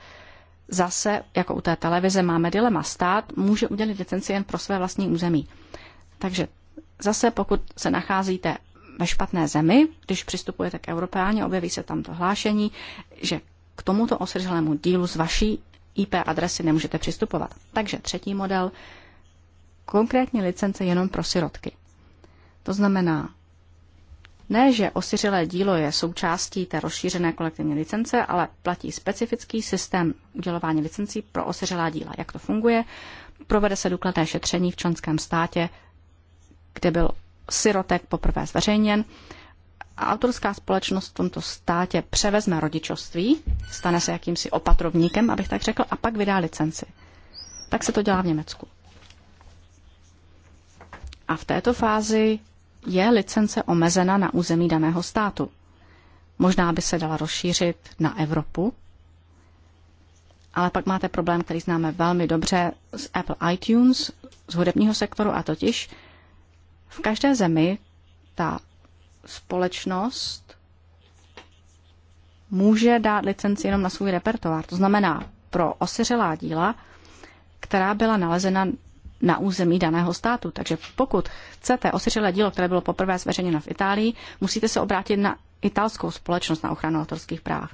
zase, jako u té televize, máme dilema. Stát může udělit licenci jen pro své vlastní území. Takže zase, pokud se nacházíte ve špatné zemi, když přistupujete k Europeáně, objeví se tam to hlášení, že k tomuto osrželému dílu z vaší IP adresy nemůžete přistupovat. Takže třetí model, konkrétní licence jenom pro sirotky. To znamená, ne, že osiřelé dílo je součástí té rozšířené kolektivní licence, ale platí specifický systém udělování licencí pro osiřelá díla. Jak to funguje? Provede se důkladné šetření v členském státě, kde byl sirotek poprvé zveřejněn. Autorská společnost v tomto státě převezme rodičovství, stane se jakýmsi opatrovníkem, abych tak řekl, a pak vydá licenci. Tak se to dělá v Německu. A v této fázi je licence omezena na území daného státu. Možná by se dala rozšířit na Evropu, ale pak máte problém, který známe velmi dobře z Apple iTunes, z hudebního sektoru, a totiž v každé zemi ta společnost může dát licenci jenom na svůj repertoár. To znamená pro osiřelá díla, která byla nalezena na území daného státu. Takže pokud chcete osiřelé dílo, které bylo poprvé zveřejněno v Itálii, musíte se obrátit na italskou společnost na ochranu autorských práv.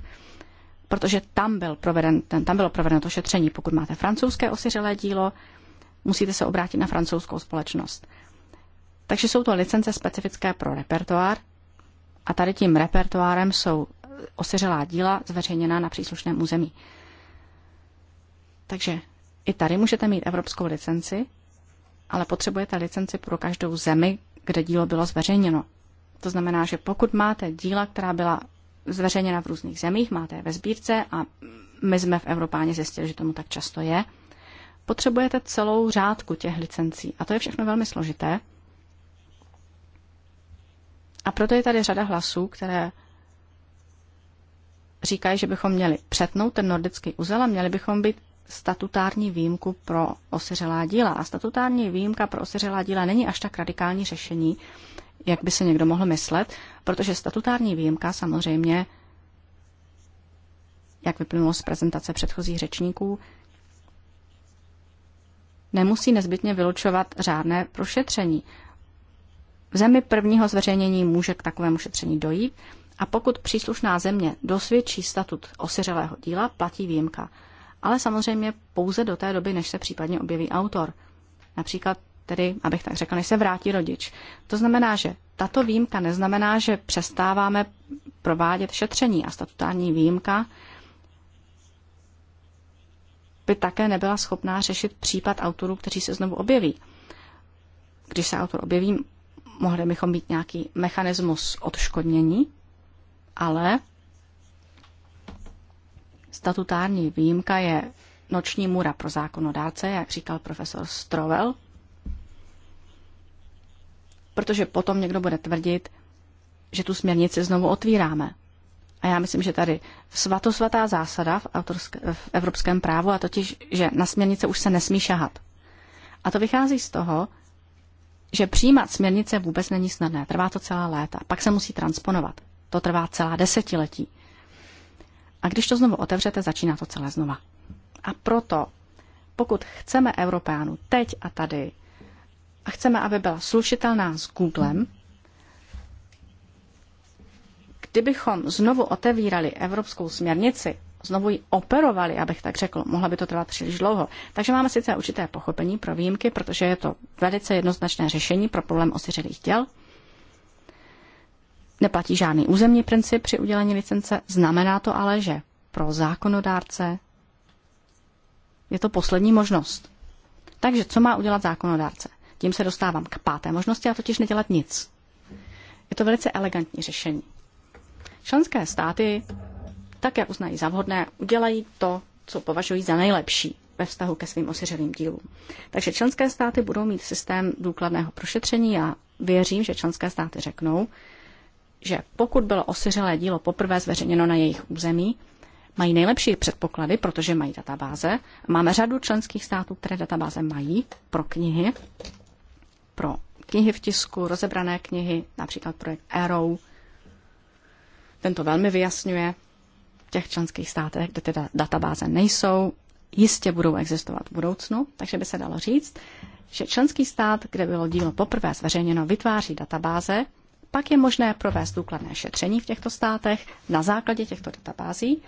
Protože tam, byl proveden, tam bylo provedeno to šetření. Pokud máte francouzské osiřelé dílo, musíte se obrátit na francouzskou společnost. Takže jsou to licence specifické pro repertoár a tady tím repertoárem jsou osiřelá díla zveřejněná na příslušném území. Takže i tady můžete mít evropskou licenci, ale potřebujete licenci pro každou zemi, kde dílo bylo zveřejněno. To znamená, že pokud máte díla, která byla zveřejněna v různých zemích, máte je ve sbírce a my jsme v Evropáně zjistili, že tomu tak často je, potřebujete celou řádku těch licencí. A to je všechno velmi složité a proto je tady řada hlasů, které říkají, že bychom měli přetnout ten nordický uzel a měli bychom být statutární výjimku pro osiřelá díla. A statutární výjimka pro osiřelá díla není až tak radikální řešení, jak by se někdo mohl myslet, protože statutární výjimka samozřejmě, jak vyplynulo z prezentace předchozích řečníků, nemusí nezbytně vylučovat řádné prošetření. V zemi prvního zveřejnění může k takovému šetření dojít a pokud příslušná země dosvědčí statut osiřelého díla, platí výjimka. Ale samozřejmě pouze do té doby, než se případně objeví autor. Například tedy, abych tak řekl, než se vrátí rodič. To znamená, že tato výjimka neznamená, že přestáváme provádět šetření a statutární výjimka by také nebyla schopná řešit případ autorů, kteří se znovu objeví. Když se autor objeví, mohli bychom mít nějaký mechanismus odškodnění, ale statutární výjimka je noční mura pro zákonodárce, jak říkal profesor Strovel, protože potom někdo bude tvrdit, že tu směrnici znovu otvíráme. A já myslím, že tady svatosvatá zásada v, autorské, v evropském právu, a totiž, že na směrnice už se nesmí šahat. A to vychází z toho, že přijímat směrnice vůbec není snadné. Trvá to celá léta. Pak se musí transponovat. To trvá celá desetiletí. A když to znovu otevřete, začíná to celé znova. A proto, pokud chceme Evropánu teď a tady a chceme, aby byla slušitelná s Googlem, kdybychom znovu otevírali evropskou směrnici, znovu ji operovali, abych tak řekl. Mohla by to trvat příliš dlouho. Takže máme sice určité pochopení pro výjimky, protože je to velice jednoznačné řešení pro problém osiřelých těl. Neplatí žádný územní princip při udělení licence, znamená to ale, že pro zákonodárce je to poslední možnost. Takže co má udělat zákonodárce? Tím se dostávám k páté možnosti a totiž nedělat nic. Je to velice elegantní řešení. Členské státy tak, jak uznají za vhodné, udělají to, co považují za nejlepší ve vztahu ke svým osiřelým dílům. Takže členské státy budou mít systém důkladného prošetření. a věřím, že členské státy řeknou, že pokud bylo osiřelé dílo poprvé zveřejněno na jejich území, mají nejlepší předpoklady, protože mají databáze. Máme řadu členských států, které databáze mají pro knihy, pro knihy v tisku, rozebrané knihy, například projekt Arrow. to velmi vyjasňuje, těch členských státech, kde ty databáze nejsou, jistě budou existovat v budoucnu, takže by se dalo říct, že členský stát, kde bylo dílo poprvé zveřejněno, vytváří databáze, pak je možné provést důkladné šetření v těchto státech na základě těchto databází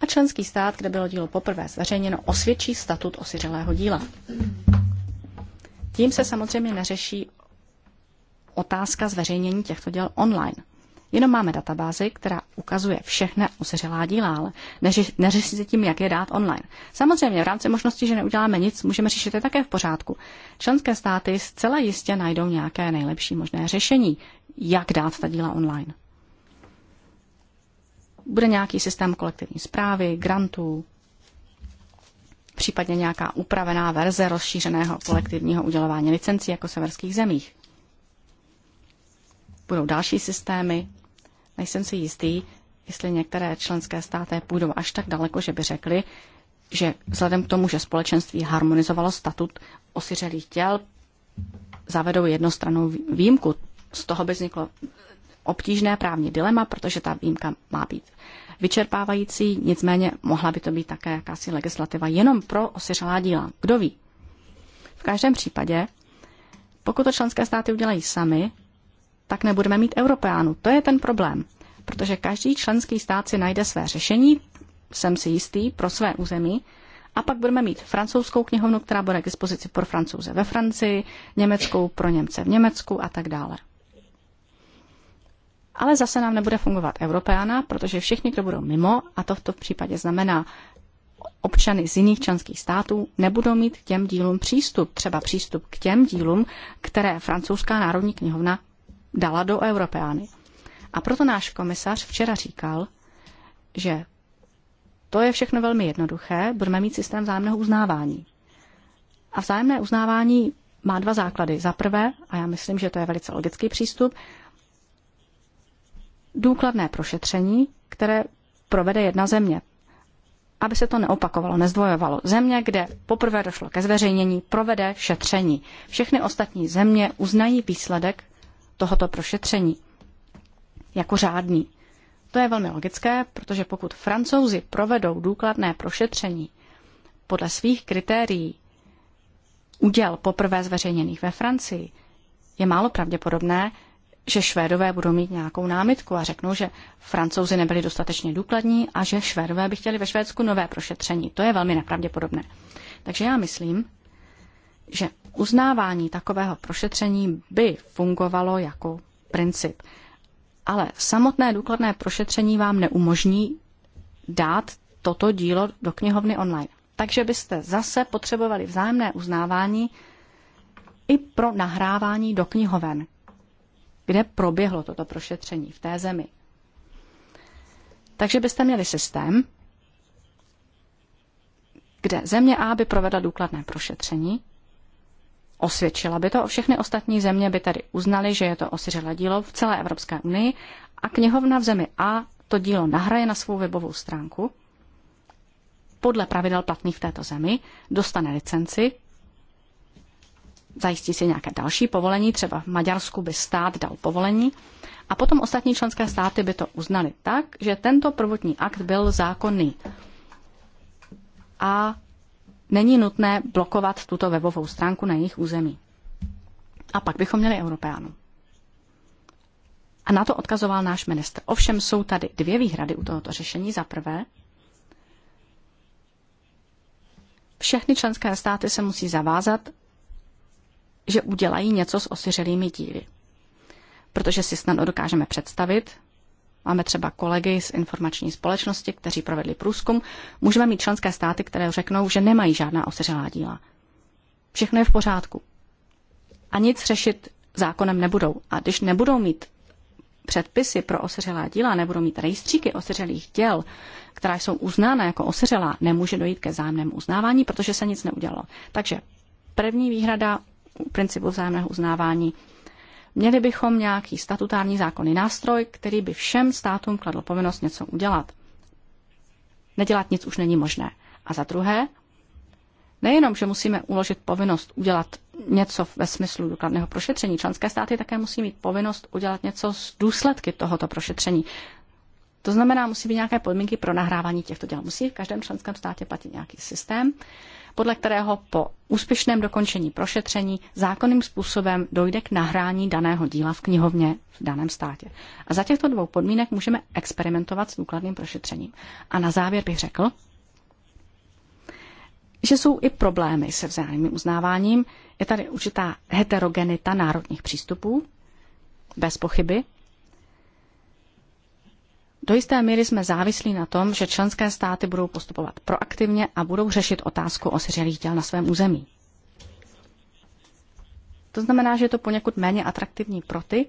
a členský stát, kde bylo dílo poprvé zveřejněno, osvědčí statut osiřelého díla. Tím se samozřejmě neřeší otázka zveřejnění těchto děl online. Jenom máme databázi, která ukazuje všechna osiřelá díla, ale neřeší se tím, jak je dát online. Samozřejmě v rámci možnosti, že neuděláme nic, můžeme řešit je také v pořádku. Členské státy zcela jistě najdou nějaké nejlepší možné řešení, jak dát ta díla online. Bude nějaký systém kolektivní zprávy, grantů, případně nějaká upravená verze rozšířeného kolektivního udělování licencí jako severských zemích. Budou další systémy, Nejsem si jistý, jestli některé členské státy půjdou až tak daleko, že by řekli, že vzhledem k tomu, že společenství harmonizovalo statut osiřelých těl, zavedou jednostrannou výjimku. Z toho by vzniklo obtížné právní dilema, protože ta výjimka má být vyčerpávající, nicméně mohla by to být také jakási legislativa jenom pro osiřelá díla. Kdo ví? V každém případě, pokud to členské státy udělají sami, tak nebudeme mít Europeánu. To je ten problém, protože každý členský stát si najde své řešení, jsem si jistý, pro své území, a pak budeme mít francouzskou knihovnu, která bude k dispozici pro francouze ve Francii, německou pro Němce v Německu a tak dále. Ale zase nám nebude fungovat Europeana, protože všichni, kdo budou mimo, a to v tom případě znamená občany z jiných členských států, nebudou mít k těm dílům přístup. Třeba přístup k těm dílům, které francouzská národní knihovna dala do Europeány. A proto náš komisař včera říkal, že to je všechno velmi jednoduché, budeme mít systém vzájemného uznávání. A vzájemné uznávání má dva základy. Za prvé, a já myslím, že to je velice logický přístup, důkladné prošetření, které provede jedna země. Aby se to neopakovalo, nezdvojovalo. Země, kde poprvé došlo ke zveřejnění, provede šetření. Všechny ostatní země uznají výsledek tohoto prošetření jako řádný. To je velmi logické, protože pokud francouzi provedou důkladné prošetření podle svých kritérií uděl poprvé zveřejněných ve Francii, je málo pravděpodobné, že Švédové budou mít nějakou námitku a řeknou, že Francouzi nebyli dostatečně důkladní a že Švédové by chtěli ve Švédsku nové prošetření. To je velmi nepravděpodobné. Takže já myslím, že uznávání takového prošetření by fungovalo jako princip. Ale samotné důkladné prošetření vám neumožní dát toto dílo do knihovny online. Takže byste zase potřebovali vzájemné uznávání i pro nahrávání do knihoven, kde proběhlo toto prošetření v té zemi. Takže byste měli systém, kde země A by provedla důkladné prošetření Osvědčila by to, všechny ostatní země by tady uznali, že je to osiřelé dílo v celé Evropské unii a knihovna v zemi A to dílo nahraje na svou webovou stránku podle pravidel platných v této zemi, dostane licenci, zajistí si nějaké další povolení, třeba v Maďarsku by stát dal povolení a potom ostatní členské státy by to uznali tak, že tento prvotní akt byl zákonný. A není nutné blokovat tuto webovou stránku na jejich území. A pak bychom měli Europeánu. A na to odkazoval náš ministr. Ovšem jsou tady dvě výhrady u tohoto řešení. Za prvé, všechny členské státy se musí zavázat, že udělají něco s osiřelými díly. Protože si snad dokážeme představit, Máme třeba kolegy z informační společnosti, kteří provedli průzkum. Můžeme mít členské státy, které řeknou, že nemají žádná osiřelá díla. Všechno je v pořádku. A nic řešit zákonem nebudou. A když nebudou mít předpisy pro osiřelá díla, nebudou mít rejstříky osiřelých děl, která jsou uznána jako osiřelá, nemůže dojít ke zájemnému uznávání, protože se nic neudělalo. Takže první výhrada u principu vzájemného uznávání Měli bychom nějaký statutární zákonný nástroj, který by všem státům kladl povinnost něco udělat. Nedělat nic už není možné. A za druhé, nejenom, že musíme uložit povinnost udělat něco ve smyslu důkladného prošetření, členské státy také musí mít povinnost udělat něco z důsledky tohoto prošetření. To znamená, musí být nějaké podmínky pro nahrávání těchto děl. Musí v každém členském státě platit nějaký systém podle kterého po úspěšném dokončení prošetření zákonným způsobem dojde k nahrání daného díla v knihovně v daném státě. A za těchto dvou podmínek můžeme experimentovat s důkladným prošetřením. A na závěr bych řekl, že jsou i problémy se vzájemným uznáváním. Je tady určitá heterogenita národních přístupů, bez pochyby, do jisté míry jsme závislí na tom, že členské státy budou postupovat proaktivně a budou řešit otázku osiřelých děl na svém území. To znamená, že je to poněkud méně atraktivní pro ty,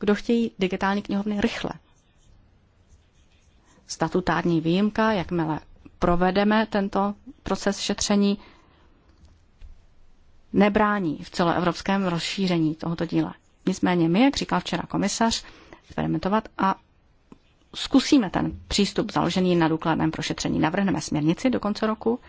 kdo chtějí digitální knihovny rychle. Statutární výjimka, jakmile provedeme tento proces šetření, nebrání v celoevropském rozšíření tohoto díla. Nicméně my, jak říkal včera komisař, experimentovat a zkusíme ten přístup založený na důkladném prošetření. Navrhneme směrnici do konce roku.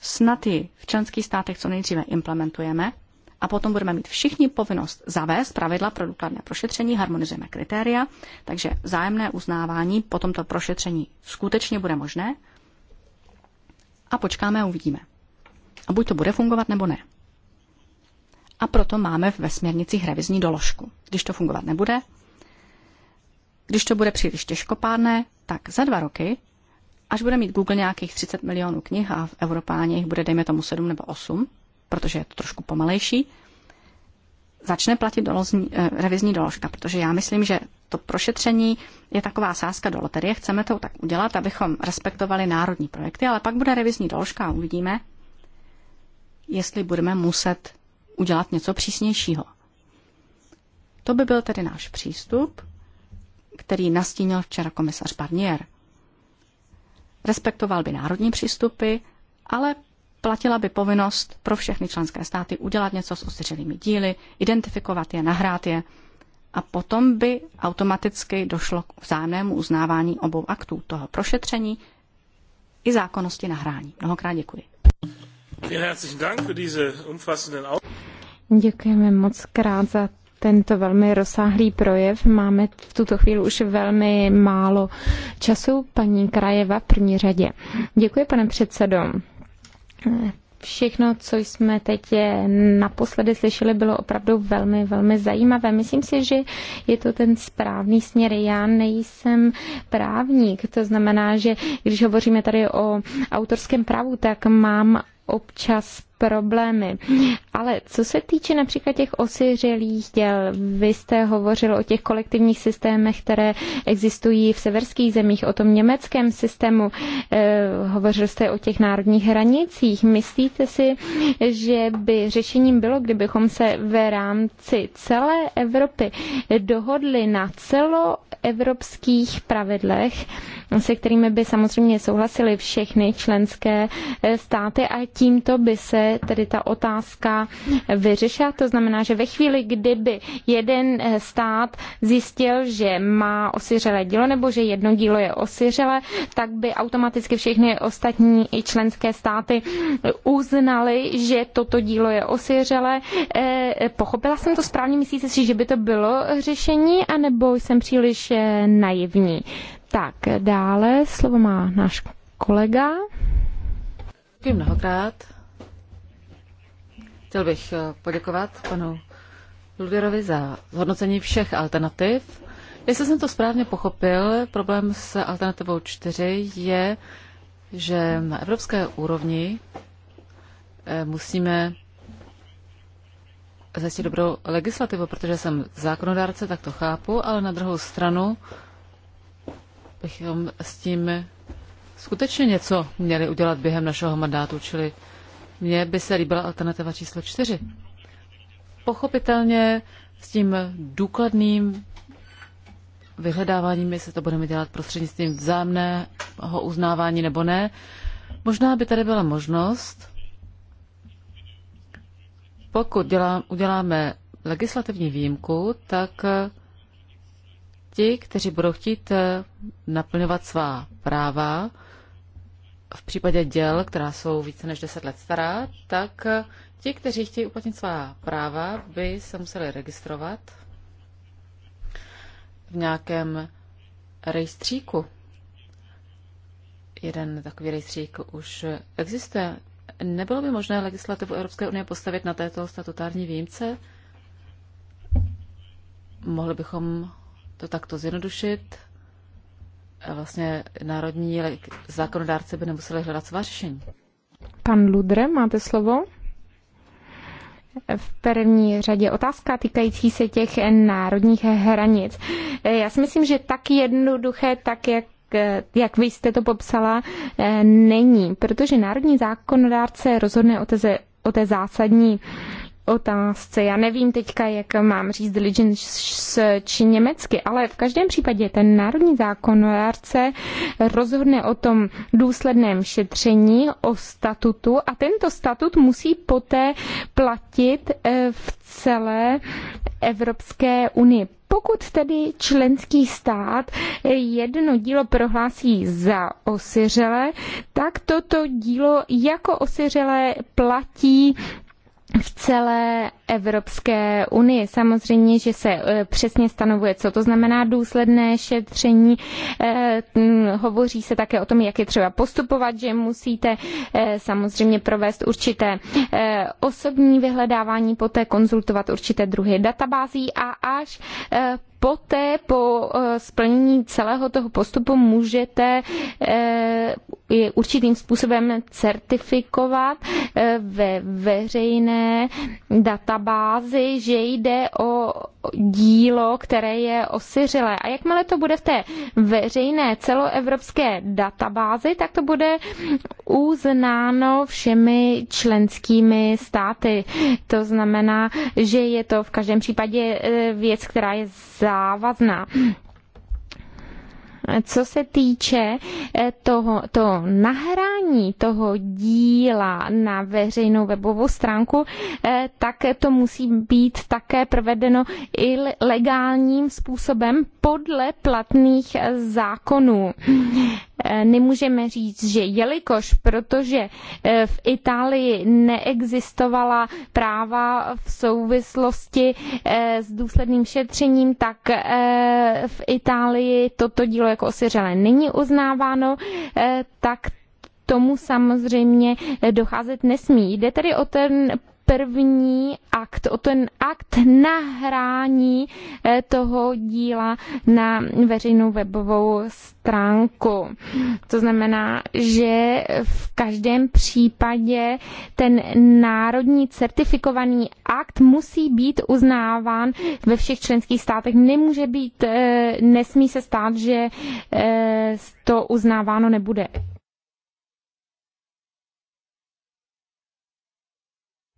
Snad ji v členských státech co nejdříve implementujeme a potom budeme mít všichni povinnost zavést pravidla pro důkladné prošetření, harmonizujeme kritéria, takže zájemné uznávání po tomto prošetření skutečně bude možné a počkáme a uvidíme. A buď to bude fungovat, nebo ne. A proto máme ve směrnicích revizní doložku. Když to fungovat nebude, když to bude příliš těžkopádné, tak za dva roky, až bude mít Google nějakých 30 milionů knih a v Evropáně jich bude, dejme tomu, 7 nebo 8, protože je to trošku pomalejší, začne platit dolozní, eh, revizní doložka, protože já myslím, že to prošetření je taková sázka do loterie, chceme to tak udělat, abychom respektovali národní projekty, ale pak bude revizní doložka a uvidíme, jestli budeme muset udělat něco přísnějšího. To by byl tedy náš přístup který nastínil včera komisař Barnier. Respektoval by národní přístupy, ale platila by povinnost pro všechny členské státy udělat něco s ostřelými díly, identifikovat je, nahrát je a potom by automaticky došlo k vzájemnému uznávání obou aktů toho prošetření i zákonnosti nahrání. Mnohokrát děkuji. Děkujeme moc krát za tento velmi rozsáhlý projev. Máme v tuto chvíli už velmi málo času. Paní Krajeva v první řadě. Děkuji, pane předsedo. Všechno, co jsme teď naposledy slyšeli, bylo opravdu velmi, velmi zajímavé. Myslím si, že je to ten správný směr. Já nejsem právník, to znamená, že když hovoříme tady o autorském právu, tak mám občas problémy. Ale co se týče například těch osiřelých děl, vy jste hovořil o těch kolektivních systémech, které existují v severských zemích, o tom německém systému, eh, hovořil jste o těch národních hranicích. Myslíte si, že by řešením bylo, kdybychom se ve rámci celé Evropy dohodli na celoevropských pravidlech, se kterými by samozřejmě souhlasili všechny členské eh, státy a tímto by se tedy ta otázka vyřešila. To znamená, že ve chvíli, kdyby jeden eh, stát zjistil, že má osiřelé dílo nebo že jedno dílo je osiřelé, tak by automaticky všechny ostatní i členské státy uznaly, že toto dílo je osiřelé. Eh, pochopila jsem to správně, myslíte si, že by to bylo řešení, anebo jsem příliš eh, naivní? Tak, dále slovo má náš kolega. Děkuji mnohokrát. Chtěl bych eh, poděkovat panu Ludvěrovi za zhodnocení všech alternativ. Jestli jsem to správně pochopil, problém s alternativou 4 je, že na evropské úrovni eh, musíme zajistit dobrou legislativu, protože jsem zákonodárce, tak to chápu, ale na druhou stranu bychom s tím skutečně něco měli udělat během našeho mandátu, čili mně by se líbila alternativa číslo čtyři. Pochopitelně s tím důkladným vyhledáváním, jestli to budeme dělat prostřednictvím vzájemného uznávání nebo ne, možná by tady byla možnost, pokud dělá, uděláme legislativní výjimku, tak ti, kteří budou chtít naplňovat svá práva, v případě děl, která jsou více než 10 let stará, tak ti, kteří chtějí uplatnit svá práva, by se museli registrovat v nějakém rejstříku. Jeden takový rejstřík už existuje. Nebylo by možné legislativu Evropské unie postavit na této statutární výjimce? Mohli bychom to takto zjednodušit, vlastně národní zákonodárce by nemuseli hledat svá řešení. Pan Ludre, máte slovo? v první řadě otázka týkající se těch národních hranic. Já si myslím, že tak jednoduché, tak jak jak vy jste to popsala, není, protože národní zákonodárce rozhodne o té, o té zásadní otázce. Já nevím teďka, jak mám říct diligence či německy, ale v každém případě ten národní zákonodárce rozhodne o tom důsledném šetření, o statutu a tento statut musí poté platit eh, v celé Evropské unii. Pokud tedy členský stát jedno dílo prohlásí za osyřele, tak toto dílo jako osyřele platí v celé Evropské unii. Samozřejmě, že se eh, přesně stanovuje, co to znamená důsledné šetření. Eh, hm, hovoří se také o tom, jak je třeba postupovat, že musíte eh, samozřejmě provést určité osobní vyhledávání, poté konzultovat určité druhy databází a až poté po eh, splnění celého toho postupu můžete eh, je určitým způsobem certifikovat eh, ve veřejné databázi, že jde o dílo, které je osiřelé. A jakmile to bude v té veřejné celoevropské databázi, tak to bude uznáno všemi členskými státy. To znamená, že je to v každém případě věc, která je za závazná co se týče eh, toho, toho nahrání toho díla na veřejnou webovou stránku, eh, tak to musí být také provedeno i legálním způsobem podle platných eh, zákonů. Nemůžeme říct, že jelikož, protože v Itálii neexistovala práva v souvislosti s důsledným šetřením, tak v Itálii toto dílo jako osiřelé není uznáváno, eh, tak tomu samozřejmě docházet nesmí. Jde tedy o ten první akt, o ten akt nahrání eh, toho díla na veřejnou webovou stránku. To znamená, že v každém případě ten národní certifikovaný akt musí být uznáván ve všech členských státech. Nemůže být, eh, nesmí se stát, že eh, to uznáváno nebude.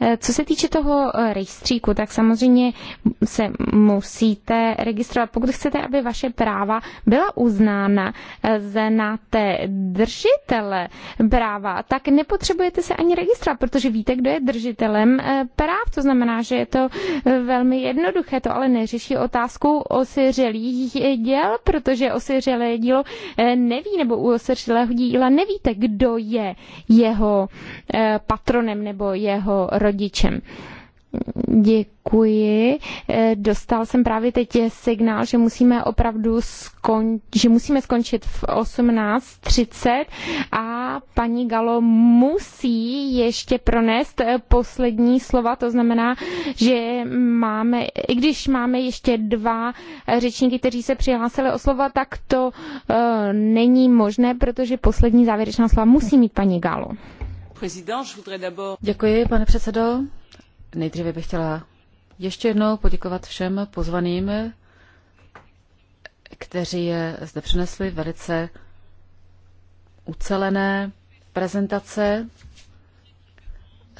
Eh, co se týče toho eh, rejstříku, tak samozřejmě se musíte registrovat. Pokud chcete, aby vaše práva byla uznána, eh, znáte držitele práva, tak nepotřebujete se ani registrovat, protože víte, kdo je držitelem práv. To znamená, že je to velmi jednoduché. To ale neřeší otázku osiřelých děl, protože osiřelé dílo neví, nebo u osiřelého díla nevíte, kdo je jeho patronem nebo jeho rodičem rodičem. Děkuji. Eh, dostal jsem právě teď signál, že musíme opravdu skon, že musíme skončit v 18.30 a paní Galo musí ještě pronést eh, poslední slova, to znamená, že máme, i když máme ještě dva eh, řečníky, kteří se přihlásili o slova, tak to uh, není možné, protože poslední závěrečná slova musí mít paní Galo. Děkuji, pane předsedo. Nejdříve bych chtěla ještě jednou poděkovat všem pozvaným, kteří je zde přinesli velice ucelené prezentace.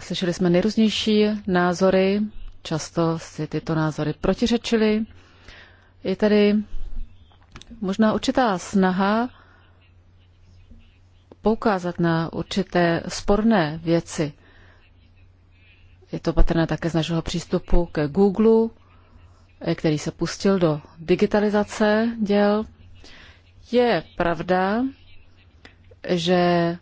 Slyšeli jsme nejrůznější názory, často si tyto názory protiřečily. Je tady možná určitá snaha poukázat na určité sporné věci. Je to patrné také z našeho přístupu ke Google, eh, který se pustil do digitalizace děl. Je pravda, že eh,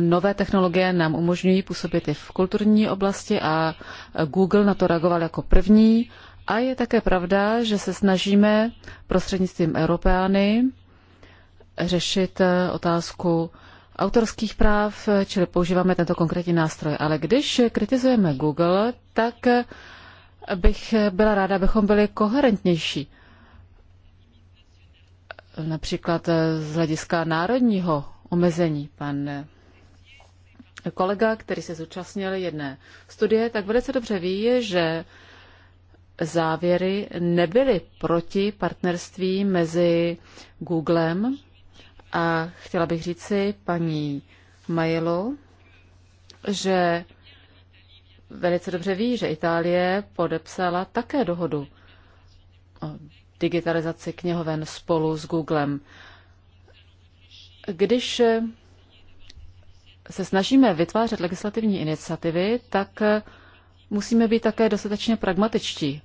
nové technologie nám umožňují působit i v kulturní oblasti a Google na to reagoval jako první. A je také pravda, že se snažíme prostřednictvím Europeány řešit eh, otázku autorských práv, čili používáme tento konkrétní nástroj. Ale když kritizujeme Google, tak eh, bych byla ráda, abychom byli koherentnější. Například eh, z hlediska národního omezení. Pan kolega, který se zúčastnil jedné studie, tak velice dobře ví, že závěry nebyly proti partnerství mezi Googlem a chtěla bych říct, si paní Majelo, že velice dobře ví, že Itálie podepsala také dohodu o digitalizaci knihoven spolu s Googlem. Když se snažíme vytvářet legislativní iniciativy, tak musíme být také dostatečně pragmatičtí.